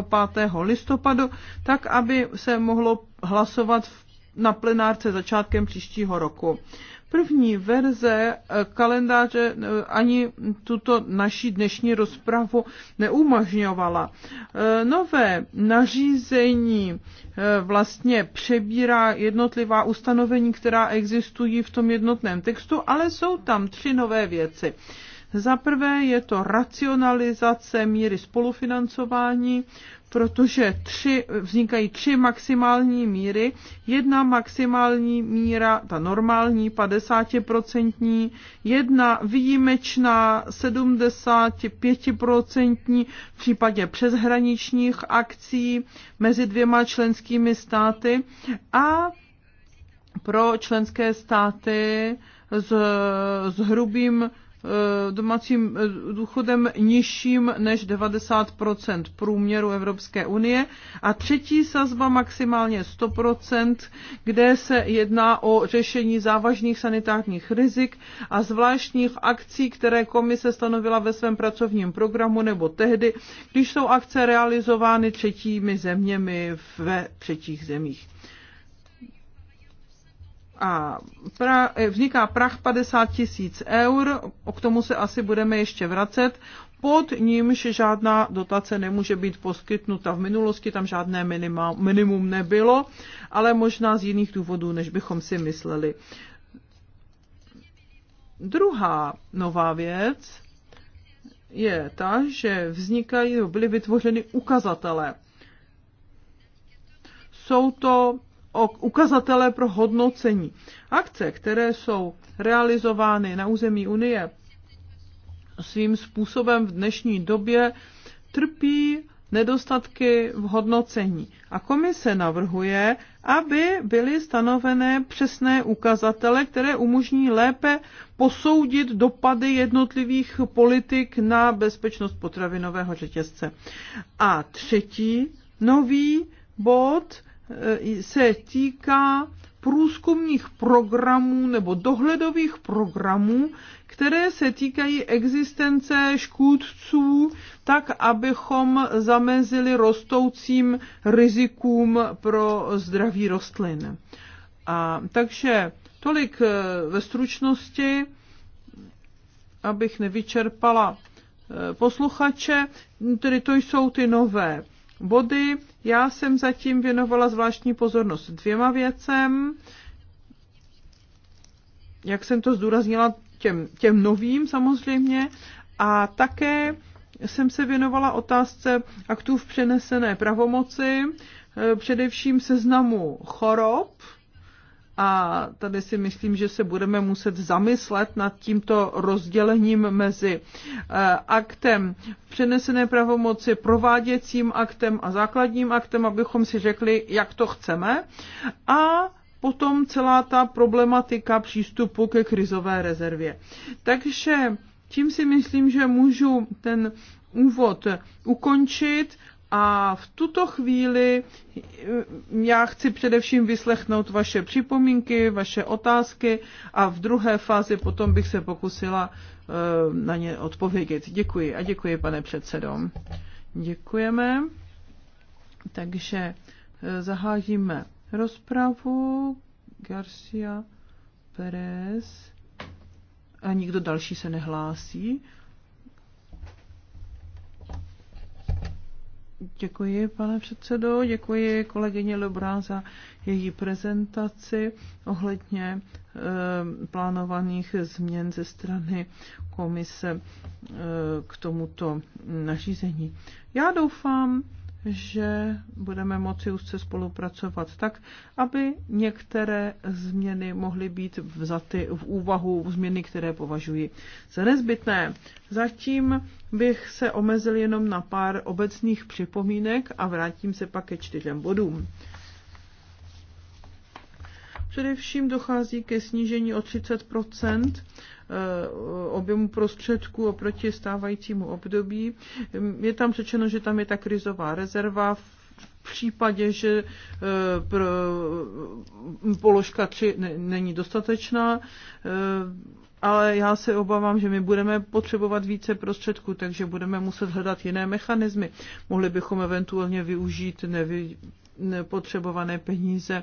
listopadu, tak aby se mohlo hlasovat na plenárce začátkem příštího roku. První verze eh, kalendáře eh, ani tuto naší dnešní rozpravu neumožňovala. Eh, nové nařízení vlastně přebírá jednotlivá ustanovení, která existují v tom jednotném textu, ale jsou tam tři nové věci. Za prvé je to racionalizace míry spolufinancování protože tři, vznikají tři maximální míry. Jedna maximální míra, ta normální 50%, jedna výjimečná 75% v případě přeshraničních akcí mezi dvěma členskými státy a pro členské státy s, s hrubým Eh, domácím eh, důchodem nižším než 90 průměru Evropské unie a třetí sazba maximálně 100 kde se jedná o řešení závažných sanitárních rizik a zvláštních akcí, které komise stanovila ve svém pracovním programu nebo tehdy, když jsou akce realizovány třetími zeměmi ve třetích zemích a pra, eh, vzniká prach 50 tisíc eur, k tomu se asi budeme ještě vracet, pod nímž žádná dotace nemůže být poskytnuta. V minulosti tam žádné minima, minimum nebylo, ale možná z jiných důvodů, než bychom si mysleli. Druhá nová věc je ta, že vznikají, byly vytvořeny ukazatele. Jsou to O ukazatele pro hodnocení. Akce, které jsou realizovány na území Unie, svým způsobem v dnešní době trpí nedostatky v hodnocení. A komise navrhuje, aby byly stanovené přesné ukazatele, které umožní lépe posoudit dopady jednotlivých politik na bezpečnost potravinového řetězce. A třetí nový bod E, se týká průzkumných programů nebo dohledových programů, které se týkají existence škůdců, tak abychom zamezili rostoucím rizikům pro zdraví rostlin. A, takže tolik e, ve stručnosti, abych nevyčerpala e, posluchače, tedy to jsou ty nové body. Já jsem zatím věnovala zvláštní pozornost dvěma věcem. Jak jsem to zdůraznila, těm, těm novým samozřejmě. A také jsem se věnovala otázce aktů v přenesené pravomoci, eh, především seznamu chorob, a tady si myslím, že se budeme muset zamyslet nad tímto rozdělením mezi eh, aktem přenesené pravomoci, prováděcím aktem a základním aktem, abychom si řekli, jak to chceme. A potom celá ta problematika přístupu ke krizové rezervě. Takže tím si myslím, že můžu ten úvod ukončit a v tuto chvíli hm, já chci především vyslechnout vaše připomínky, vaše otázky a v druhé fázi potom bych se pokusila hm, na ně odpovědět. Děkuji a děkuji, pane předsedo. Děkujeme. Takže hm, zahájíme rozpravu. Garcia Perez. A nikdo další se nehlásí. Děkuji, pane předsedo, děkuji kolegyně Lebrá za její prezentaci ohledně eh, plánovaných změn ze strany komise eh, k tomuto nařízení. Já doufám, že budeme moci úzce spolupracovat tak, aby některé změny mohly být vzaty v úvahu, v změny, které považuji za nezbytné. Zatím bych se omezil jenom na pár obecných připomínek a vrátím se pak ke čtyřem bodům. Především dochází ke snížení o 30 Eh, objemu prostředků oproti stávajícímu období. Je tam řečeno, že tam je ta krizová rezerva v případě, že eh, položka 3 není dostatečná, eh, ale já se obávám, že my budeme potřebovat více prostředků, takže budeme muset hledat jiné mechanismy. Mohli bychom eventuálně využít nevy, potřebované peníze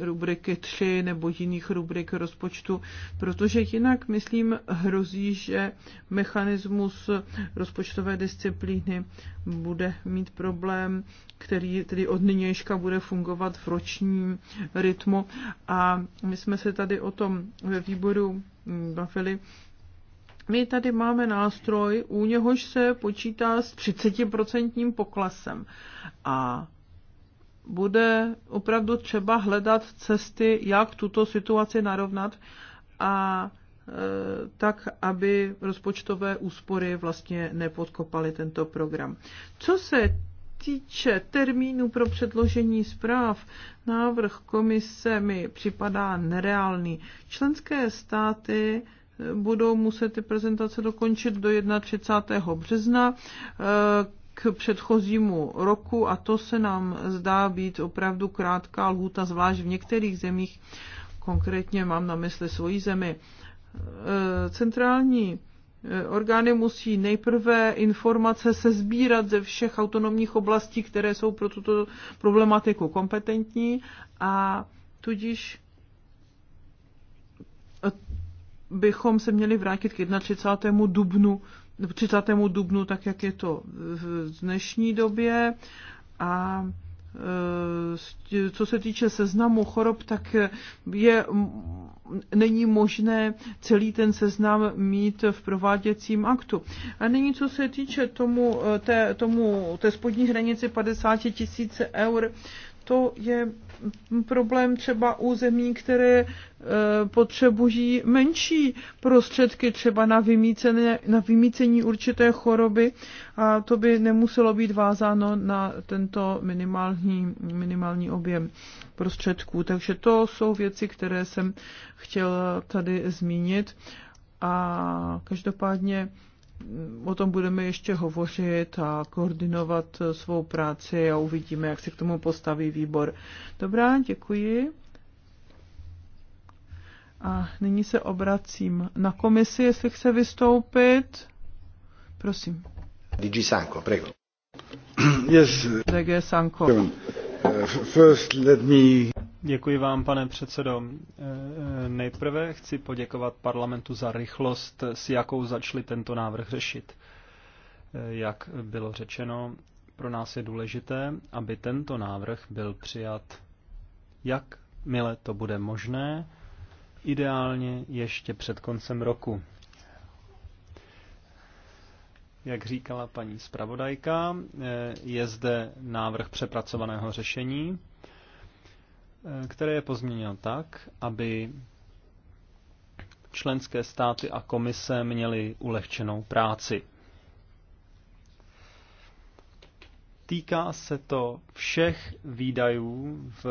eh, rubriky 3 nebo jiných rubrik rozpočtu, protože jinak, myslím, hrozí, že mechanismus rozpočtové disciplíny bude mít problém, který tedy od nynějška bude fungovat v ročním rytmu. A my jsme se tady o tom ve výboru bavili, my tady máme nástroj, u něhož se počítá s 30% poklesem. A bude opravdu třeba hledat cesty, jak tuto situaci narovnat a e, tak, aby rozpočtové úspory vlastně nepodkopaly tento program. Co se týče termínu pro předložení zpráv, návrh komise mi připadá nereálný. Členské státy e, budou muset ty prezentace dokončit do 31. března. E, k předchozímu roku a to se nám zdá být opravdu krátká lhůta, zvlášť v některých zemích, konkrétně mám na mysli svoji zemi. E, centrální e, orgány musí nejprve informace se sbírat ze všech autonomních oblastí, které jsou pro tuto problematiku kompetentní a tudíž bychom se měli vrátit k 31. dubnu 30. dubnu, tak jak je to v dnešní době. A e, co se týče seznamu chorob, tak je, není možné celý ten seznam mít v prováděcím aktu. A nyní, co se týče tomu, e, té, tomu, té spodní hranici 50 tisíc eur, to je problém třeba u zemí, které e, potřebují menší prostředky třeba na vymícení, na vymícení určité choroby a to by nemuselo být vázáno na tento minimální, minimální objem prostředků. Takže to jsou věci, které jsem chtěla tady zmínit a každopádně o tom budeme ještě hovořit a koordinovat svou práci a uvidíme, jak se k tomu postaví výbor. Dobrá, děkuji. A nyní se obracím na komisi, jestli chce vystoupit. Prosím. DG Sanko, prego. Yes. DG Sanko. First, let me... Děkuji vám, pane předsedo. E, e, nejprve chci poděkovat parlamentu za rychlost, s jakou začali tento návrh řešit. E, jak bylo řečeno, pro nás je důležité, aby tento návrh byl přijat jak mile to bude možné, ideálně ještě před koncem roku. Jak říkala paní zpravodajka, je zde návrh přepracovaného řešení, Eh, které je pozměněno tak, aby členské státy a komise měly ulehčenou práci. Týká se to všech výdajů v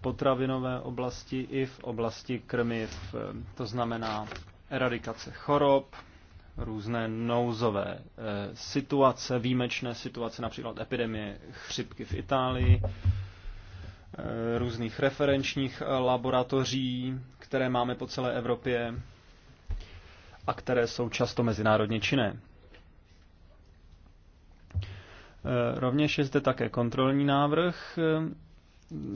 potravinové oblasti i v oblasti krmiv, eh, to znamená eradikace chorob, různé nouzové eh, situace, výjimečné situace, například epidemie chřipky v Itálii, Eh, různých referenčních eh, laboratoří, které máme po celé Evropě a které jsou často mezinárodně činné. Eh, rovněž je zde také kontrolní návrh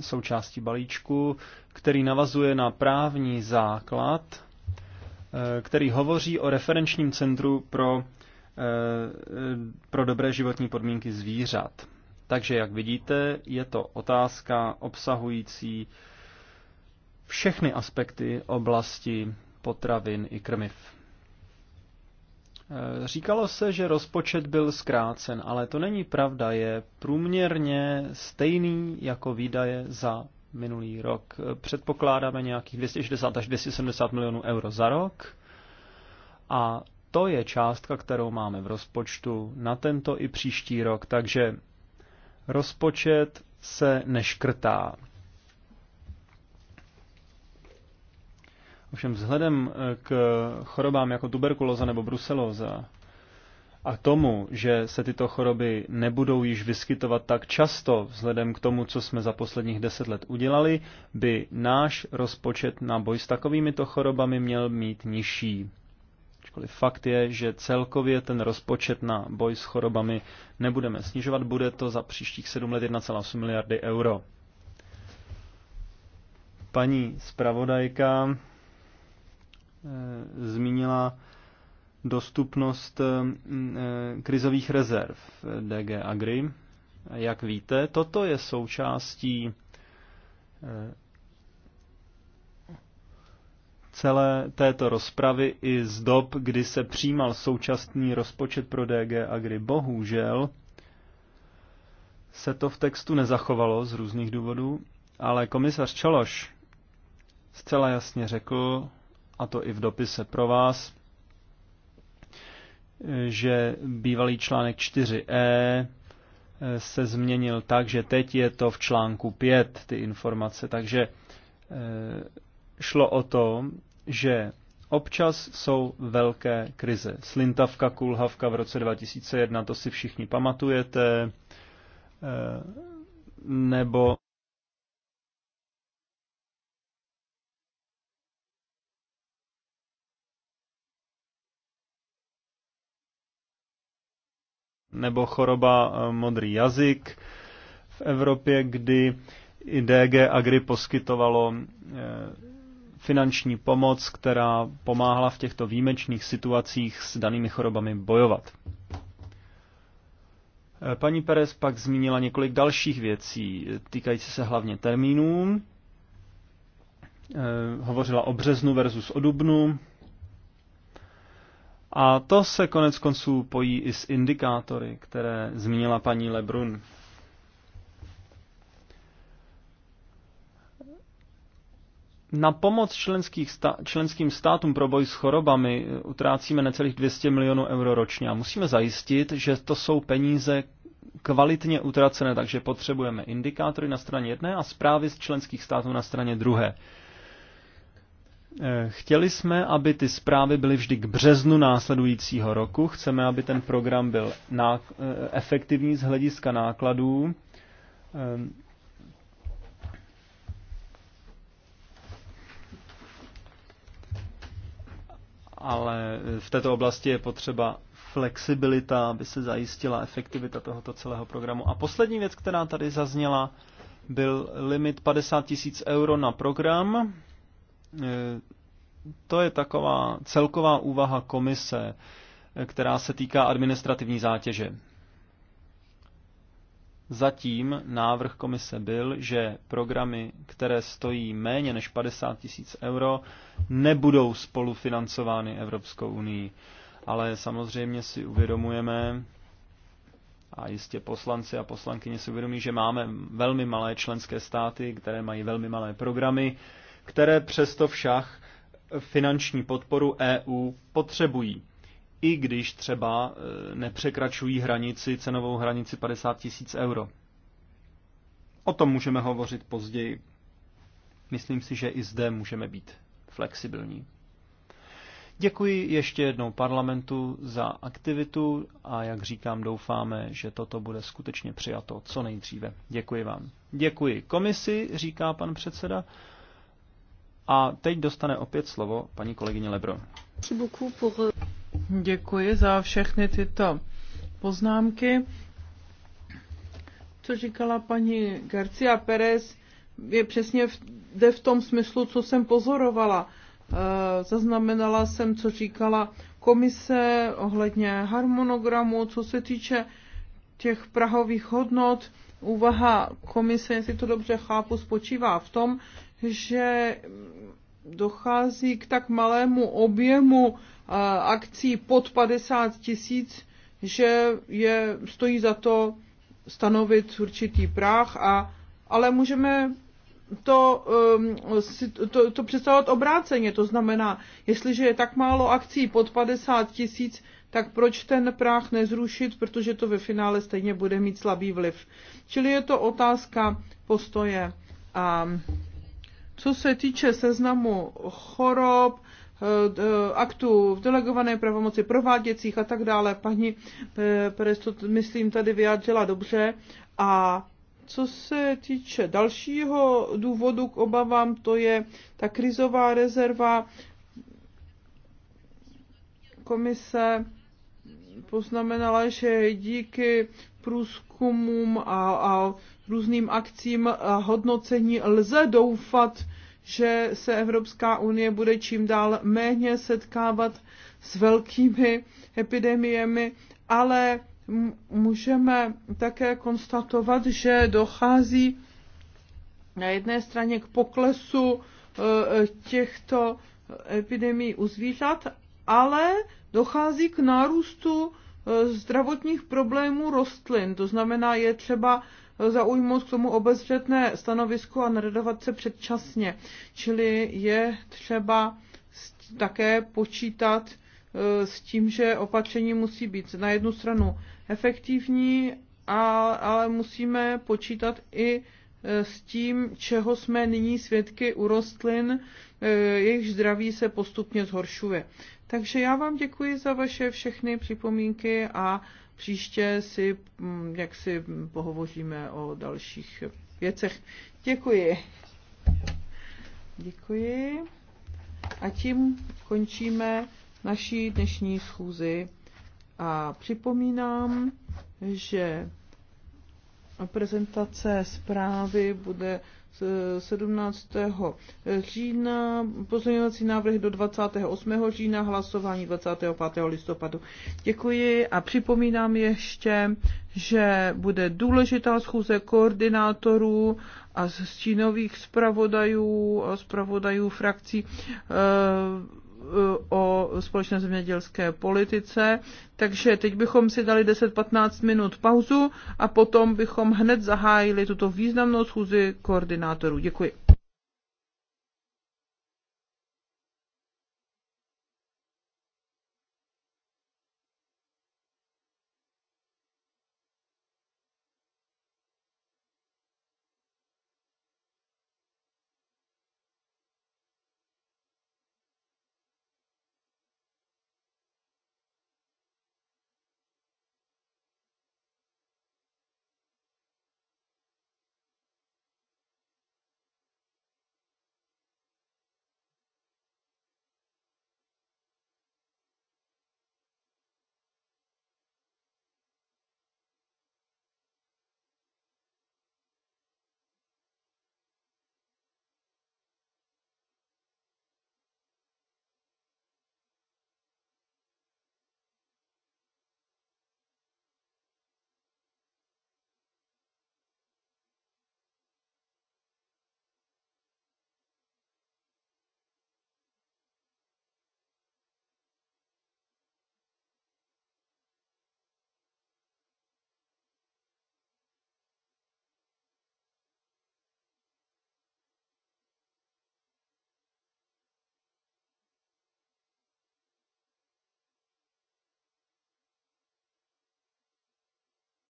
součástí balíčku, který navazuje na právní základ, který hovoří o referenčním centru pro, pro dobré životní podmínky zvířat. Takže, jak vidíte, je to otázka obsahující všechny aspekty oblasti potravin i krmiv. E, říkalo se, že rozpočet byl zkrácen, ale to není pravda, je průměrně stejný jako výdaje za minulý rok. Předpokládáme nějakých 260 až 270 milionů euro za rok a to je částka, kterou máme v rozpočtu na tento i příští rok, takže Rozpočet se neškrtá. Ovšem vzhledem eh, k chorobám jako tuberkulóza nebo bruselóza a tomu, že se tyto choroby nebudou již vyskytovat tak často, vzhledem k tomu, co jsme za posledních deset let udělali, by náš rozpočet na boj s takovýmito chorobami měl mít nižší. Ačkoliv fakt je, že celkově ten rozpočet na boj s chorobami nebudeme snižovat, bude to za příštích 7 let 1,8 miliardy euro. Paní zpravodajka eh, zmínila dostupnost eh, krizových rezerv DG Agri. Jak víte, toto je součástí eh, celé této rozpravy i z dob, kdy se přijímal současný rozpočet pro DG kdy Bohužel se to v textu nezachovalo z různých důvodů, ale komisař Čaloš zcela jasně řekl, a to i v dopise pro vás, že bývalý článek 4e se změnil tak, že teď je to v článku 5 ty informace, takže eh, šlo o to, že občas jsou velké krize. Slintavka, kulhavka v roce 2001, to si všichni pamatujete, eh, nebo nebo choroba eh, modrý jazyk v Evropě, kdy i DG Agri poskytovalo eh, finanční pomoc, která pomáhala v těchto výjimečných situacích s danými chorobami bojovat. Paní Perez pak zmínila několik dalších věcí, týkající se hlavně termínů. Eh, hovořila o březnu versus o dubnu. A to se konec konců pojí i s indikátory, které zmínila paní Lebrun. Na pomoc členských sta- členským státům pro boj s chorobami eh, utrácíme necelých 200 milionů euro ročně a musíme zajistit, že to jsou peníze kvalitně utracené, takže potřebujeme indikátory na straně jedné a zprávy z členských států na straně druhé. Eh, chtěli jsme, aby ty zprávy byly vždy k březnu následujícího roku. Chceme, aby ten program byl eh, efektivní z hlediska nákladů ehm, ale v této oblasti je potřeba flexibilita, aby se zajistila efektivita tohoto celého programu. A poslední věc, která tady zazněla, byl limit 50 tisíc euro na program. E, to je taková celková úvaha komise, e, která se týká administrativní zátěže. Zatím návrh komise byl, že programy, které stojí méně než 50 tisíc euro, nebudou spolufinancovány Evropskou unii. Ale samozřejmě si uvědomujeme, a jistě poslanci a poslankyně si uvědomí, že máme velmi malé členské státy, které mají velmi malé programy, které přesto však finanční podporu EU potřebují i když třeba eh, nepřekračují hranici, cenovou hranici 50 tisíc euro. O tom můžeme hovořit později. Myslím si, že i zde můžeme být flexibilní. Děkuji ještě jednou parlamentu za aktivitu a jak říkám, doufáme, že toto bude skutečně přijato co nejdříve. Děkuji vám. Děkuji komisi, říká pan předseda. A teď dostane opět slovo paní kolegyně Lebro. Děkuji za všechny tyto poznámky. Co říkala paní Garcia Perez, je přesně v, jde v tom smyslu, co jsem pozorovala. Eh, zaznamenala jsem, co říkala komise ohledně harmonogramu, co se týče těch prahových hodnot. Úvaha komise, jestli to dobře chápu, spočívá v tom, že dochází k tak malému objemu akcí pod 50 tisíc, že je, stojí za to stanovit určitý práh, a, ale můžeme to, um, to, to představovat obráceně. To znamená, jestliže je tak málo akcí pod 50 tisíc, tak proč ten práh nezrušit, protože to ve finále stejně bude mít slabý vliv. Čili je to otázka postoje. A co se týče seznamu chorob, Eh, aktu v delegované pravomoci prováděcích a tak dále. Paní eh, Perez to, myslím, tady vyjádřila dobře. A co se týče dalšího důvodu k obavám, to je ta krizová rezerva komise poznamenala, že díky průzkumům a, a různým akcím a hodnocení lze doufat že se Evropská unie bude čím dál méně setkávat s velkými epidemiemi, ale můžeme také konstatovat, že dochází na jedné straně k poklesu eh, těchto epidemií u zvířat, ale dochází k nárůstu eh, zdravotních problémů rostlin. To znamená, je třeba zaujmout k tomu obezřetné stanovisko a neradovat se předčasně. Čili je třeba také počítat e, s tím, že opatření musí být na jednu stranu efektivní, ale musíme počítat i e, s tím, čeho jsme nyní svědky u rostlin, e, jejich zdraví se postupně zhoršuje. Takže já vám děkuji za vaše všechny připomínky a příště si mm, jak si pohovoříme o dalších věcech. Děkuji. Děkuji. A tím končíme naší dnešní schůzi. A připomínám, že prezentace zprávy bude 17. října, pozměňovací návrhy do 28. října, hlasování 25. listopadu. Děkuji a připomínám ještě, že bude důležitá schůze koordinátorů a čínových zpravodajů a zpravodajů frakcí eh, Eh, o společné zemědělské politice. Takže teď bychom si dali 10-15 minut pauzu a potom bychom hned zahájili tuto významnou schůzi koordinátorů. Děkuji.